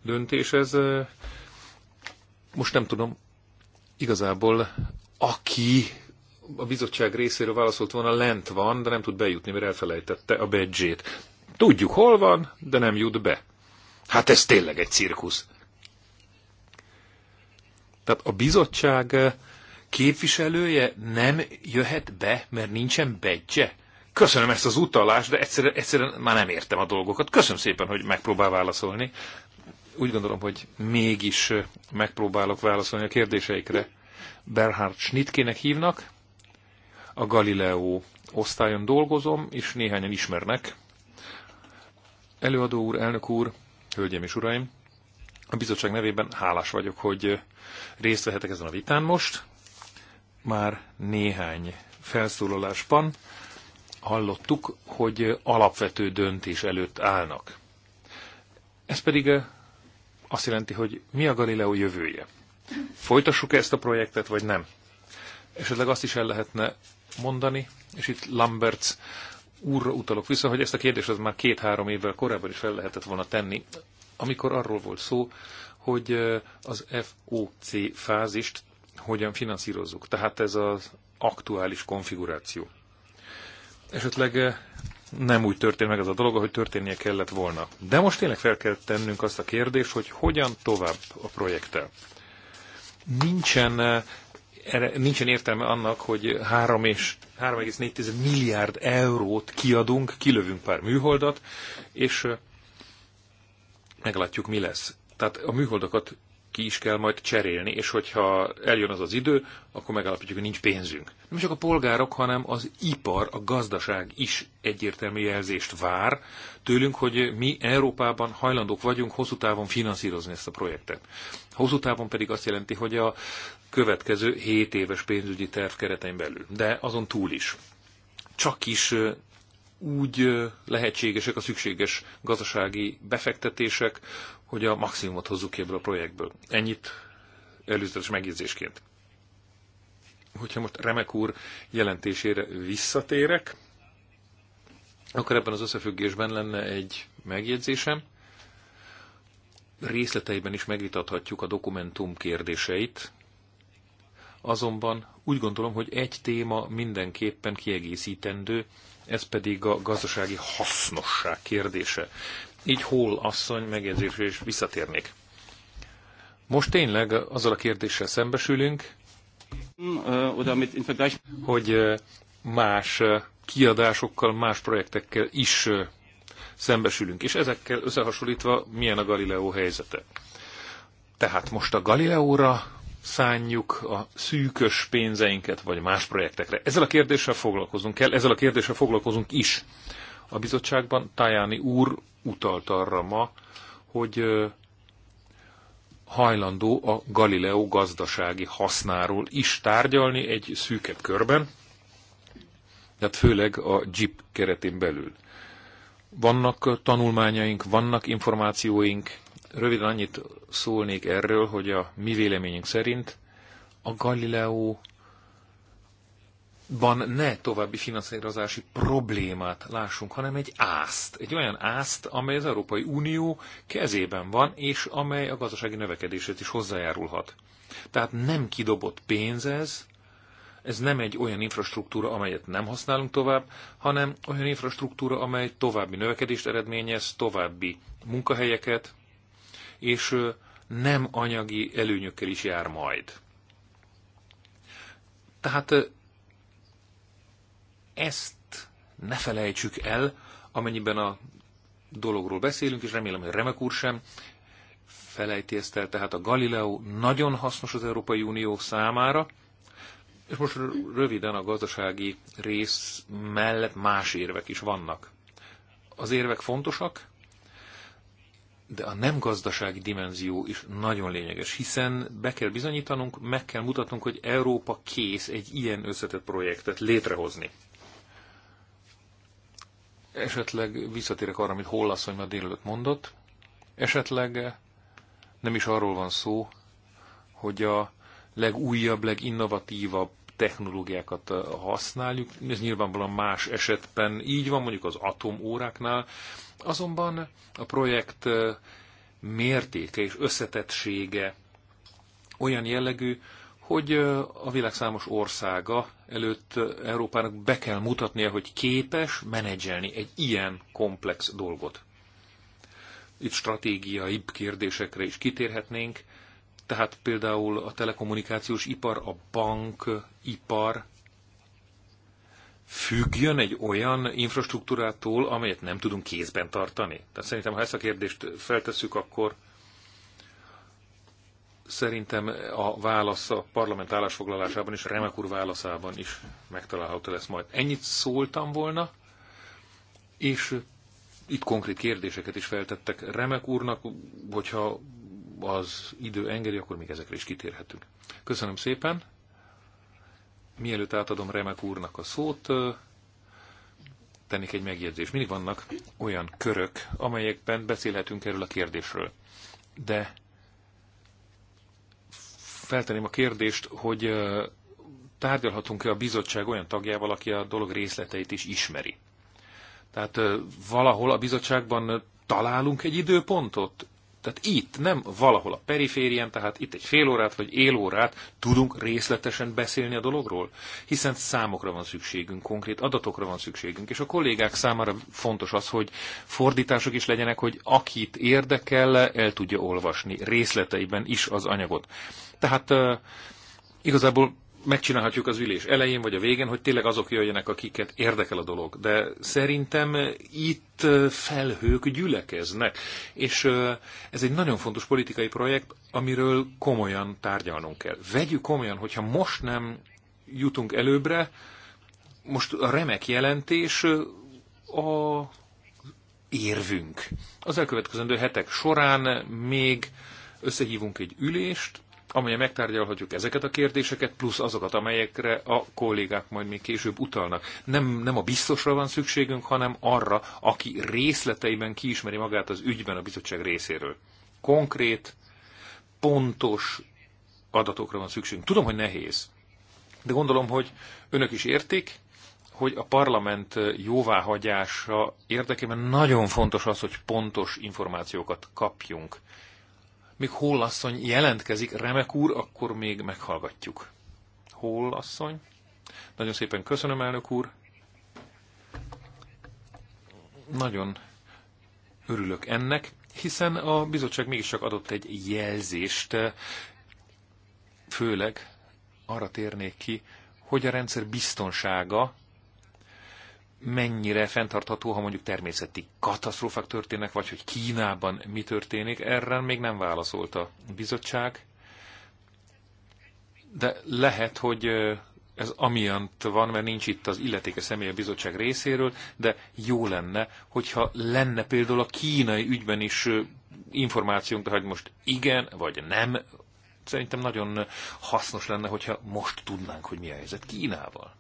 döntés ez. Most nem tudom, igazából aki a bizottság részéről válaszolt volna, lent van, de nem tud bejutni, mert elfelejtette a bedzsét. Tudjuk, hol van, de nem jut be. Hát ez tényleg egy cirkusz. Tehát a bizottság képviselője nem jöhet be, mert nincsen bedzse köszönöm ezt az utalást, de egyszerűen, egyszerűen már nem értem a dolgokat. Köszönöm szépen, hogy megpróbál válaszolni. Úgy gondolom, hogy mégis megpróbálok válaszolni a kérdéseikre. Berhard Schnittkének hívnak, a Galileo osztályon dolgozom, és néhányan ismernek. Előadó úr, elnök úr, hölgyeim és uraim, a bizottság nevében hálás vagyok, hogy részt vehetek ezen a vitán most. Már néhány felszólalásban hallottuk, hogy alapvető döntés előtt állnak. Ez pedig eh, azt jelenti, hogy mi a Galileo jövője? Folytassuk -e ezt a projektet, vagy nem? Esetleg azt is el lehetne mondani, és itt Lamberts úrra utalok vissza, hogy ezt a kérdést az már két-három évvel korábban is fel lehetett volna tenni, amikor arról volt szó, hogy eh, az FOC fázist hogyan finanszírozzuk. Tehát ez az aktuális konfiguráció esetleg eh, nem úgy történt meg az a dolog, ahogy történnie kellett volna. De most tényleg fel kell tennünk azt a kérdést, hogy hogyan tovább a projekttel. Nincsen, eh, nincsen értelme annak, hogy 3 és 3,4 milliárd eurót kiadunk, kilövünk pár műholdat, és eh, meglátjuk, mi lesz. Tehát a műholdakat ki is kell majd cserélni, és hogyha eljön az az idő, akkor megállapítjuk, hogy nincs pénzünk. Nem csak a polgárok, hanem az ipar, a gazdaság is egyértelmű jelzést vár tőlünk, hogy mi Európában hajlandók vagyunk hosszú távon finanszírozni ezt a projektet. Hosszú távon pedig azt jelenti, hogy a következő 7 éves pénzügyi terv keretein belül, de azon túl is. Csak is úgy lehetségesek a szükséges gazdasági befektetések, hogy a maximumot hozzuk ki ebből a projektből. Ennyit előzetes megjegyzésként. Hogyha most Remek úr jelentésére visszatérek, akkor ebben az összefüggésben lenne egy megjegyzésem. Részleteiben is megvitathatjuk a dokumentum kérdéseit, azonban úgy gondolom, hogy egy téma mindenképpen kiegészítendő, ez pedig a gazdasági hasznosság kérdése így Hol asszony megjegyzésre is visszatérnék. Most tényleg azzal a kérdéssel szembesülünk, hogy más kiadásokkal, más projektekkel is szembesülünk, és ezekkel összehasonlítva milyen a Galileo helyzete. Tehát most a Galileóra szánjuk a szűkös pénzeinket, vagy más projektekre. Ezzel a kérdéssel foglalkozunk kell, ezzel a kérdéssel foglalkozunk is a bizottságban. Tajani úr utalt arra ma, hogy hajlandó a Galileo gazdasági hasznáról is tárgyalni egy szűkebb körben, tehát főleg a GIP keretén belül. Vannak tanulmányaink, vannak információink, röviden annyit szólnék erről, hogy a mi véleményünk szerint a Galileo ban ne további finanszírozási problémát lássunk, hanem egy ázt. egy olyan ázt, amely az Európai Unió kezében van, és amely a gazdasági növekedését is hozzájárulhat. Tehát nem kidobott pénz ez, ez nem egy olyan infrastruktúra, amelyet nem használunk tovább, hanem olyan infrastruktúra, amely további növekedést eredményez, további munkahelyeket, és nem anyagi előnyökkel is jár majd. Tehát ezt ne felejtsük el, amennyiben a dologról beszélünk, és remélem, hogy Remek úr sem felejti ezt el. Tehát a Galileo nagyon hasznos az Európai Unió számára, és most röviden a gazdasági rész mellett más érvek is vannak. Az érvek fontosak, de a nem gazdasági dimenzió is nagyon lényeges, hiszen be kell bizonyítanunk, meg kell mutatnunk, hogy Európa kész egy ilyen összetett projektet létrehozni. Esetleg visszatérek arra, amit Hollasszony ma délelőtt mondott. Esetleg nem is arról van szó, hogy a legújabb, leginnovatívabb technológiákat eh, használjuk. Ez nyilvánvalóan más esetben így van, mondjuk az atomóráknál. Azonban a projekt eh, mértéke és összetettsége olyan jellegű, hogy a világ számos országa előtt Európának be kell mutatnia, hogy képes menedzselni egy ilyen komplex dolgot. Itt stratégiai kérdésekre is kitérhetnénk, tehát például a telekommunikációs ipar, a bank ipar függjön egy olyan infrastruktúrától, amelyet nem tudunk kézben tartani. Tehát szerintem, ha ezt a kérdést feltesszük, akkor szerintem a válasz a parlament állásfoglalásában és Remek úr válaszában is megtalálható lesz majd. Ennyit szóltam volna, és itt konkrét kérdéseket is feltettek Remek úrnak, hogyha az idő engedi, akkor még ezekre is kitérhetünk. Köszönöm szépen. Mielőtt átadom Remek úrnak a szót, tennék egy megjegyzést. Mindig vannak olyan körök, amelyekben beszélhetünk erről a kérdésről. De feltenném a kérdést, hogy tárgyalhatunk-e a bizottság olyan tagjával, aki a dolog részleteit is ismeri. Tehát valahol a bizottságban találunk egy időpontot? Tehát itt, nem valahol a periférien, tehát itt egy fél órát vagy él órát tudunk részletesen beszélni a dologról? Hiszen számokra van szükségünk, konkrét adatokra van szükségünk, és a kollégák számára fontos az, hogy fordítások is legyenek, hogy akit érdekel, el tudja olvasni részleteiben is az anyagot. Tehát igazából megcsinálhatjuk az ülés elején vagy a végén, hogy tényleg azok jöjjenek, akiket érdekel a dolog. De szerintem itt felhők gyülekeznek, és ez egy nagyon fontos politikai projekt, amiről komolyan tárgyalnunk kell. Vegyük komolyan, hogyha most nem jutunk előbbre, most a remek jelentés a érvünk. Az elkövetkezendő hetek során még összehívunk egy ülést, amelyen megtárgyalhatjuk ezeket a kérdéseket, plusz azokat, amelyekre a kollégák majd még később utalnak. Nem, nem a biztosra van szükségünk, hanem arra, aki részleteiben kiismeri magát az ügyben a bizottság részéről. Konkrét, pontos adatokra van szükségünk. Tudom, hogy nehéz, de gondolom, hogy önök is értik, hogy a parlament jóváhagyása érdekében nagyon fontos az, hogy pontos információkat kapjunk. Még Hollasszony jelentkezik, remek úr, akkor még meghallgatjuk. Hollasszony. Nagyon szépen köszönöm, elnök úr. Nagyon örülök ennek, hiszen a bizottság mégiscsak adott egy jelzést, főleg arra térnék ki, hogy a rendszer biztonsága mennyire fenntartható, ha mondjuk természeti katasztrófák történnek, vagy hogy Kínában mi történik, erre még nem válaszolt a bizottság. De lehet, hogy ez amiatt van, mert nincs itt az illetéke személy a bizottság részéről, de jó lenne, hogyha lenne például a kínai ügyben is információnk, de hogy most igen vagy nem, szerintem nagyon hasznos lenne, hogyha most tudnánk, hogy mi a helyzet Kínával.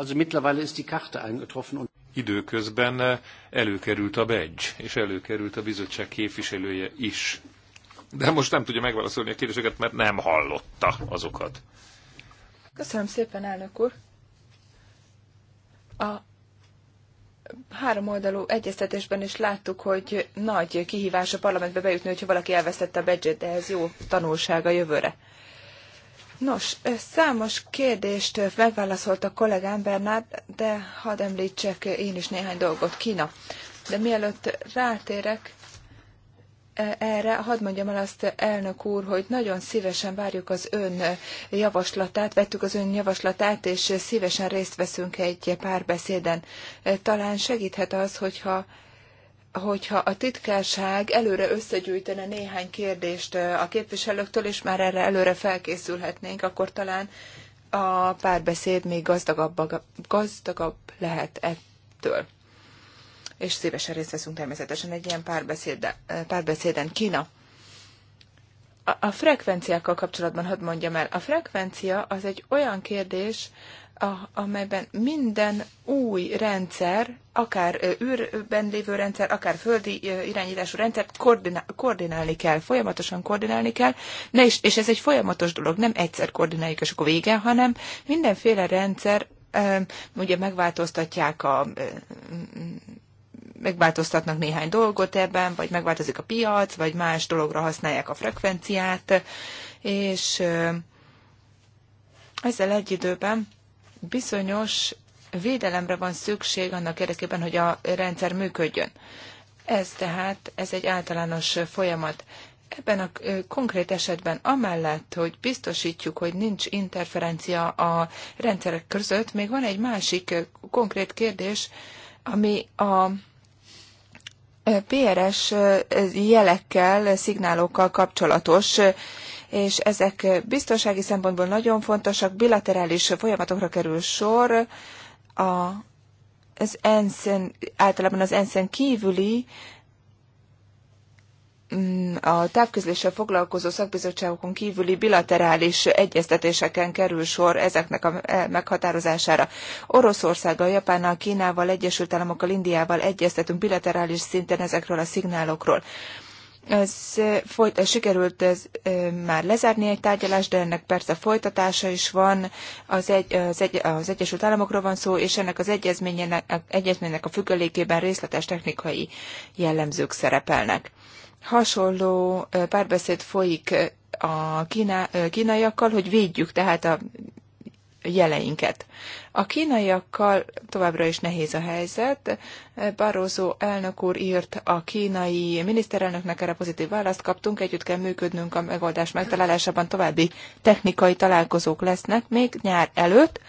Also mittlerweile ist die Karte eingetroffen. Und Időközben eh, előkerült a badge, és előkerült a bizottság képviselője is. De most nem tudja megválaszolni a kérdéseket, mert nem hallotta azokat. Köszönöm szépen, elnök úr. A három oldalú egyeztetésben is láttuk, hogy nagy kihívás a parlamentbe bejutni, hogyha valaki elvesztette a badge de ez jó tanulsága jövőre. Nos, számos kérdést megválaszolt a kollégám Bernard, de hadd említsek én is néhány dolgot. Kína. De mielőtt rátérek erre, hadd mondjam el azt, elnök úr, hogy nagyon szívesen várjuk az ön javaslatát, vettük az ön javaslatát, és szívesen részt veszünk egy párbeszéden. Talán segíthet az, hogyha hogyha a titkárság előre összegyűjtene néhány kérdést a képviselőktől, és már erre előre felkészülhetnénk, akkor talán a párbeszéd még gazdagabb, gazdagabb lehet ettől. És szívesen részt veszünk természetesen egy ilyen párbeszéden, Kína. A, a frekvenciákkal kapcsolatban hadd mondjam el. A frekvencia az egy olyan kérdés, amelyben minden új rendszer, akár űrben lévő rendszer, akár földi irányítású rendszert koordinálni kell, folyamatosan koordinálni kell, ne is, és ez egy folyamatos dolog, nem egyszer koordináljuk, és akkor vége, hanem mindenféle rendszer ugye megváltoztatják a megváltoztatnak néhány dolgot ebben, vagy megváltozik a piac, vagy más dologra használják a frekvenciát, és ezzel egy időben bizonyos védelemre van szükség annak érdekében, hogy a rendszer működjön. Ez tehát, ez egy általános folyamat. Ebben a konkrét esetben amellett, hogy biztosítjuk, hogy nincs interferencia a rendszerek között, még van egy másik konkrét kérdés, ami a PRS jelekkel, szignálókkal kapcsolatos és ezek biztonsági szempontból nagyon fontosak, bilaterális folyamatokra kerül sor, a, az ensz általában az ensz kívüli mm, a távközléssel foglalkozó szakbizottságokon kívüli bilaterális egyeztetéseken kerül sor ezeknek a e, meghatározására. Oroszországgal, Japánnal, Kínával, Egyesült Államokkal, Indiával egyeztetünk bilaterális szinten ezekről a szignálokról. Ez folyt, sikerült ez már lezárni egy tárgyalást, de ennek persze folytatása is van. Az, egy, az, egy, az Egyesült Államokról van szó, és ennek az egyezménynek, egyezménynek a függelékében részletes technikai jellemzők szerepelnek. Hasonló párbeszéd folyik a Kína, kínaiakkal, hogy védjük tehát a jeleinket. A kínaiakkal továbbra is nehéz a helyzet. Barroso elnök úr írt a kínai miniszterelnöknek, erre pozitív választ kaptunk, együtt kell működnünk a megoldás megtalálásában, további technikai találkozók lesznek még nyár előtt,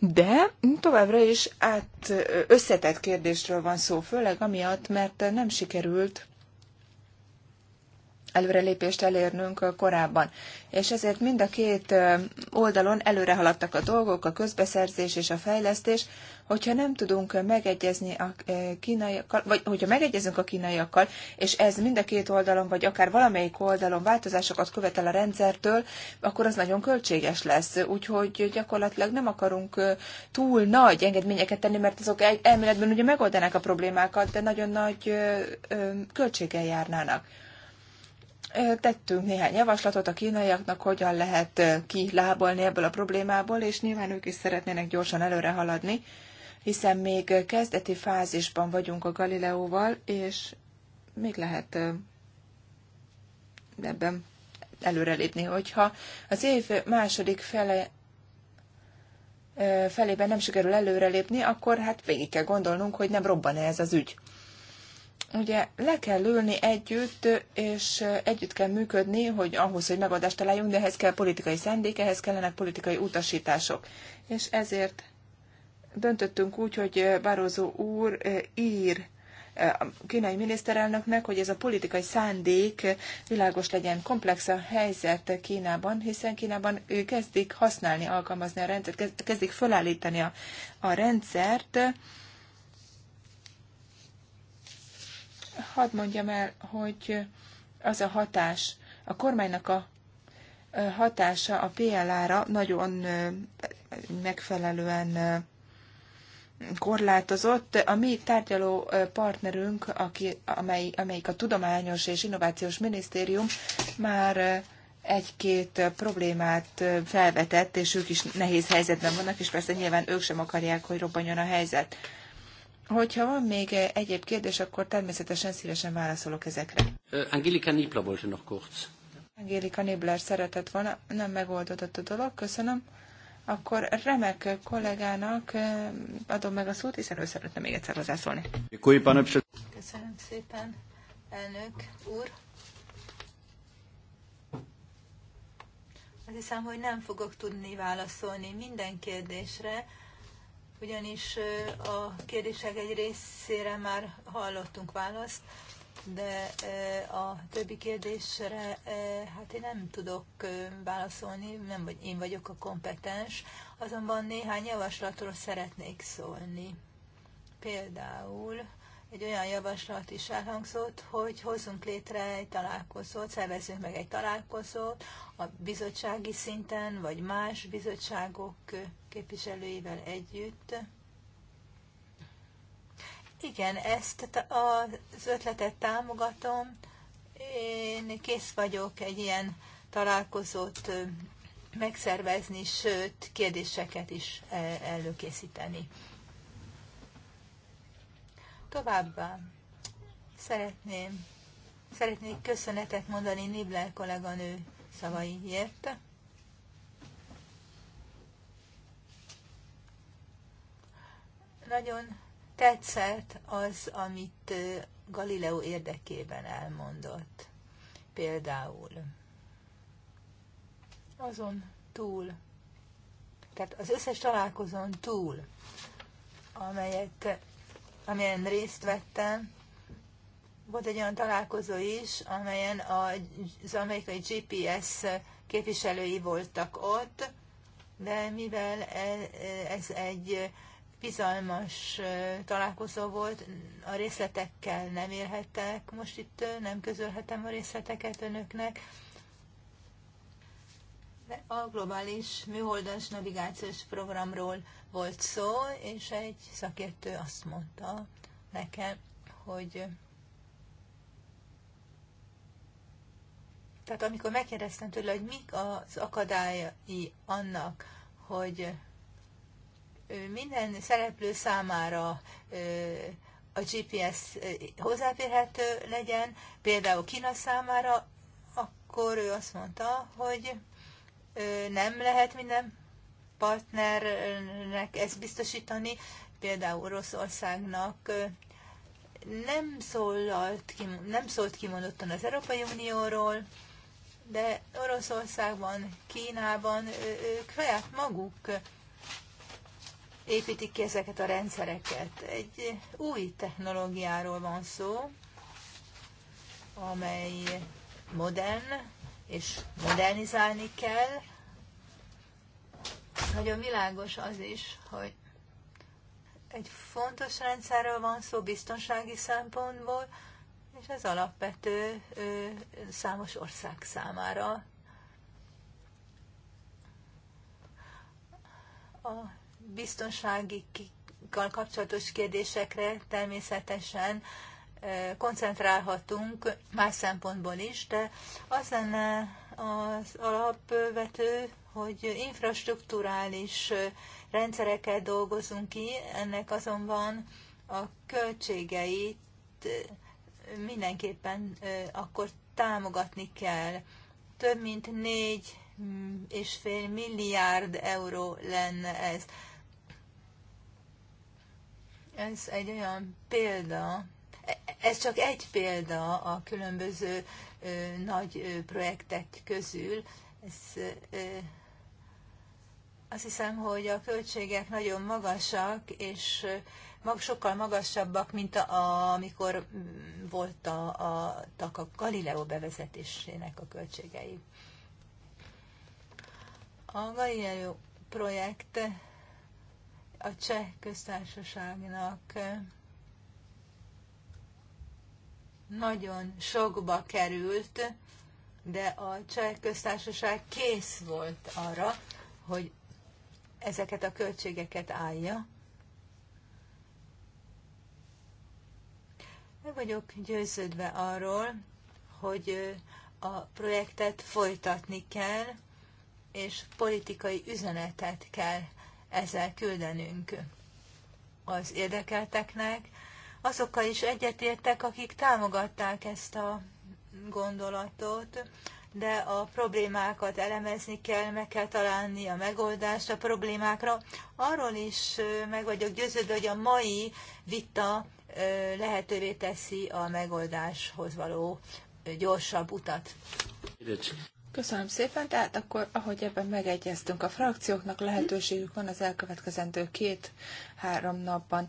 de továbbra is át összetett kérdésről van szó, főleg amiatt, mert nem sikerült előrelépést elérnünk korábban. És ezért mind a két oldalon előre haladtak a dolgok, a közbeszerzés és a fejlesztés. Hogyha nem tudunk megegyezni a kínaiakkal, vagy hogyha megegyezünk a kínaiakkal, és ez mind a két oldalon, vagy akár valamelyik oldalon változásokat követel a rendszertől, akkor az nagyon költséges lesz. Úgyhogy gyakorlatilag nem akarunk túl nagy engedményeket tenni, mert azok elméletben ugye megoldanák a problémákat, de nagyon nagy költséggel járnának. Tettünk néhány javaslatot a kínaiaknak, hogyan lehet kilábolni ebből a problémából, és nyilván ők is szeretnének gyorsan előre haladni, hiszen még kezdeti fázisban vagyunk a Galileóval, és még lehet ebben előrelépni, hogyha az év második fele felében nem sikerül előrelépni, akkor hát végig kell gondolnunk, hogy nem robban -e ez az ügy ugye le kell ülni együtt, és együtt kell működni, hogy ahhoz, hogy megoldást találjunk, de ehhez kell politikai szendék, ehhez kellenek politikai utasítások. És ezért döntöttünk úgy, hogy Barozó úr ír a kínai miniszterelnöknek, hogy ez a politikai szándék világos legyen. Komplex a helyzet Kínában, hiszen Kínában kezdik használni, alkalmazni a rendszert, kezdik felállítani a, a rendszert, hadd mondjam el, hogy az a hatás, a kormánynak a hatása a PLA-ra nagyon megfelelően korlátozott. A mi tárgyaló partnerünk, aki, amely, amelyik a Tudományos és Innovációs Minisztérium, már egy-két problémát felvetett, és ők is nehéz helyzetben vannak, és persze nyilván ők sem akarják, hogy robbanjon a helyzet. Hogyha van még eh, egyéb kérdés, akkor természetesen szívesen válaszolok ezekre. Angelika Nibler volt noch kurz. Angelika Nibler szeretett volna, nem megoldódott a dolog, köszönöm. Akkor remek kollégának eh, adom meg a szót, hiszen ő szeretne még egyszer hozzászólni. Köszönöm szépen, elnök úr. Azt hiszem, hogy nem fogok tudni válaszolni minden kérdésre, ugyanis a kérdések egy részére már hallottunk választ, de a többi kérdésre hát én nem tudok válaszolni, nem vagy én vagyok a kompetens, azonban néhány javaslatról szeretnék szólni. Például egy olyan javaslat is elhangzott, hogy hozzunk létre egy találkozót, szervezünk meg egy találkozót a bizottsági szinten, vagy más bizottságok képviselőivel együtt. Igen, ezt az ötletet támogatom. Én kész vagyok egy ilyen találkozót megszervezni, sőt, kérdéseket is e, előkészíteni. Továbbá szeretném, szeretnék köszönetet mondani Nibler kolléganő szavaiért. Nagyon tetszett az, amit Galileo érdekében elmondott. Például azon túl, tehát az összes találkozón túl, amelyet, amelyen részt vettem, volt egy olyan találkozó is, amelyen az amerikai GPS képviselői voltak ott, de mivel e, e, ez egy bizalmas találkozó volt, a részletekkel nem érhettek, most itt nem közölhetem a részleteket önöknek, de a globális műholdas navigációs programról volt szó, és egy szakértő azt mondta nekem, hogy tehát amikor megkérdeztem tőle, hogy mik az akadályai annak, hogy minden szereplő számára a GPS hozzáférhető legyen, például Kína számára, akkor ő azt mondta, hogy nem lehet minden partnernek ezt biztosítani, például Oroszországnak nem, szólalt, nem szólt kimondottan az Európai Unióról, de Oroszországban, Kínában ők saját maguk építik ki ezeket a rendszereket. Egy új technológiáról van szó, amely modern, és modernizálni kell. Nagyon világos az is, hogy egy fontos rendszerről van szó biztonsági szempontból, és ez alapvető ö, számos ország számára. A biztonsági kapcsolatos kérdésekre természetesen koncentrálhatunk más szempontból is, de az lenne az alapvető, hogy infrastruktúrális rendszereket dolgozunk ki, ennek azonban a költségeit mindenképpen akkor támogatni kell. Több mint négy és fél milliárd euró lenne ez. Ez egy olyan példa, ez csak egy példa a különböző ö, nagy ö, projektek közül. Ez, ö, azt hiszem, hogy a költségek nagyon magasak, és mag, sokkal magasabbak, mint a, a, amikor mm, volt a, a, a Galileo bevezetésének a költségei. A Galileo projekt a cseh köztársaságnak nagyon sokba került, de a cseh köztársaság kész volt arra, hogy ezeket a költségeket állja. Meg vagyok győződve arról, hogy a projektet folytatni kell, és politikai üzenetet kell ezzel küldenünk az érdekelteknek. Azokkal is egyetértek, akik támogatták ezt a gondolatot, de a problémákat elemezni kell, meg kell találni a megoldást a problémákra. Arról is meg vagyok győződve, hogy a mai vita lehetővé teszi a megoldáshoz való gyorsabb utat. Köszönöm szépen, tehát akkor, ahogy ebben megegyeztünk, a frakcióknak lehetőségük van az elkövetkezendő két-három napban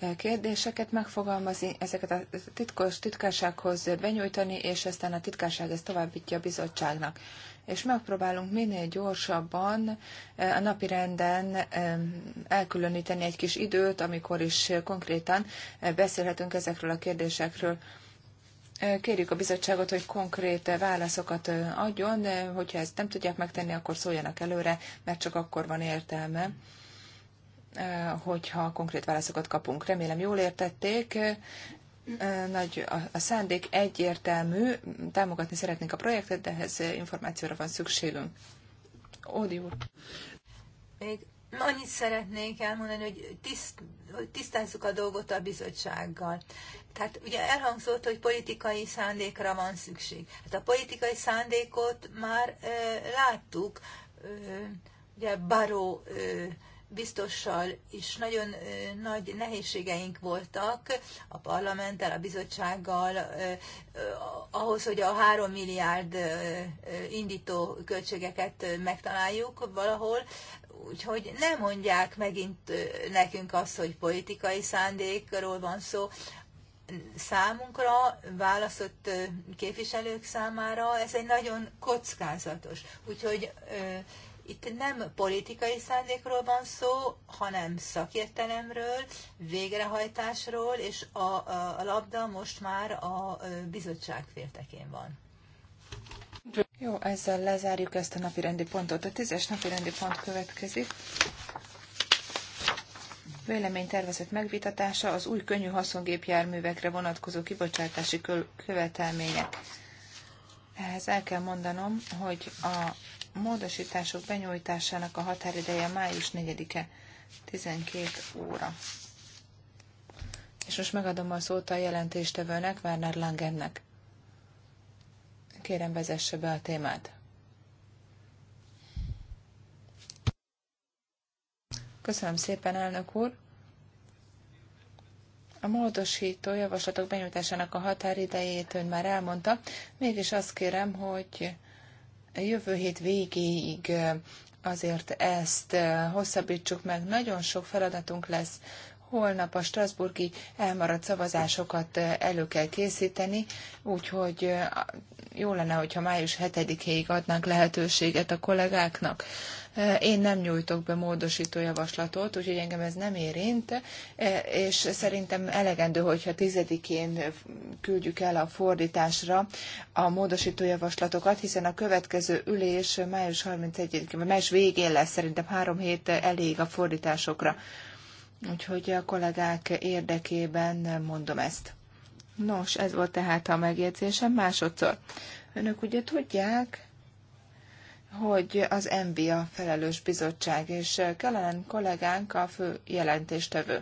eh, kérdéseket megfogalmazni, ezeket a titkos titkársághoz benyújtani, és aztán a titkárság ezt továbbítja a bizottságnak. És megpróbálunk minél gyorsabban eh, a napi renden elkülöníteni egy kis időt, amikor is konkrétan eh, beszélhetünk ezekről a kérdésekről. Kérjük a bizottságot, hogy konkrét válaszokat adjon, hogyha ezt nem tudják megtenni, akkor szóljanak előre, mert csak akkor van értelme, hogyha konkrét válaszokat kapunk. Remélem jól értették, nagy a szándék egyértelmű, támogatni szeretnénk a projektet, de ehhez információra van szükségünk. Ódi úr. Még annyit szeretnénk elmondani, hogy, tiszt, tisztázzuk a dolgot a bizottsággal. Tehát ugye elhangzott, hogy politikai szándékra van szükség. Hát a politikai szándékot már ö, láttuk, ö, ugye Baró ö, biztossal is nagyon nagy nehézségeink voltak a parlamenttel, a bizottsággal, ahhoz, hogy a három milliárd indító költségeket megtaláljuk valahol. Úgyhogy nem mondják megint nekünk azt, hogy politikai szándékról van szó, számunkra, választott képviselők számára ez egy nagyon kockázatos. Úgyhogy itt nem politikai szándékról van szó, hanem szakértelemről, végrehajtásról, és a, a, a labda most már a bizottság féltekén van. Jó, ezzel lezárjuk ezt a napi rendi pontot. A tízes napi rendi pont következik. tervezett megvitatása az új könnyű haszongépjárművekre vonatkozó kibocsátási követelmények. Ehhez el kell mondanom, hogy a módosítások benyújtásának a határideje május 4-e 12 óra. És most megadom a szót a jelentéstevőnek, Werner Langennek. Kérem, vezesse be a témát. Köszönöm szépen, elnök úr! A módosító javaslatok benyújtásának a határidejét ön már elmondta, mégis azt kérem, hogy jövő hét végéig azért ezt hosszabbítsuk meg. Nagyon sok feladatunk lesz. Holnap a Strasburgi elmaradt szavazásokat elő kell készíteni, úgyhogy jó lenne, hogyha május 7-ig adnánk lehetőséget a kollégáknak, én nem nyújtok be módosító javaslatot, úgyhogy engem ez nem érint, e, és szerintem elegendő, hogyha tizedikén küldjük el a fordításra a módosító javaslatokat, hiszen a következő ülés május 31-én, vagy május végén lesz, szerintem három hét elég a fordításokra. Úgyhogy a kollégák érdekében mondom ezt. Nos, ez volt tehát a megjegyzésem másodszor. Önök ugye tudják, hogy az MBA felelős bizottság, és eh, Kellenen kollégánk a fő jelentéstevő.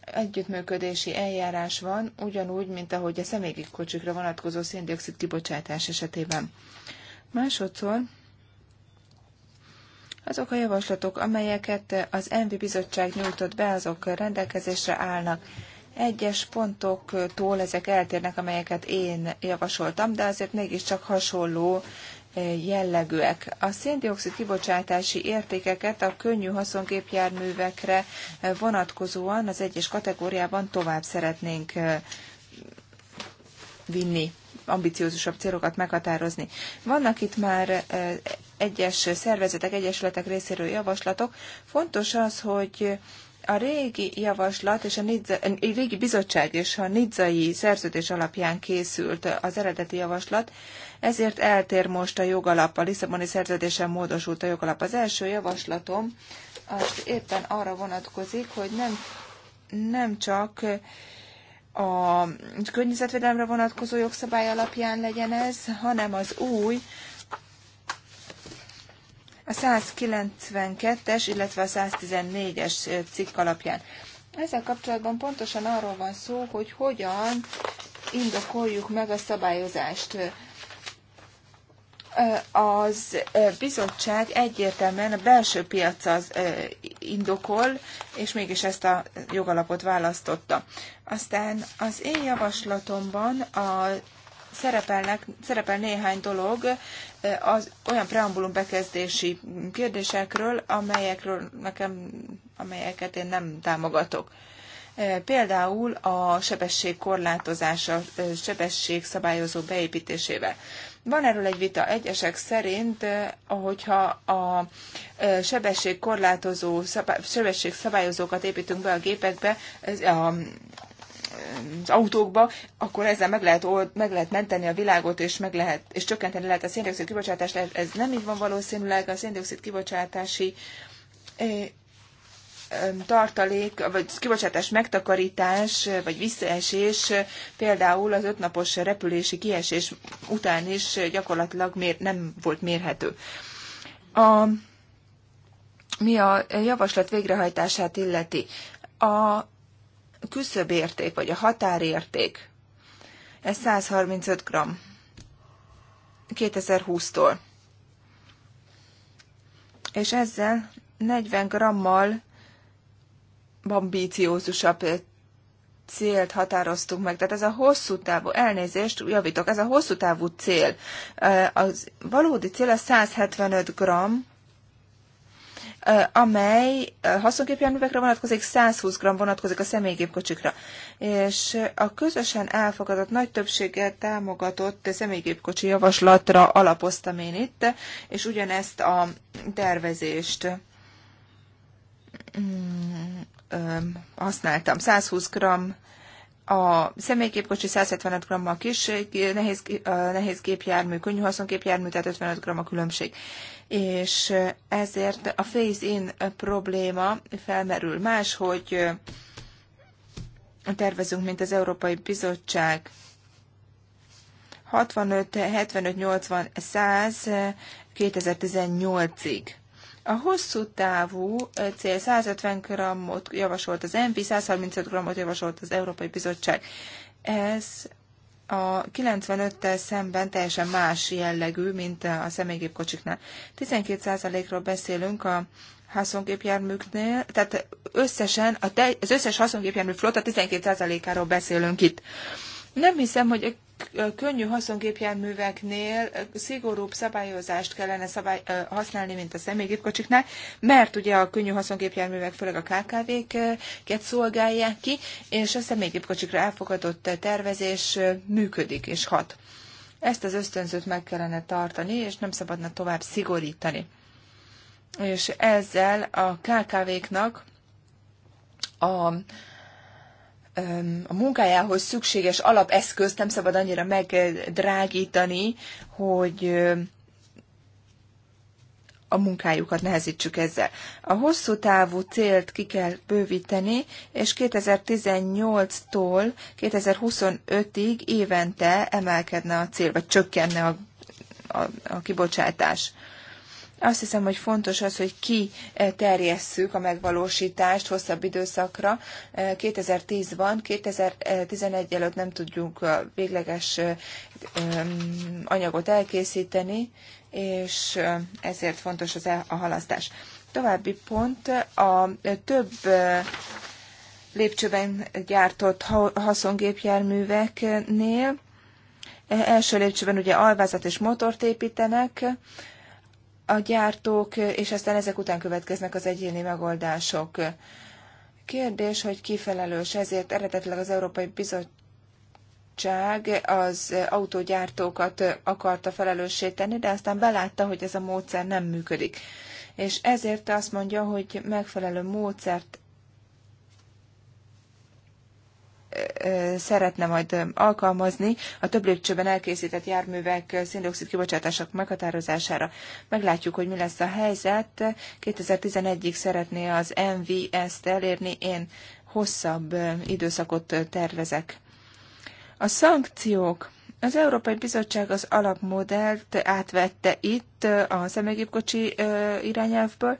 Együttműködési eljárás van, ugyanúgy, mint ahogy a kocsikra vonatkozó széndiokszid kibocsátás esetében. Másodszor azok a javaslatok, amelyeket az MB bizottság nyújtott be, azok rendelkezésre állnak. Egyes pontoktól ezek eltérnek, amelyeket én javasoltam, de azért mégiscsak hasonló jellegűek. A széndiokszid kibocsátási értékeket a könnyű haszongépjárművekre vonatkozóan az egyes kategóriában tovább szeretnénk vinni, ambiciózusabb célokat meghatározni. Vannak itt már egyes szervezetek, egyesületek részéről javaslatok. Fontos az, hogy a régi javaslat és a, Nidza, a régi bizottság és a nidzai szerződés alapján készült az eredeti javaslat, ezért eltér most a jogalap, a Lisszaboni szerződésen módosult a jogalap. Az első javaslatom az éppen arra vonatkozik, hogy nem, nem csak a környezetvédelemre vonatkozó jogszabály alapján legyen ez, hanem az új, a 192-es, illetve a 114-es cikk alapján. Ezzel kapcsolatban pontosan arról van szó, hogy hogyan indokoljuk meg a szabályozást az bizottság egyértelműen a belső piaccal indokol, és mégis ezt a jogalapot választotta. Aztán az én javaslatomban a szerepelnek, szerepel néhány dolog az olyan preambulum bekezdési kérdésekről, amelyekről nekem, amelyeket én nem támogatok. Például a sebesség korlátozása, sebesség szabályozó beépítésével. Van erről egy vita. Egyesek szerint, eh, hogyha a eh, sebességkorlátozó, sebességszabályozókat építünk be a gépekbe, ez a eh, az autókba, akkor ezzel meg lehet, old, meg lehet menteni a világot, és, meg lehet, és csökkenteni lehet a széndiokszid kibocsátást. Ez nem így van valószínűleg, a széndiokszid kibocsátási tartalék, vagy kibocsátás megtakarítás, vagy visszaesés például az ötnapos repülési kiesés után is gyakorlatilag mér, nem volt mérhető. A, mi a javaslat végrehajtását illeti, a küszöbérték, vagy a határérték, ez 135 g 2020-tól. És ezzel 40 grammal ambíciózusabb célt határoztunk meg. Tehát ez a hosszú távú, elnézést, javítok, ez a hosszú távú cél. Eh, az valódi cél a 175 g, eh, amely eh, haszonképjárművekre vonatkozik, 120 g vonatkozik a személygépkocsikra. És a közösen elfogadott, nagy többséggel támogatott személygépkocsi javaslatra alapoztam én itt, és ugyanezt a tervezést hmm, használtam. 120 g a személyképkocsi 175 g a kis nehéz, nehéz gépjármű, könnyű haszonképjármű, tehát 55 g a különbség. És ezért a phase-in probléma felmerül más, hogy tervezünk, mint az Európai Bizottság. 65, 75, 80, 100 2018-ig. A hosszú távú cél 150 grammot javasolt az MV, 135 grammot javasolt az Európai Bizottság. Ez a 95-tel szemben teljesen más jellegű, mint a személygépkocsiknál. 12%-ról beszélünk a haszongépjárműknél, tehát összesen a te, az összes haszongépjármű flotta 12%-áról beszélünk itt. Nem hiszem, hogy a könnyű haszongépjárműveknél szigorúbb szabályozást kellene szabály, használni, mint a személygépkocsiknál, mert ugye a könnyű haszongépjárművek főleg a KKV-ket szolgálják ki, és a személygépkocsikra elfogadott tervezés működik és hat. Ezt az ösztönzőt meg kellene tartani, és nem szabadna tovább szigorítani. És ezzel a KKV-knak a a munkájához szükséges alapeszközt nem szabad annyira megdrágítani, hogy a munkájukat nehezítsük ezzel. A hosszú távú célt ki kell bővíteni, és 2018-tól 2025-ig évente emelkedne a cél, vagy csökkenne a, a, a kibocsátás. Azt hiszem, hogy fontos az, hogy ki eh, terjesszük a megvalósítást hosszabb időszakra. 2010 van, 2011 előtt nem tudjuk a végleges eh, anyagot elkészíteni, és eh, ezért fontos az a halasztás. További pont a több lépcsőben gyártott haszongépjárműveknél. Első lépcsőben ugye alvázat és motort építenek, a gyártók, és aztán ezek után következnek az egyéni megoldások. Kérdés, hogy kifelelős ezért eredetileg az Európai Bizottság az autógyártókat akarta felelőssé tenni, de aztán belátta, hogy ez a módszer nem működik. És ezért azt mondja, hogy megfelelő módszert szeretne majd alkalmazni a több lépcsőben elkészített járművek széndiokszid kibocsátások meghatározására. Meglátjuk, hogy mi lesz a helyzet. 2011-ig szeretné az MV ezt elérni, én hosszabb időszakot tervezek. A szankciók. Az Európai Bizottság az alapmodellt átvette itt a személygépkocsi irányelvből,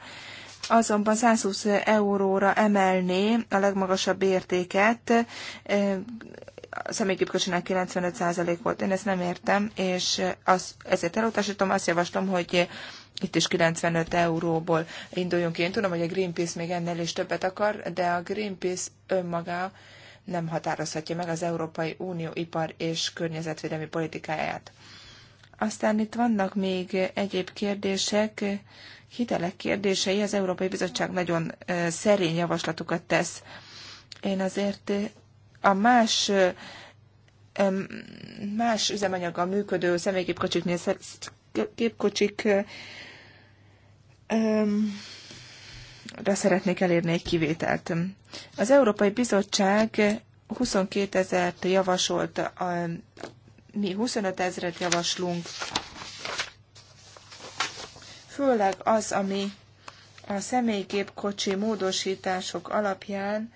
azonban 120 euróra emelné a legmagasabb értéket, a személyképkocsinak 95% volt. Én ezt nem értem, és az, ezért elutasítom, azt javaslom, hogy itt is 95 euróból induljunk ki. Én tudom, hogy a Greenpeace még ennél is többet akar, de a Greenpeace önmaga nem határozhatja meg az Európai Unió ipar és környezetvédelmi politikáját. Aztán itt vannak még egyéb kérdések, hitelek kérdései az Európai Bizottság nagyon szerény javaslatokat tesz. Én azért a más más üzemanyaggal működő személygépkocsiknél gépkocsik szeretnék elérni egy kivételt. Az Európai Bizottság 22 ezert javasolt, a, mi 25 ezeret javaslunk főleg az, ami a személygépkocsi módosítások alapján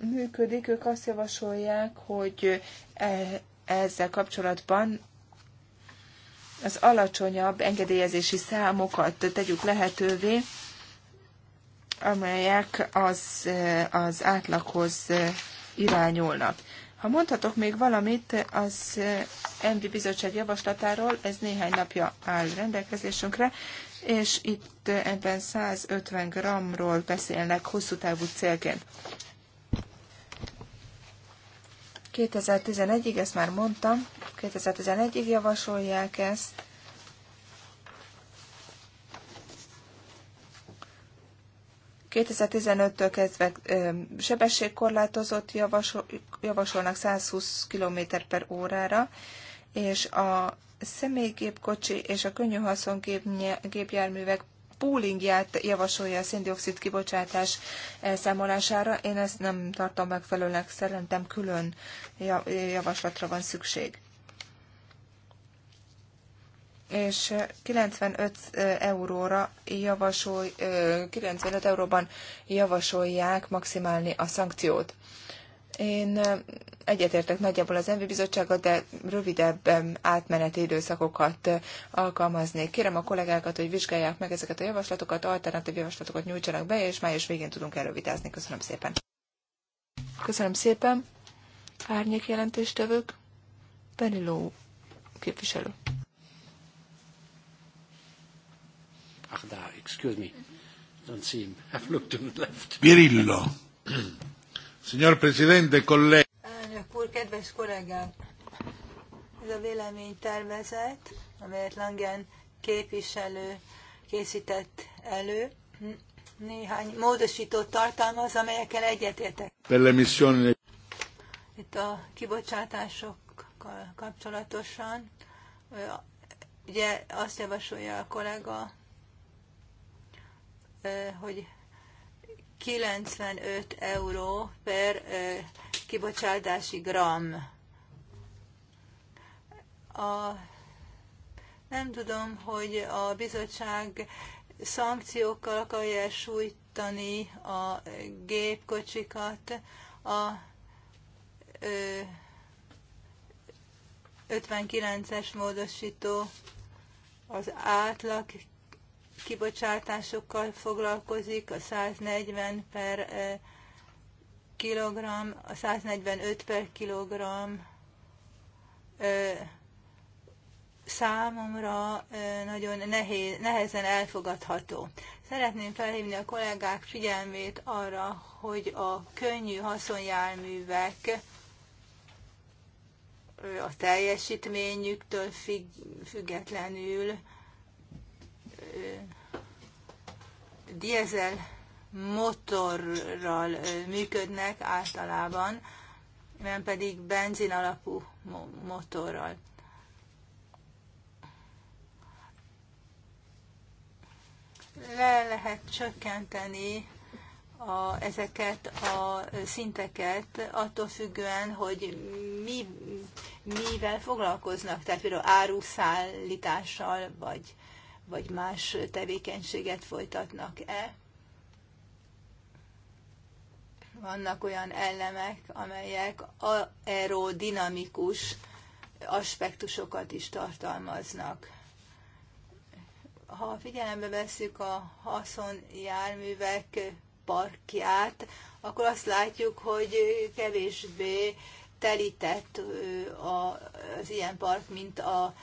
működik. Ők azt javasolják, hogy e, ezzel kapcsolatban az alacsonyabb engedélyezési számokat tegyük lehetővé, amelyek az, az átlaghoz irányulnak. Ha mondhatok még valamit az MD bizottság javaslatáról, ez néhány napja áll rendelkezésünkre, és itt ebben 150 g-ról beszélnek hosszú távú célként. 2011-ig, ezt már mondtam, 2011-ig javasolják ezt, 2015-től kezdve sebességkorlátozott javasolnak 120 km per órára, és a személygépkocsi és a könnyű gépjárművek poolingját javasolja a széndiokszid kibocsátás elszámolására. Én ezt nem tartom megfelelőnek, szerintem külön javaslatra van szükség és 95 euróra javasol, 95 euróban javasolják maximálni a szankciót. Én egyetértek nagyjából az Envi bizottsággal, de rövidebb átmeneti időszakokat alkalmaznék. Kérem a kollégákat, hogy vizsgálják meg ezeket a javaslatokat, alternatív javaslatokat nyújtsanak be, és május végén tudunk elővitázni. Köszönöm szépen. Köszönöm szépen. Árnyék jelentéstevők. Periló képviselő. Ach, da, excuse me. Don't see him. [LAUGHS] I've looked to the left. Birillo. Signor Presidente, colleghi. Elnök úr, kedves kollégám! Ez a véleménytervezet, amelyet Langen képviselő készített elő, néhány módosítót tartalmaz, amelyekkel egyetértek. Itt a kibocsátásokkal kapcsolatosan, ugye azt javasolja a kollega, hogy 95 euró per kibocsátási gram. A, nem tudom, hogy a bizottság szankciókkal akarja sújtani a gépkocsikat a 59-es módosító az átlag kibocsátásokkal foglalkozik, a 140 per eh, kilogramm, a 145 per kilogramm eh, számomra eh, nagyon nehéz, nehezen elfogadható. Szeretném felhívni a kollégák figyelmét arra, hogy a könnyű haszonjárművek a teljesítményüktől függetlenül diesel motorral működnek általában, nem pedig benzin alapú motorral. Le lehet csökkenteni a, ezeket a szinteket attól függően, hogy mi, mivel foglalkoznak, tehát például áruszállítással, vagy vagy más tevékenységet folytatnak-e. Vannak olyan elemek, amelyek aerodinamikus aspektusokat is tartalmaznak. Ha figyelembe vesszük a járművek parkját, akkor azt látjuk, hogy kevésbé telített az ilyen park, mint a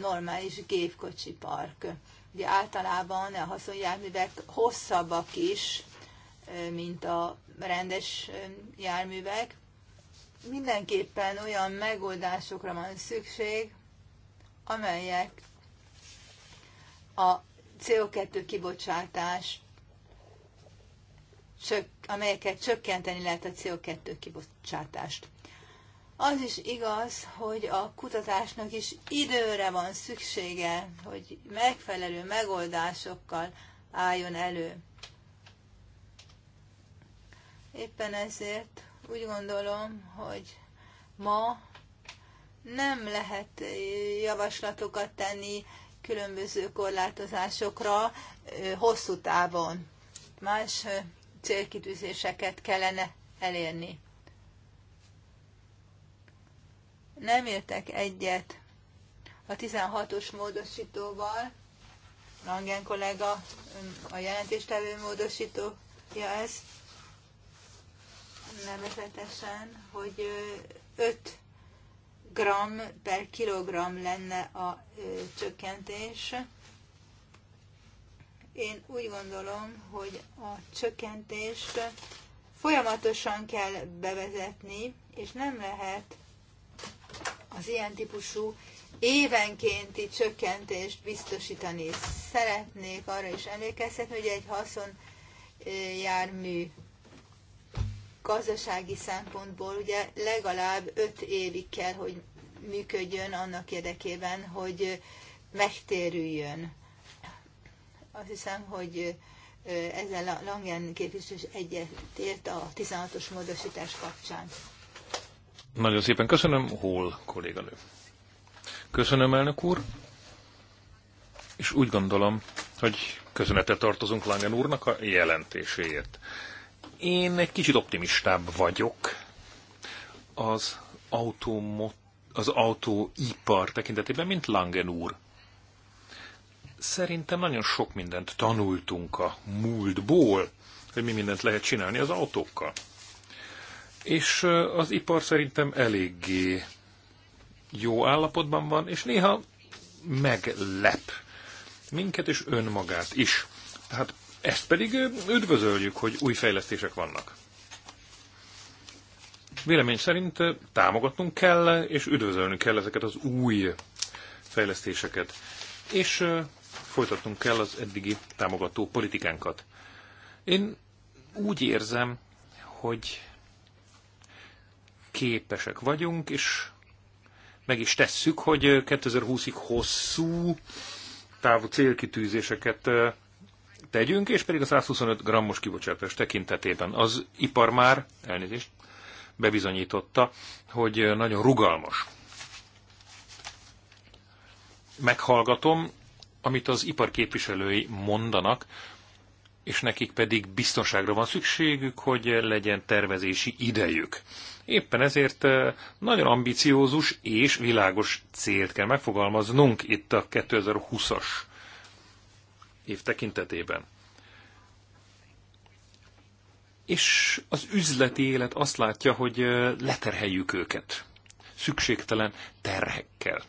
normális gépkocsi park. Ugye általában a haszonjárművek hosszabbak is, mint a rendes járművek. Mindenképpen olyan megoldásokra van szükség, amelyek a CO2 kibocsátás, amelyeket csökkenteni lehet a CO2 kibocsátást. Az is igaz, hogy a kutatásnak is időre van szüksége, hogy megfelelő megoldásokkal álljon elő. Éppen ezért úgy gondolom, hogy ma nem lehet javaslatokat tenni különböző korlátozásokra hosszú távon. Más célkitűzéseket kellene elérni. nem értek egyet a 16-os módosítóval, Langen kollega a jelentéstevő módosítója ez, nevezetesen, hogy 5 gram per kilogram lenne a csökkentés. Én úgy gondolom, hogy a csökkentést folyamatosan kell bevezetni, és nem lehet az ilyen típusú évenkénti csökkentést biztosítani. Szeretnék arra is emlékeztetni, hogy egy haszon jármű gazdasági szempontból ugye legalább öt évig kell, hogy működjön annak érdekében, hogy megtérüljön. Azt hiszem, hogy ezzel Langen képviselő egyetért a 16-os módosítás kapcsán. Nagyon szépen köszönöm, Hol kolléganő. Köszönöm, elnök úr, és úgy gondolom, hogy köszönetet tartozunk Langen úrnak a jelentéséért. Én egy kicsit optimistább vagyok az, automo- az autóipar tekintetében, mint Langen úr. Szerintem nagyon sok mindent tanultunk a múltból, hogy mi mindent lehet csinálni az autókkal. És az ipar szerintem eléggé jó állapotban van, és néha meglep minket és önmagát is. Tehát ezt pedig üdvözöljük, hogy új fejlesztések vannak. Vélemény szerint támogatnunk kell, és üdvözölnünk kell ezeket az új fejlesztéseket. És folytatnunk kell az eddigi támogató politikánkat. Én úgy érzem, hogy képesek vagyunk, és meg is tesszük, hogy 2020-ig hosszú távú célkitűzéseket tegyünk, és pedig a 125 grammos kibocsátás tekintetében az ipar már, elnézést, bebizonyította, hogy nagyon rugalmas. Meghallgatom, amit az ipar képviselői mondanak, és nekik pedig biztonságra van szükségük, hogy legyen tervezési idejük. Éppen ezért eh, nagyon ambiciózus és világos célt kell megfogalmaznunk itt a 2020-as év tekintetében. És az üzleti élet azt látja, hogy eh, leterheljük őket szükségtelen terhekkel.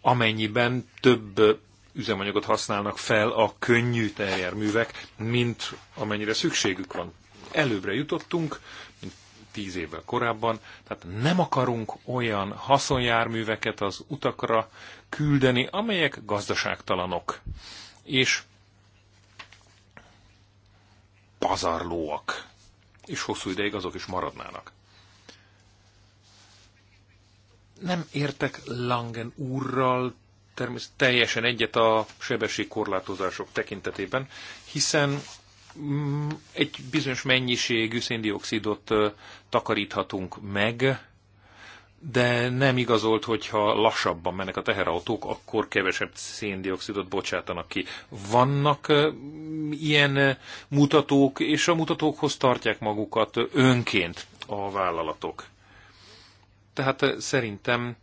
Amennyiben több eh, üzemanyagot használnak fel a könnyű terjárművek, mint amennyire szükségük van. Előbbre jutottunk, mint tíz évvel korábban, tehát nem akarunk olyan haszonjárműveket az utakra küldeni, amelyek gazdaságtalanok és pazarlóak, és hosszú ideig azok is maradnának nem értek Langen úrral természetesen teljesen egyet a sebességkorlátozások tekintetében, hiszen mm, egy bizonyos mennyiségű széndiokszidot takaríthatunk meg, de nem igazolt, hogyha lassabban mennek a teherautók, akkor kevesebb széndiokszidot bocsátanak ki. Vannak ilyen mutatók, és a mutatókhoz tartják magukat önként a vállalatok. Tehát szerintem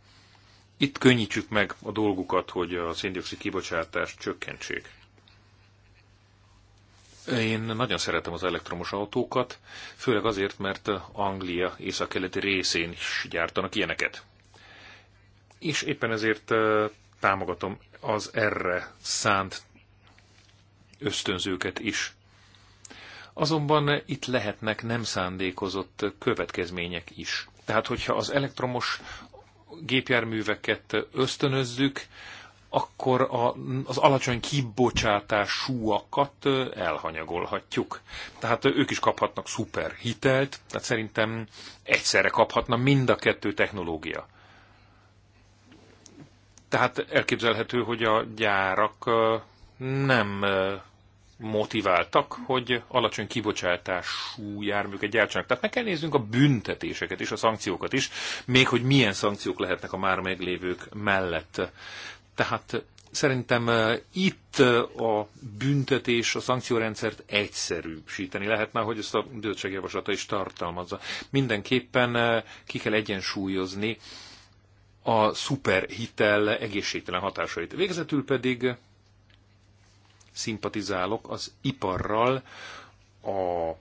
itt könnyítsük meg a dolgukat, hogy a széndiokszid kibocsátást csökkentsék. Én nagyon szeretem az elektromos autókat, főleg azért, mert Anglia északkeleti részén is gyártanak ilyeneket. És éppen ezért támogatom az erre szánt ösztönzőket is. Azonban itt lehetnek nem szándékozott következmények is. Tehát, hogyha az elektromos gépjárműveket ösztönözzük, akkor a, az alacsony kibocsátásúakat elhanyagolhatjuk. Tehát ők is kaphatnak szuper hitelt, tehát szerintem egyszerre kaphatna mind a kettő technológia. Tehát elképzelhető, hogy a gyárak nem motiváltak, hogy alacsony kibocsátású járműket gyártsanak. Tehát meg kell néznünk a büntetéseket és a szankciókat is, még hogy milyen szankciók lehetnek a már meglévők mellett. Tehát szerintem eh, itt eh, a büntetés, a szankciórendszert egyszerűsíteni lehetne, hogy ezt a bizottság javaslata is tartalmazza. Mindenképpen eh, ki kell egyensúlyozni a szuperhitel egészségtelen hatásait. Végezetül pedig szimpatizálok az iparral, a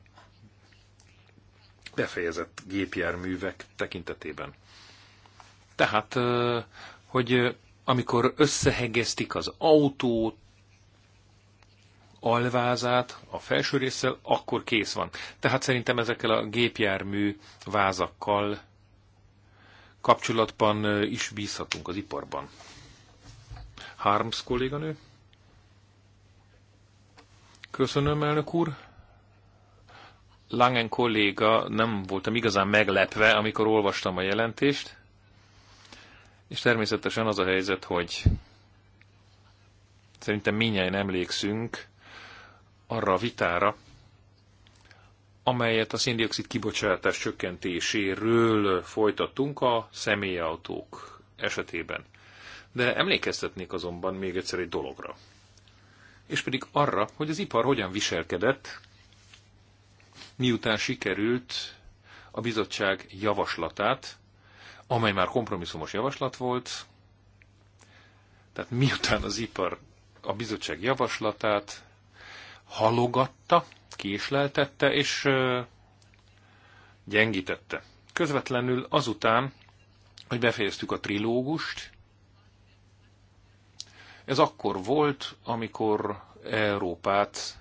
befejezett gépjárművek tekintetében. Tehát, hogy amikor összehegeztik az autó alvázát a felső résszel, akkor kész van. Tehát szerintem ezekkel a gépjármű vázakkal kapcsolatban is bízhatunk az iparban. Harms kolléganő? Köszönöm, elnök úr. Langen kolléga, nem voltam igazán meglepve, amikor olvastam a jelentést, és természetesen az a helyzet, hogy szerintem minnyáján emlékszünk arra a vitára, amelyet a széndiokszid kibocsátás csökkentéséről folytattunk a személyautók esetében. De emlékeztetnék azonban még egyszer egy dologra és pedig arra, hogy az ipar hogyan viselkedett, miután sikerült a bizottság javaslatát, amely már kompromisszumos javaslat volt, tehát miután az ipar a bizottság javaslatát halogatta, késleltette és gyengítette. Közvetlenül azután, hogy befejeztük a trilógust, ez akkor volt, amikor Európát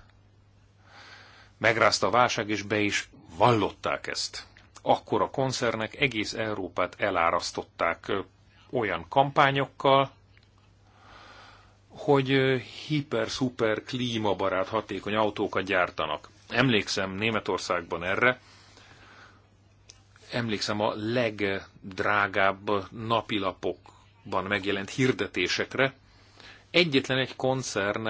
megrázta a válság, és be is vallották ezt. Akkor a koncernek egész Európát elárasztották olyan kampányokkal, hogy hiper-szuper klímabarát hatékony autókat gyártanak. Emlékszem Németországban erre, emlékszem a legdrágább napilapokban megjelent hirdetésekre, egyetlen egy koncern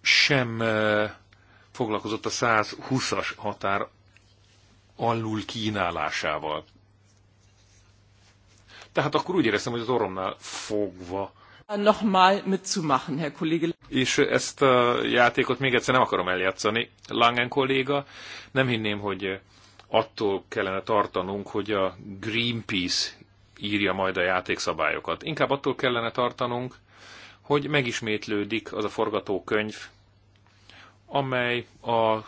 sem eh, foglalkozott a 120-as határ alul kínálásával. Tehát akkor úgy éreztem, hogy az orromnál fogva. Nochmal mitzumachen, Herr Kollege. És ezt a játékot még egyszer nem akarom eljátszani. Langen kolléga, nem hinném, hogy attól kellene tartanunk, hogy a Greenpeace írja majd a játékszabályokat. Inkább attól kellene tartanunk, hogy megismétlődik az a forgatókönyv, amely a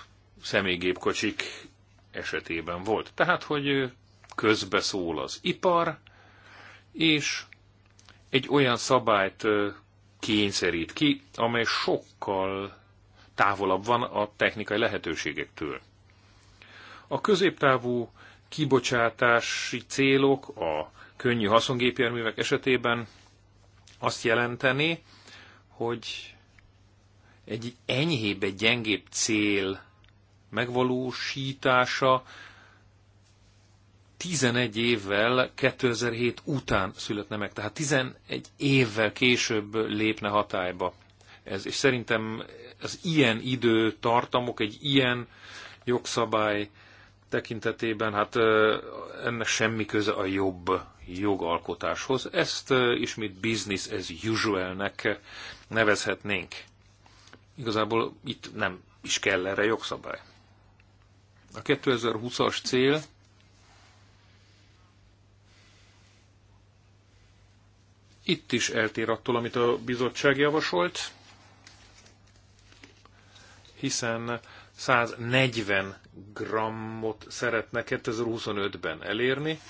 személygépkocsik esetében volt. Tehát, hogy közbeszól az ipar, és egy olyan szabályt kényszerít ki, amely sokkal távolabb van a technikai lehetőségektől. A középtávú kibocsátási célok, a könnyű haszongépjárművek esetében azt jelenteni, hogy egy enyhébb, egy gyengébb cél megvalósítása 11 évvel 2007 után születne meg. Tehát 11 évvel később lépne hatályba. Ez, és szerintem az ilyen időtartamok, egy ilyen jogszabály tekintetében, hát ennek semmi köze a jobb jogalkotáshoz. Ezt ismét business as usual-nek nevezhetnénk. Igazából itt nem is kell erre jogszabály. A 2020-as cél itt is eltér attól, amit a bizottság javasolt, hiszen 140 grammot szeretne 2025-ben elérni,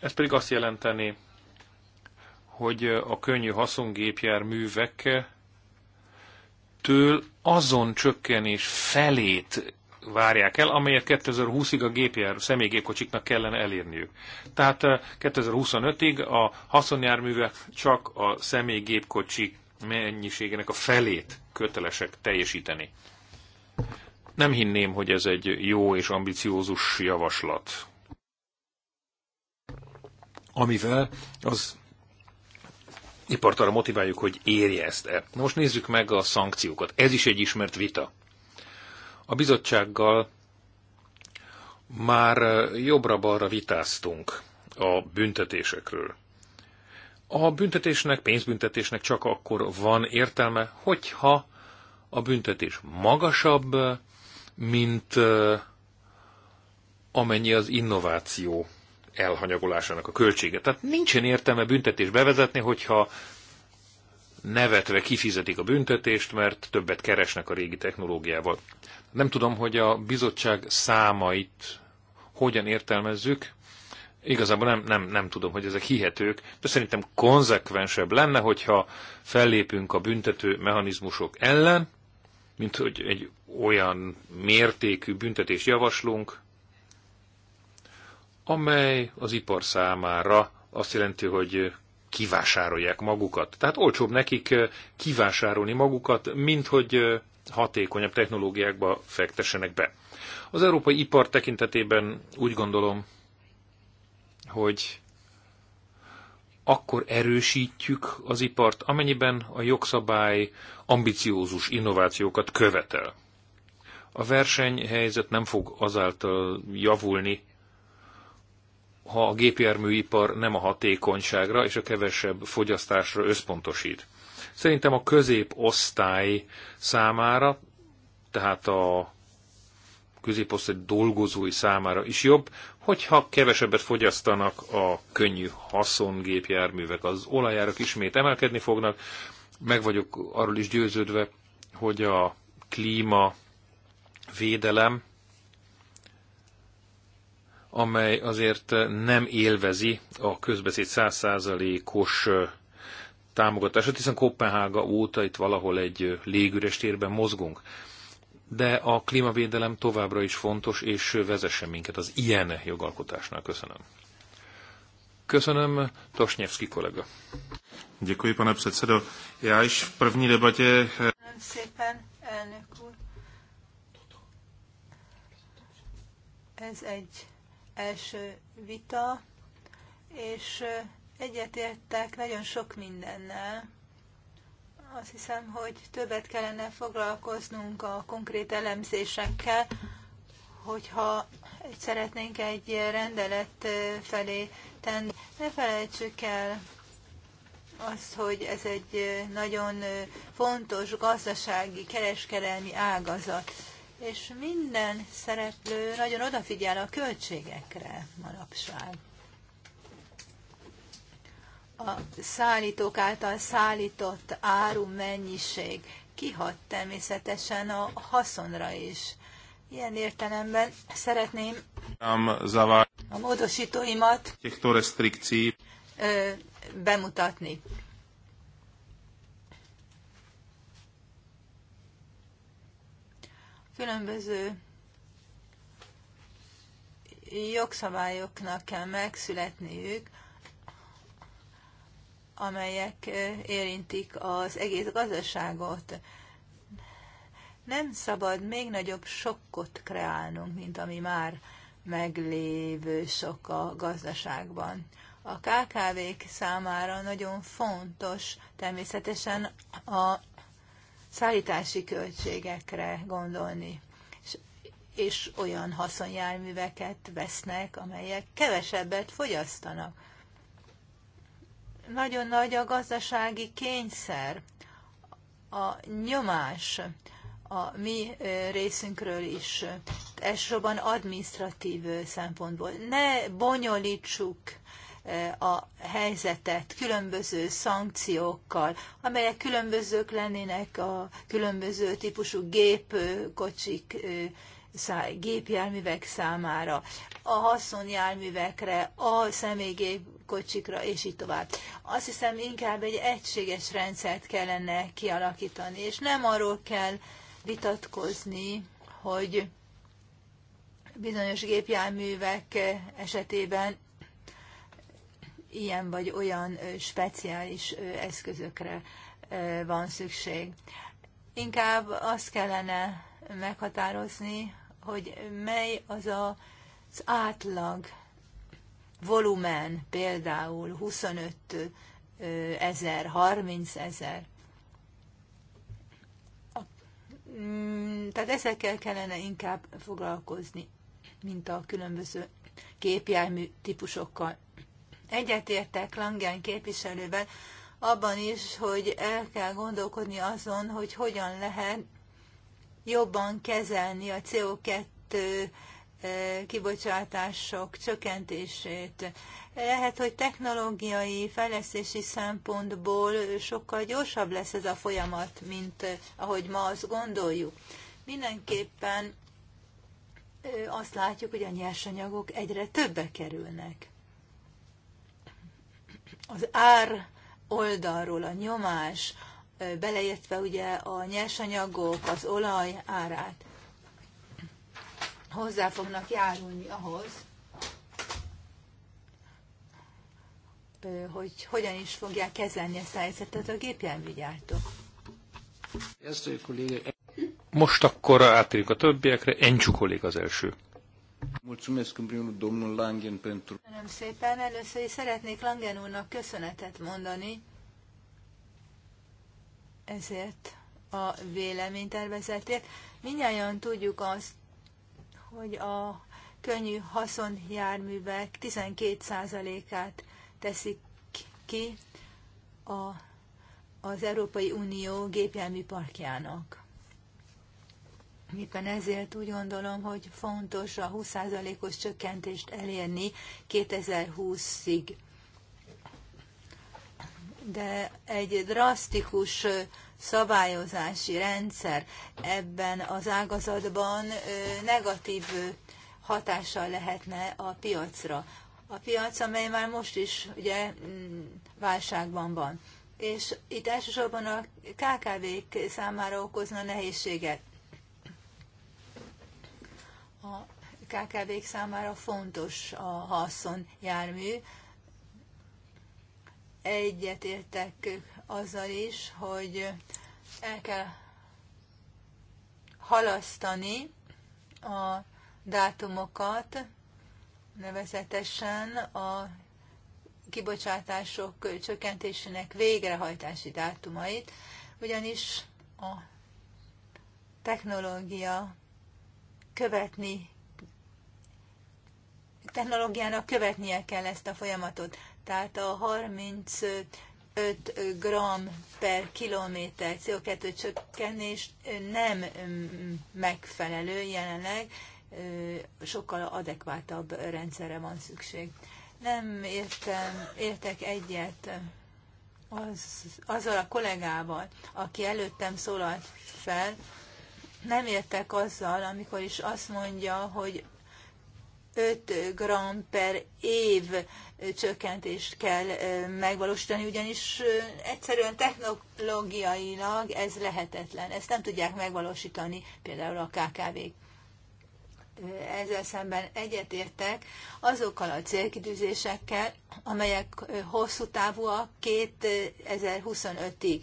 ez pedig azt jelenteni, hogy a könnyű haszongépjárművek től azon csökkenés felét várják el, amelyet 2020-ig a gépjár, személygépkocsiknak kellene elérniük. Tehát 2025-ig eh, a haszonjárművek csak a személygépkocsi mennyiségének a felét kötelesek teljesíteni. Nem hinném, hogy ez egy jó és ambiciózus javaslat amivel az ipart arra motiváljuk, hogy érje ezt el. Na most nézzük meg a szankciókat. Ez is egy ismert vita. A bizottsággal már jobbra-balra vitáztunk a büntetésekről. A büntetésnek, pénzbüntetésnek csak akkor van értelme, hogyha a büntetés magasabb, mint amennyi az innováció elhanyagolásának a költsége. Tehát nincsen értelme büntetés bevezetni, hogyha nevetve kifizetik a büntetést, mert többet keresnek a régi technológiával. Nem tudom, hogy a bizottság számait hogyan értelmezzük. Igazából nem, nem, nem tudom, hogy ezek hihetők, de szerintem konzekvensebb lenne, hogyha fellépünk a büntető mechanizmusok ellen, mint hogy egy olyan mértékű büntetést javaslunk, amely az ipar számára azt jelenti, hogy kivásárolják magukat. Tehát olcsóbb nekik kivásárolni magukat, mint hogy hatékonyabb technológiákba fektessenek be. Az európai ipar tekintetében úgy gondolom, hogy akkor erősítjük az ipart, amennyiben a jogszabály ambiciózus innovációkat követel. A versenyhelyzet nem fog azáltal javulni, ha a gépjárműipar nem a hatékonyságra és a kevesebb fogyasztásra összpontosít. Szerintem a középosztály számára, tehát a középosztály dolgozói számára is jobb, hogyha kevesebbet fogyasztanak a könnyű haszongépjárművek, az olajárak ismét emelkedni fognak, meg vagyok arról is győződve, hogy a klíma védelem amely azért nem élvezi a közbeszéd százszázalékos támogatását, hiszen Kopenhága óta itt valahol egy légüres térben mozgunk. De a klímavédelem továbbra is fontos, és vezessen minket az ilyen jogalkotásnál. Köszönöm. Köszönöm, Tosnyevski kollega. Děkuji, pane předsedo. Já již v první debatě... Eh, szépen, elnök úr. Ez egy első vita, és egyetértek nagyon sok mindennel. Azt hiszem, hogy többet kellene foglalkoznunk a konkrét elemzésekkel, hogyha szeretnénk egy rendelet felé tenni. Ne felejtsük el azt, hogy ez egy nagyon fontos gazdasági, kereskedelmi ágazat és minden szereplő nagyon odafigyel a költségekre manapság. A szállítók által szállított áru mennyiség kihat természetesen a haszonra is. Ilyen értelemben szeretném a módosítóimat bemutatni. különböző jogszabályoknak kell megszületniük, amelyek érintik az egész gazdaságot. Nem szabad még nagyobb sokkot kreálnunk, mint ami már meglévő sok a gazdaságban. A KKV-k számára nagyon fontos természetesen a szállítási költségekre gondolni, és, és olyan haszonjárműveket vesznek, amelyek kevesebbet fogyasztanak. Nagyon nagy a gazdasági kényszer, a nyomás a mi részünkről is, elsősorban administratív szempontból. Ne bonyolítsuk a helyzetet különböző szankciókkal, amelyek különbözők lennének a különböző típusú gépkocsik, gépjárművek számára, a haszonjárművekre, a személygépkocsikra, és így tovább. Azt hiszem, inkább egy egységes rendszert kellene kialakítani, és nem arról kell vitatkozni, hogy bizonyos gépjárművek esetében ilyen vagy olyan speciális eszközökre van szükség. Inkább azt kellene meghatározni, hogy mely az a, az átlag volumen, például 25 ezer, 30 ezer. Mm, tehát ezekkel kellene inkább foglalkozni, mint a különböző képjármű típusokkal. Egyetértek Langen képviselővel abban is, hogy el kell gondolkodni azon, hogy hogyan lehet jobban kezelni a CO2 eh, kibocsátások csökkentését. Lehet, hogy technológiai fejlesztési szempontból sokkal gyorsabb lesz ez a folyamat, mint eh, ahogy ma azt gondoljuk. Mindenképpen eh, azt látjuk, hogy a nyersanyagok egyre többe kerülnek az ár oldalról a nyomás, beleértve ugye a nyersanyagok, az olaj árát hozzá fognak járulni ahhoz, hogy hogyan is fogják kezelni ezt a helyzetet a gépjárműgyártók. Most akkor átérjük a többiekre. Encsú kolléga az első. Mulțumesc în primul domnul Langen pentru... Köszönöm szépen. Először is szeretnék Langen úrnak köszönetet mondani ezért a véleménytervezetért. Mindjárt tudjuk azt, hogy a könnyű haszonjárművek 12%-át teszik ki a, az Európai Unió gépjármű parkjának. Éppen ezért úgy gondolom, hogy fontos a 20%-os csökkentést elérni 2020-ig. De egy drasztikus szabályozási rendszer ebben az ágazatban negatív hatással lehetne a piacra. A piac, amely már most is ugye mm, válságban van. És itt elsősorban a KKV-k számára okozna nehézséget a KKV-k számára fontos a jármű. Egyet értek azzal is, hogy el kell halasztani a dátumokat, nevezetesen a kibocsátások csökkentésének végrehajtási dátumait, ugyanis a technológia követni, technológiának követnie kell ezt a folyamatot. Tehát a 35 g per kilométer CO2 csökkenés nem mm, megfelelő jelenleg, sokkal adekvátabb rendszerre van szükség. Nem értem, értek egyet az, azzal a kollégával, aki előttem szólalt fel, nem értek azzal, amikor is azt mondja, hogy 5 g per év csökkentést kell megvalósítani, ugyanis egyszerűen technológiailag ez lehetetlen. Ezt nem tudják megvalósítani például a KKV-k. Ezzel szemben egyetértek azokkal a célkidűzésekkel, amelyek hosszú távúak 2025-ig.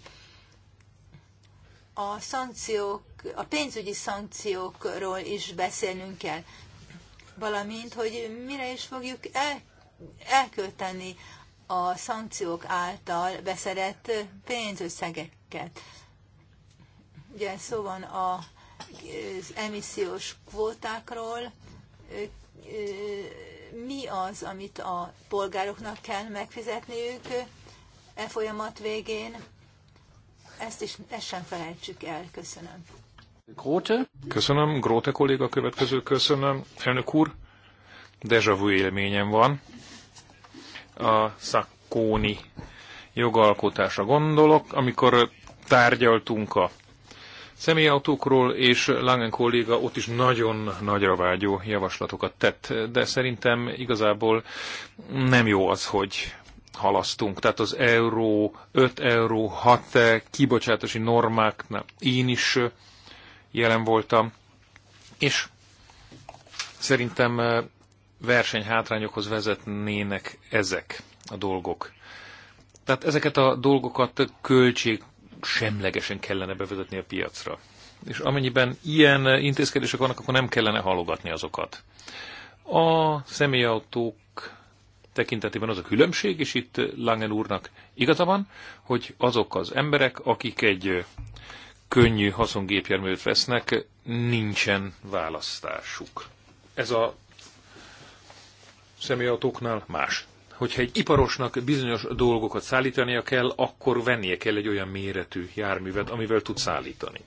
A szankciók a pénzügyi szankciókról is beszélnünk kell, valamint, hogy mire is fogjuk el, elkölteni a szankciók által beszerett pénzösszegeket. Ugye szó van az emissziós kvótákról, mi az, amit a polgároknak kell megfizetniük e folyamat végén, ezt is ezt sem felejtsük el. Köszönöm. Gróte. Köszönöm, Gróte kolléga következő, köszönöm. Elnök úr, deja vu élményem van. A szakkóni jogalkotásra gondolok, amikor tárgyaltunk a személyautókról, és Langen kolléga ott is nagyon nagyra vágyó javaslatokat tett, de szerintem igazából nem jó az, hogy halasztunk. Tehát az euró, 5 euró, 6 kibocsátási normáknál én is jelen voltam, és szerintem eh, versenyhátrányokhoz vezetnének ezek a dolgok. Tehát ezeket a dolgokat költség semlegesen kellene bevezetni a piacra. És amennyiben ilyen intézkedések vannak, akkor nem kellene halogatni azokat. A személyautók tekintetében az a különbség, és itt Langen úrnak igaza van, hogy azok az emberek, akik egy könnyű haszongépjárművet vesznek, nincsen választásuk. Ez a személyautóknál más. Hogyha egy iparosnak bizonyos dolgokat szállítania kell, akkor vennie kell egy olyan méretű járművet, amivel tud szállítani.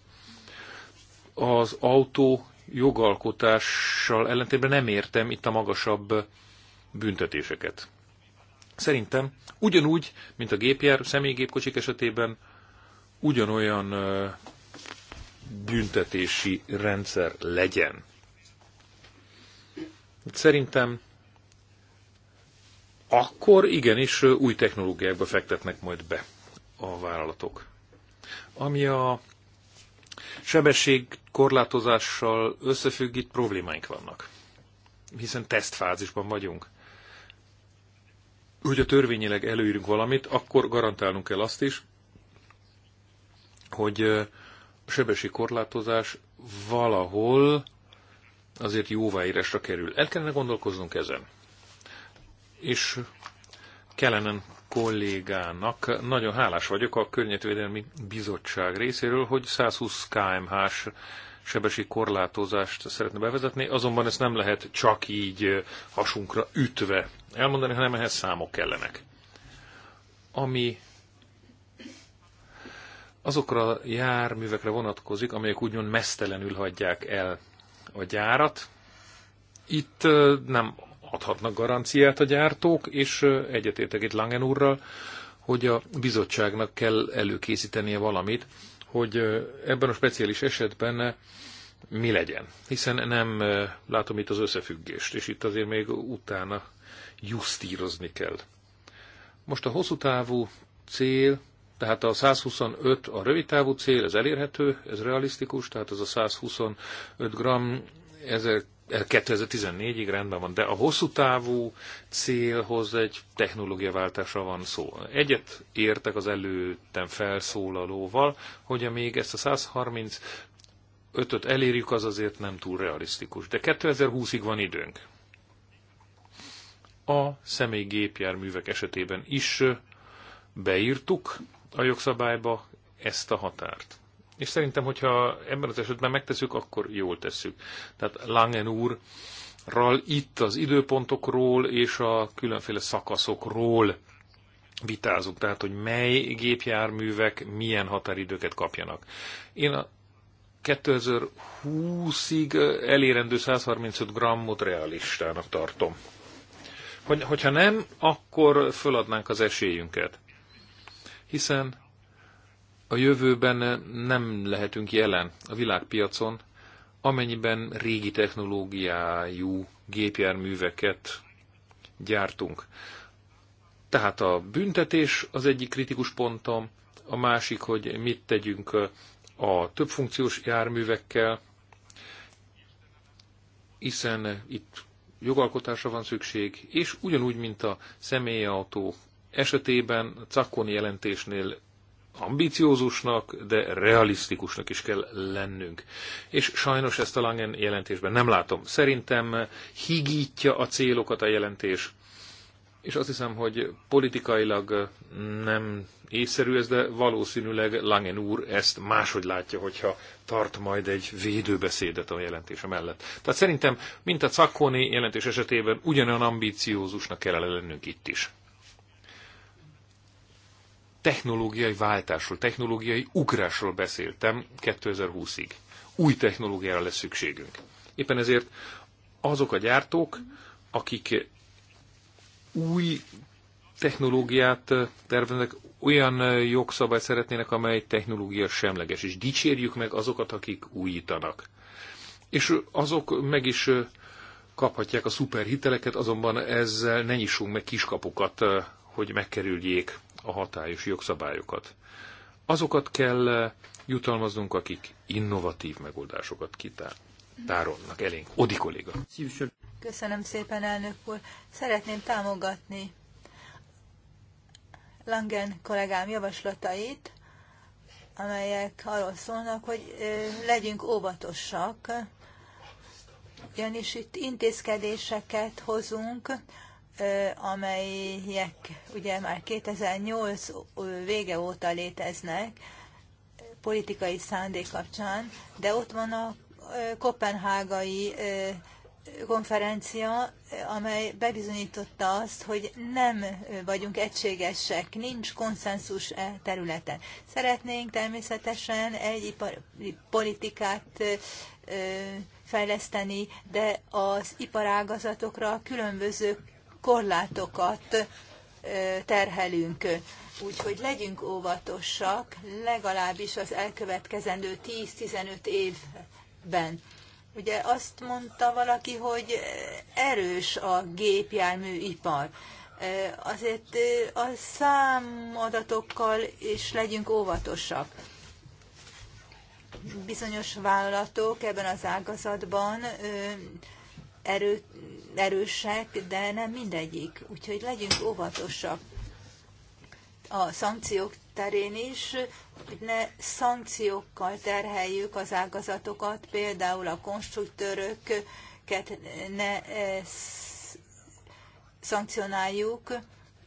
Az autó jogalkotással ellentétben nem értem itt a magasabb büntetéseket. Szerintem ugyanúgy, mint a gépjár, személygépkocsik esetében ugyanolyan büntetési rendszer legyen. Szerintem akkor igenis új technológiákba fektetnek majd be a vállalatok. Ami a sebesség korlátozással összefügg, itt problémáink vannak. Hiszen tesztfázisban vagyunk. Hogyha törvényileg előírunk valamit, akkor garantálnunk kell azt is, hogy a sebesi korlátozás valahol azért jóváírásra kerül. El kellene gondolkoznunk ezen. És kellene kollégának nagyon hálás vagyok a Környezetvédelmi Bizottság részéről, hogy 120 kmh-s sebesi korlátozást szeretne bevezetni, azonban ezt nem lehet csak így hasunkra ütve elmondani, hanem ehhez számok kellenek. Ami azokra a járművekre vonatkozik, amelyek úgymond mesztelenül hagyják el a gyárat. Itt nem adhatnak garanciát a gyártók, és egyetértek itt Langen úrral, hogy a bizottságnak kell előkészítenie valamit, hogy ebben a speciális esetben mi legyen. Hiszen nem látom itt az összefüggést, és itt azért még utána justírozni kell. Most a hosszú távú cél tehát a 125 a rövid távú cél, ez elérhető, ez realisztikus, tehát az a 125 gram 2014-ig eh, rendben van, de a hosszú távú célhoz egy technológiaváltásra van szó. Egyet értek az előttem felszólalóval, hogy amíg ezt a 130 ötöt elérjük, az azért nem túl realisztikus. De 2020-ig van időnk. A személygépjárművek esetében is beírtuk, a jogszabályba ezt a határt. És szerintem, hogyha ebben az esetben megteszük, akkor jól tesszük. Tehát Langen úr ral itt az időpontokról és a különféle szakaszokról vitázunk, tehát hogy mely gépjárművek milyen határidőket kapjanak. Én a 2020-ig elérendő 135 grammot realistának tartom. Hogy, hogyha nem, akkor föladnánk az esélyünket hiszen a jövőben nem lehetünk jelen a világpiacon, amennyiben régi technológiájú gépjárműveket gyártunk. Tehát a büntetés az egyik kritikus pontom, a másik, hogy mit tegyünk a többfunkciós járművekkel, hiszen itt jogalkotásra van szükség, és ugyanúgy, mint a személyautó esetében a Cakkoni jelentésnél ambiciózusnak, de realisztikusnak is kell lennünk. És sajnos ezt a Langen jelentésben nem látom. Szerintem higítja a célokat a jelentés, és azt hiszem, hogy politikailag nem észszerű ez, de valószínűleg Langen úr ezt máshogy látja, hogyha tart majd egy védőbeszédet a jelentése mellett. Tehát szerintem, mint a cakkoni jelentés esetében, ugyanolyan ambíciózusnak kell lennünk itt is technológiai váltásról, technológiai ugrásról beszéltem 2020-ig. Új technológiára lesz szükségünk. Éppen ezért azok a gyártók, akik új technológiát terveznek, olyan jogszabályt szeretnének, amely technológia semleges, és dicsérjük meg azokat, akik újítanak. És azok meg is kaphatják a szuperhiteleket, azonban ezzel ne nyissunk meg kiskapukat, hogy megkerüljék a hatályos jogszabályokat. Azokat kell eh, jutalmaznunk, akik innovatív megoldásokat kitárolnak elénk. Odi kolléga. Köszönöm szépen, elnök úr. Szeretném támogatni Langen kollégám javaslatait, amelyek arról szólnak, hogy eh, legyünk óvatosak, ugyanis itt intézkedéseket hozunk, amelyek ugye már 2008 vége óta léteznek politikai szándék kapcsán, de ott van a kopenhágai konferencia, amely bebizonyította azt, hogy nem vagyunk egységesek, nincs konszenzus e területen. Szeretnénk természetesen egy ipari politikát fejleszteni, de az iparágazatokra különböző korlátokat terhelünk. Úgyhogy legyünk óvatosak, legalábbis az elkövetkezendő 10-15 évben. Ugye azt mondta valaki, hogy erős a gépjárműipar. Azért a számadatokkal is legyünk óvatosak. Bizonyos vállalatok ebben az ágazatban erő, erősek, de nem mindegyik. Úgyhogy legyünk óvatosak a szankciók terén is, hogy ne szankciókkal terheljük az ágazatokat, például a konstruktőröket ne e, szankcionáljuk,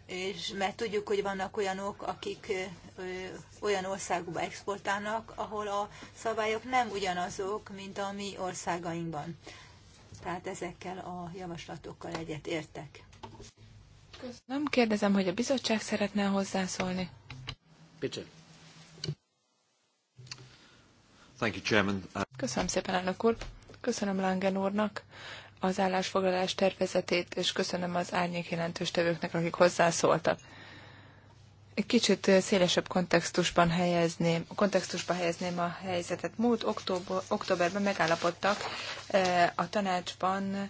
és mert tudjuk, hogy vannak olyanok, akik e, olyan országba exportálnak, ahol a szabályok nem ugyanazok, mint a mi országainkban tehát ezekkel a javaslatokkal egyet értek. Köszönöm. Kérdezem, hogy a bizottság szeretne hozzászólni. Bitte. Thank you, Chairman. Köszönöm szépen, elnök úr. Köszönöm Langen úrnak az állásfoglalás tervezetét, és köszönöm az árnyék jelentős tevőknek, akik hozzászóltak kicsit szélesebb kontextusban helyezném, kontextusban helyezném a helyzetet. Múlt október, októberben megállapodtak a tanácsban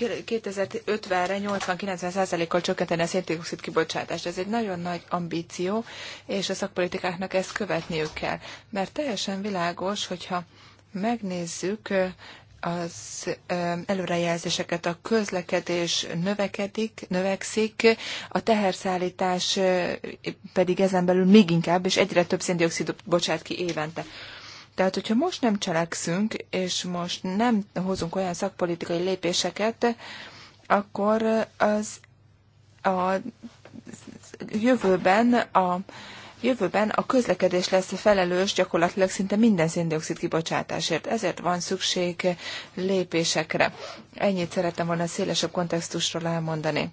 2050-re 80-90%-kal csökkenteni a széndiokszid kibocsátást. Ez egy nagyon nagy ambíció, és a szakpolitikáknak ezt követniük kell. Mert teljesen világos, hogyha megnézzük az előrejelzéseket a közlekedés növekedik, növekszik, a teherszállítás pedig ezen belül még inkább, és egyre több széndiokszidot bocsát ki évente. Tehát, hogyha most nem cselekszünk, és most nem hozunk olyan szakpolitikai lépéseket, akkor az a jövőben a jövőben a közlekedés lesz felelős gyakorlatilag szinte minden széndiokszid kibocsátásért, ezért van szükség lépésekre. Ennyit szerettem volna szélesebb kontextusról elmondani.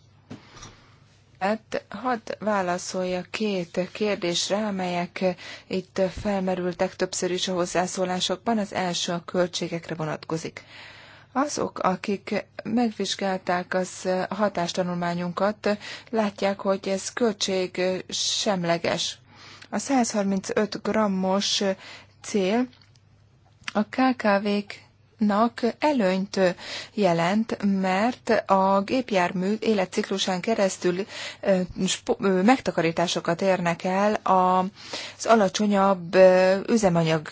Hát hadd válaszolja két kérdésre, amelyek itt felmerültek többször is a hozzászólásokban. Az első a költségekre vonatkozik. Azok, akik megvizsgálták az hatástanulmányunkat, látják, hogy ez költség semleges. A 135 grammos cél a KKV-k nak előnyt jelent, mert a gépjármű életciklusán keresztül megtakarításokat érnek el az alacsonyabb üzemanyag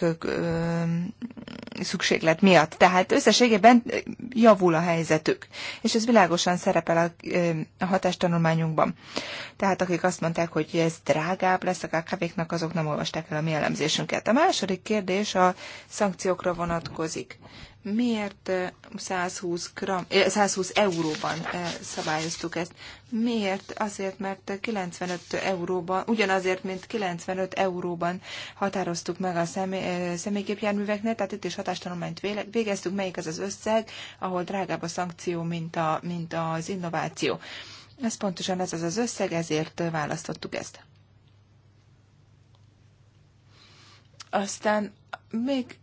szükséglet miatt. Tehát összességében javul a helyzetük, és ez világosan szerepel a hatástanulmányunkban. Tehát akik azt mondták, hogy ez drágább lesz a KKV-knak, azok nem olvasták el a mi elemzésünket. A második kérdés a szankciókra vonatkozik miért 120, eh, gram, 120 eh, euróban eh, szabályoztuk ezt? Miért? Azért, mert 95 euróban, ugyanazért, mint 95 euróban határoztuk meg a személy, személygépjárműveknél, tehát itt is hatástanulmányt végeztük, melyik az az összeg, ahol drágább a szankció, mint, a, mint az innováció. Ez pontosan ez az az összeg, ezért választottuk ezt. Aztán még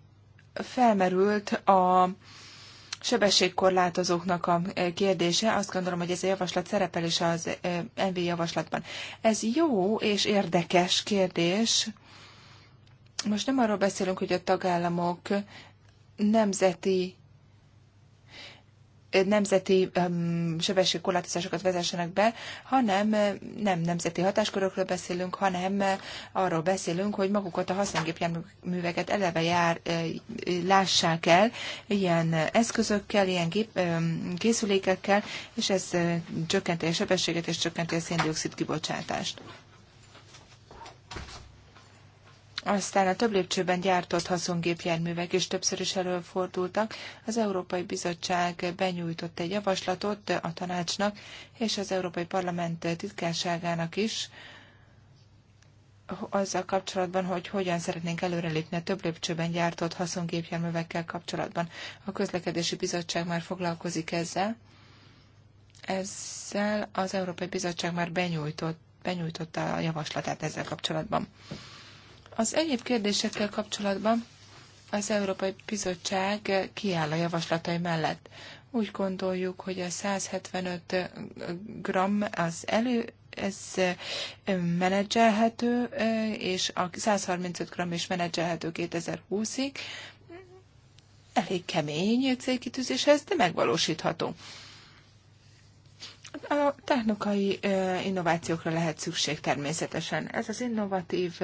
felmerült a sebességkorlátozóknak a kérdése. Azt gondolom, hogy ez a javaslat szerepel is az MV eh, javaslatban. Ez jó és érdekes kérdés. Most nem arról beszélünk, hogy a tagállamok nemzeti nemzeti um, sebességkorlátozásokat vezessenek be, hanem nem nemzeti hatáskörökről beszélünk, hanem arról beszélünk, hogy magukat a műveket eleve jár, e, lássák el ilyen eszközökkel, ilyen gép, um, készülékekkel, és ez e, csökkenti a sebességet és csökkenti a széndiokszid kibocsátást. Aztán a több lépcsőben gyártott haszongépjárművek is többször is előfordultak. Az Európai Bizottság benyújtott egy javaslatot a tanácsnak és az Európai Parlament titkárságának is, azzal kapcsolatban, hogy hogyan szeretnénk előrelépni a több lépcsőben gyártott haszongépjárművekkel kapcsolatban. A közlekedési bizottság már foglalkozik ezzel. Ezzel az Európai Bizottság már benyújtott, benyújtotta a javaslatát ezzel kapcsolatban. Az egyéb kérdésekkel kapcsolatban az Európai Bizottság kiáll a javaslatai mellett. Úgy gondoljuk, hogy a 175 gram az elő, ez menedzselhető, és a 135 gram is menedzselhető 2020-ig. Elég kemény célkitűzéshez, de megvalósítható. A technikai innovációkra lehet szükség természetesen. Ez az innovatív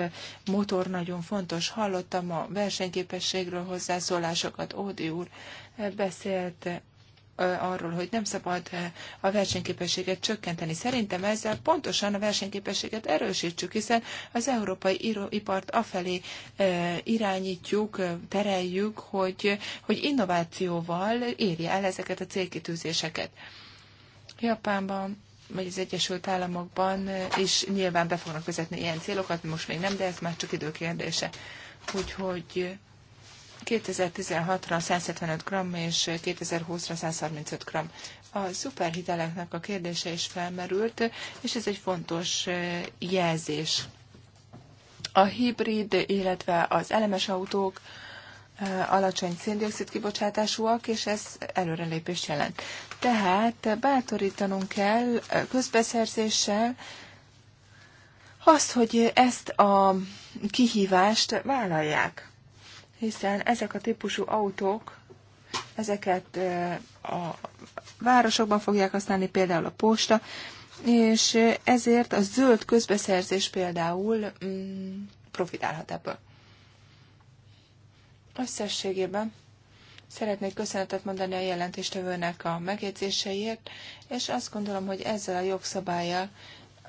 motor nagyon fontos. Hallottam a versenyképességről hozzászólásokat. Ódi úr beszélt arról, hogy nem szabad a versenyképességet csökkenteni. Szerintem ezzel pontosan a versenyképességet erősítsük, hiszen az európai ipart afelé irányítjuk, tereljük, hogy, hogy innovációval érje el ezeket a célkitűzéseket. Japánban vagy az Egyesült Államokban is nyilván be fognak vezetni ilyen célokat, most még nem, de ez már csak időkérdése. Úgyhogy 2016-ra 175 g és 2020-ra 135 g. A szuperhiteleknek a kérdése is felmerült, és ez egy fontos jelzés. A hibrid, illetve az elemes autók, alacsony széndiokszid kibocsátásúak, és ez előrelépést jelent. Tehát bátorítanunk kell közbeszerzéssel azt, hogy ezt a kihívást vállalják, hiszen ezek a típusú autók, ezeket a városokban fogják használni, például a posta, és ezért a zöld közbeszerzés például mm, profitálhat ebből. Összességében szeretnék köszönetet mondani a jelentéstevőnek a megjegyzéseiért, és azt gondolom, hogy ezzel a jogszabályjal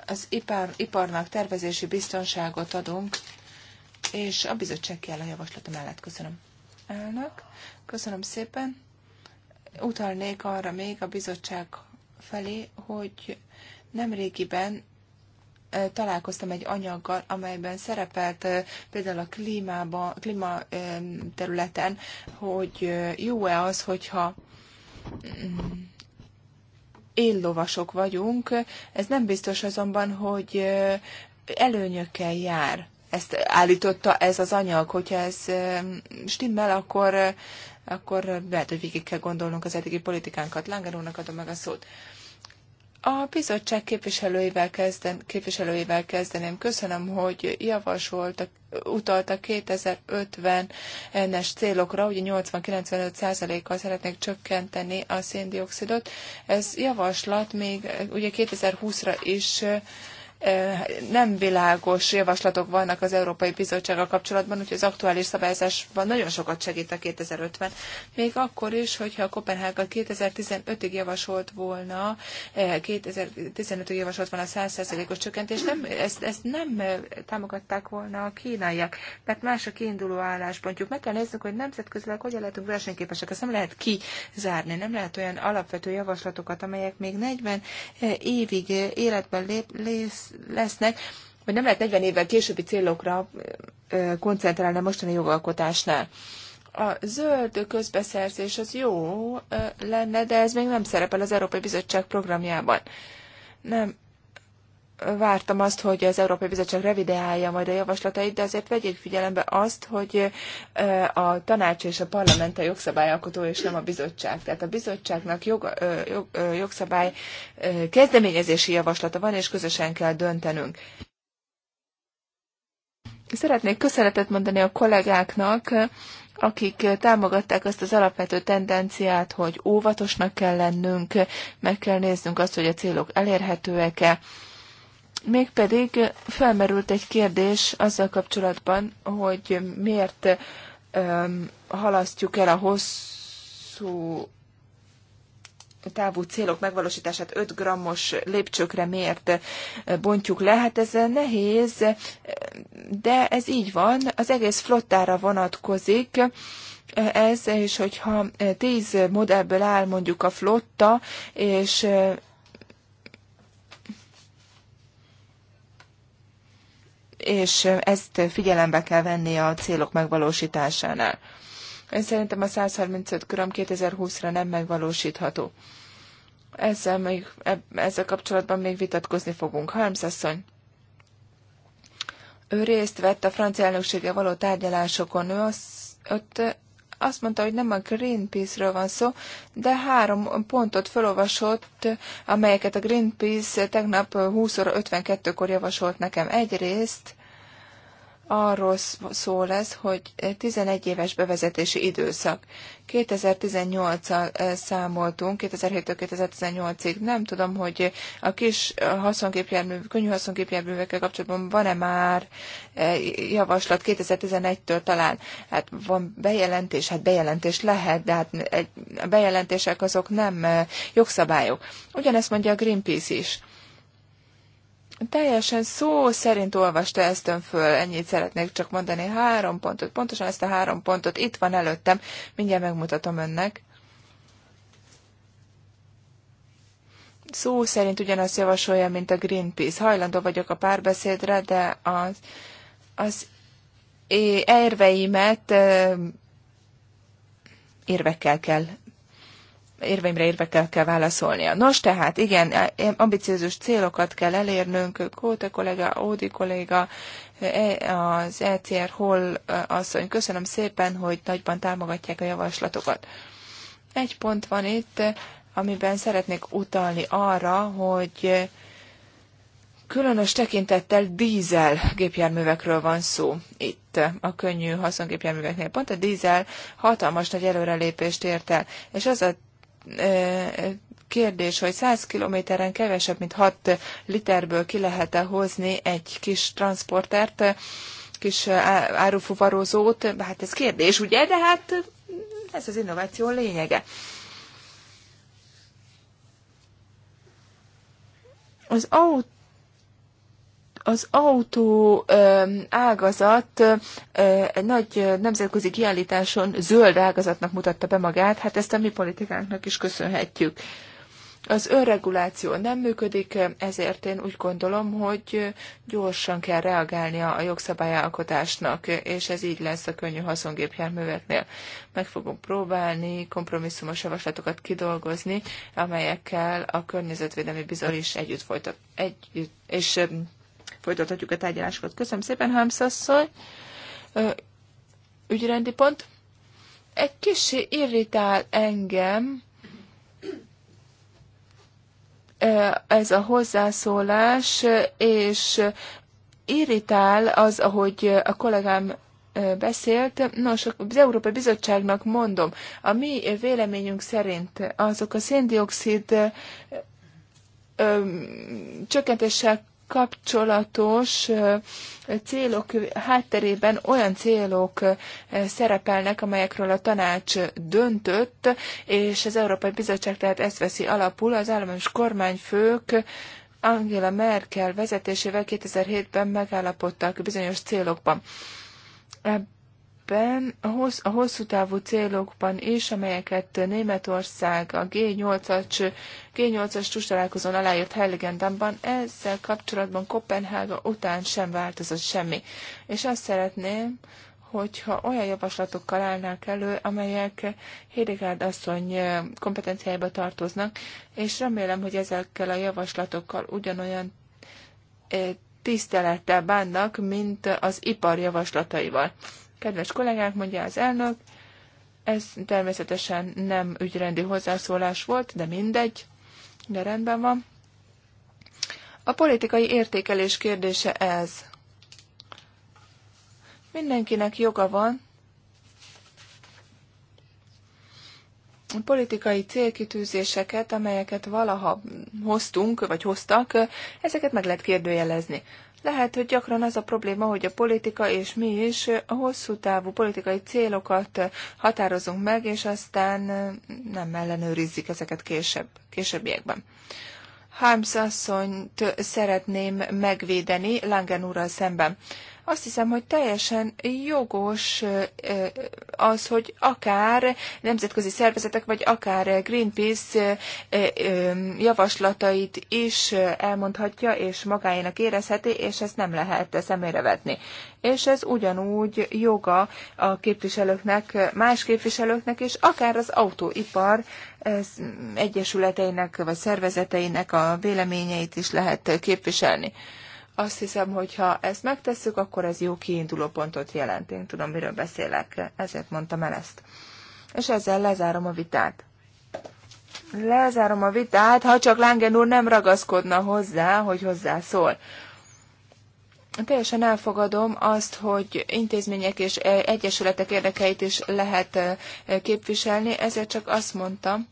az ipar, iparnak tervezési biztonságot adunk, és a bizottság kell a javaslata mellett. Köszönöm. Elnök, köszönöm szépen. Utalnék arra még a bizottság felé, hogy nemrégiben találkoztam egy anyaggal, amelyben szerepelt például a klímába, klíma területen, hogy jó-e az, hogyha mm, éllovasok vagyunk. Ez nem biztos azonban, hogy előnyökkel jár. Ezt állította ez az anyag, hogyha ez stimmel, akkor, akkor lehet, hogy végig kell gondolnunk az eddigi politikánkat. Langerónak adom meg a szót. A bizottság képviselőivel, kezden, képviselőivel kezdeném. Köszönöm, hogy utalt a 2050-es célokra, ugye 80-95%-kal szeretnék csökkenteni a széndiokszidot. Ez javaslat még ugye 2020-ra is nem világos javaslatok vannak az Európai Bizottsággal kapcsolatban, úgyhogy az aktuális szabályozásban nagyon sokat segít a 2050. Még akkor is, hogyha a Kopenhága 2015-ig javasolt volna, 2015-ig javasolt volna a 100%-os csökkentés, nem, ezt, ezt nem támogatták volna a kínaiak, mert más a kiinduló álláspontjuk. Meg kell néznünk, hogy nemzetközileg hogyan lehetünk versenyképesek, ezt nem lehet kizárni, nem lehet olyan alapvető javaslatokat, amelyek még 40 évig életben lép, lesznek, vagy nem lehet 40 évvel későbbi célokra koncentrálni a mostani jogalkotásnál. A zöld közbeszerzés az jó lenne, de ez még nem szerepel az Európai Bizottság programjában. Nem vártam azt, hogy az Európai Bizottság revideálja majd a javaslatait, de azért vegyék figyelembe azt, hogy a tanács és a parlament a jogszabályalkotó, és nem a bizottság. Tehát a bizottságnak jog, jog, jogszabály kezdeményezési javaslata van, és közösen kell döntenünk. Szeretnék köszönetet mondani a kollégáknak, akik támogatták azt az alapvető tendenciát, hogy óvatosnak kell lennünk, meg kell néznünk azt, hogy a célok elérhetőek-e, Mégpedig felmerült egy kérdés azzal kapcsolatban, hogy miért um, halasztjuk el a hosszú távú célok megvalósítását 5 grammos lépcsőkre miért bontjuk le. Hát ez nehéz, de ez így van, az egész flottára vonatkozik. Ez, és hogyha 10 modellből áll mondjuk a flotta, és és ezt figyelembe kell venni a célok megvalósításánál. Én szerintem a 135 gram 2020-ra nem megvalósítható. Ezzel, még, ezzel kapcsolatban még vitatkozni fogunk. Harms asszony. Ő részt vett a francia elnöksége való tárgyalásokon. Ő az, ott azt mondta, hogy nem a Greenpeace-ről van szó, de három pontot felolvasott, amelyeket a Greenpeace tegnap 20 óra 52-kor javasolt nekem. Egyrészt arról szól ez, hogy 11 éves bevezetési időszak. 2018-al számoltunk, 2007 2018-ig. Nem tudom, hogy a kis haszonképjármű, könnyű haszonképjárművekkel kapcsolatban van-e már javaslat 2011-től talán. Hát van bejelentés, hát bejelentés lehet, de hát a bejelentések azok nem jogszabályok. Ugyanezt mondja a Greenpeace is Teljesen szó szerint olvasta ezt ön föl, ennyit szeretnék csak mondani. Három pontot, pontosan ezt a három pontot itt van előttem, mindjárt megmutatom önnek. Szó szerint ugyanazt javasolja, mint a Greenpeace. Hajlandó vagyok a párbeszédre, de az, az érveimet érvekkel kell érveimre érvekkel kell válaszolnia. Nos, tehát igen, ambiciózus célokat kell elérnünk, Kóta kollega, Ódi kolléga, e, az ECR Hol e, asszony. Köszönöm szépen, hogy nagyban támogatják a javaslatokat. Egy pont van itt, amiben szeretnék utalni arra, hogy különös tekintettel dízel gépjárművekről van szó itt a könnyű haszongépjárműveknél. Pont a dízel hatalmas nagy előrelépést ért el, és az a kérdés, hogy 100 kilométeren kevesebb, mint 6 literből ki lehet-e hozni egy kis transportert, kis árufuvarozót, hát ez kérdés, ugye, de hát ez az innováció lényege. Az autó az autó ágazat egy nagy nemzetközi kiállításon zöld ágazatnak mutatta be magát, hát ezt a mi politikánknak is köszönhetjük. Az önreguláció nem működik, ezért én úgy gondolom, hogy gyorsan kell reagálnia a jogszabályalkotásnak, és ez így lesz a könnyű haszongépjárműveknél. Meg fogunk próbálni kompromisszumos javaslatokat kidolgozni, amelyekkel a Környezetvédelmi Bizony is együtt folytat, együtt, és folytathatjuk a tárgyalásokat. Köszönöm szépen, Hámszasszony. Ügyrendi pont. Egy kicsi irritál engem ez a hozzászólás, és irritál az, ahogy a kollégám beszélt. Nos, az Európai Bizottságnak mondom, a mi véleményünk szerint azok a széndiokszid csökkentéssel kapcsolatos célok hátterében olyan célok szerepelnek, amelyekről a tanács döntött, és az Európai Bizottság tehát ezt veszi alapul, az államos kormányfők Angela Merkel vezetésével 2007-ben megállapodtak bizonyos célokban ebben a hosszú távú célokban is, amelyeket Németország a G8-as, G8-as csúcstalálkozón aláírt Heiligendanban, ezzel kapcsolatban Kopenhága után sem változott semmi. És azt szeretném, hogyha olyan javaslatokkal állnák elő, amelyek Hédegárd asszony kompetenciájába tartoznak, és remélem, hogy ezekkel a javaslatokkal ugyanolyan tisztelettel bánnak, mint az ipar javaslataival. Kedves kollégák, mondja az elnök, ez természetesen nem ügyrendi hozzászólás volt, de mindegy, de rendben van. A politikai értékelés kérdése ez. Mindenkinek joga van a politikai célkitűzéseket, amelyeket valaha hoztunk, vagy hoztak, ezeket meg lehet kérdőjelezni. Lehet, hogy gyakran az a probléma, hogy a politika és mi is a hosszú távú politikai célokat határozunk meg, és aztán nem ellenőrizzük ezeket később, későbbiekben. Harms asszonyt szeretném megvédeni Langen úrral szemben. Azt hiszem, hogy teljesen jogos az, hogy akár nemzetközi szervezetek, vagy akár Greenpeace javaslatait is elmondhatja, és magáénak érezheti, és ezt nem lehet szemére vetni. És ez ugyanúgy joga a képviselőknek, más képviselőknek, és akár az autóipar egyesületeinek, vagy szervezeteinek a véleményeit is lehet képviselni. Azt hiszem, hogy ha ezt megtesszük, akkor ez jó kiinduló pontot jelent. Én tudom, miről beszélek, ezért mondtam el ezt. És ezzel lezárom a vitát. Lezárom a vitát, ha csak Lángen úr nem ragaszkodna hozzá, hogy hozzá szól. Teljesen elfogadom azt, hogy intézmények és eh, egyesületek érdekeit is lehet eh, képviselni, ezért csak azt mondtam,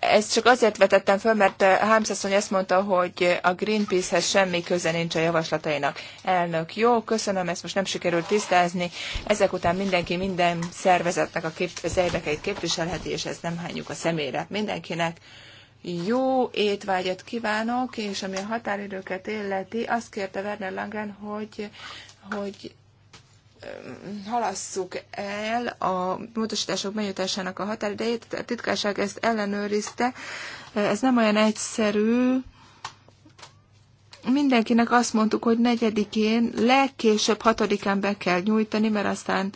ezt csak azért vetettem föl, mert asszony ezt mondta, hogy a Greenpeace-hez semmi köze nincs a javaslatainak. Elnök, jó, köszönöm, ezt most nem sikerült tisztázni. Ezek után mindenki minden szervezetnek a kép- az érdekeit képviselheti, és ezt nem hányjuk a szemére. Mindenkinek jó étvágyat kívánok, és ami a határidőket illeti, azt kérte Werner Langen, hogy, hogy halasszuk el a módosítások bejutásának a határidejét. A titkárság ezt ellenőrizte. Ez nem olyan egyszerű. Mindenkinek azt mondtuk, hogy negyedikén, legkésőbb hatodikán be kell nyújtani, mert aztán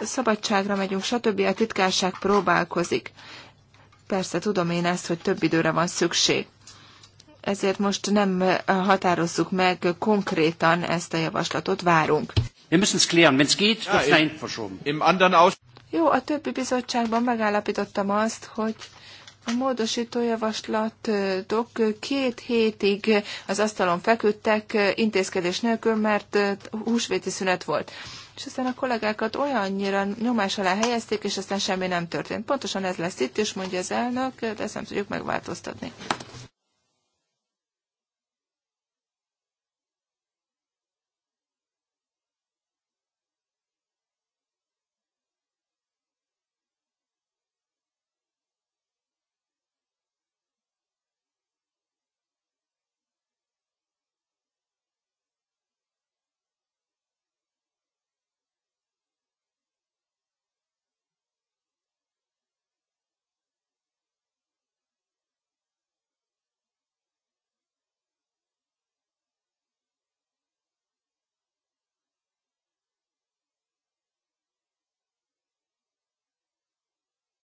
szabadságra megyünk, stb. A titkárság próbálkozik. Persze tudom én ezt, hogy több időre van szükség ezért most nem határozzuk meg konkrétan ezt a javaslatot, várunk. Wir müssen es klären. Wenn es geht, wird es verschoben. Im anderen Aus Jó, a többi bizottságban megállapítottam azt, hogy a módosító javaslatok két hétig az asztalon feküdtek intézkedés nélkül, mert húsvéti szünet volt. És aztán a kollégákat olyannyira nyomás alá helyezték, és aztán semmi nem történt. Pontosan ez lesz itt is, mondja az elnök, de ezt nem tudjuk megváltoztatni.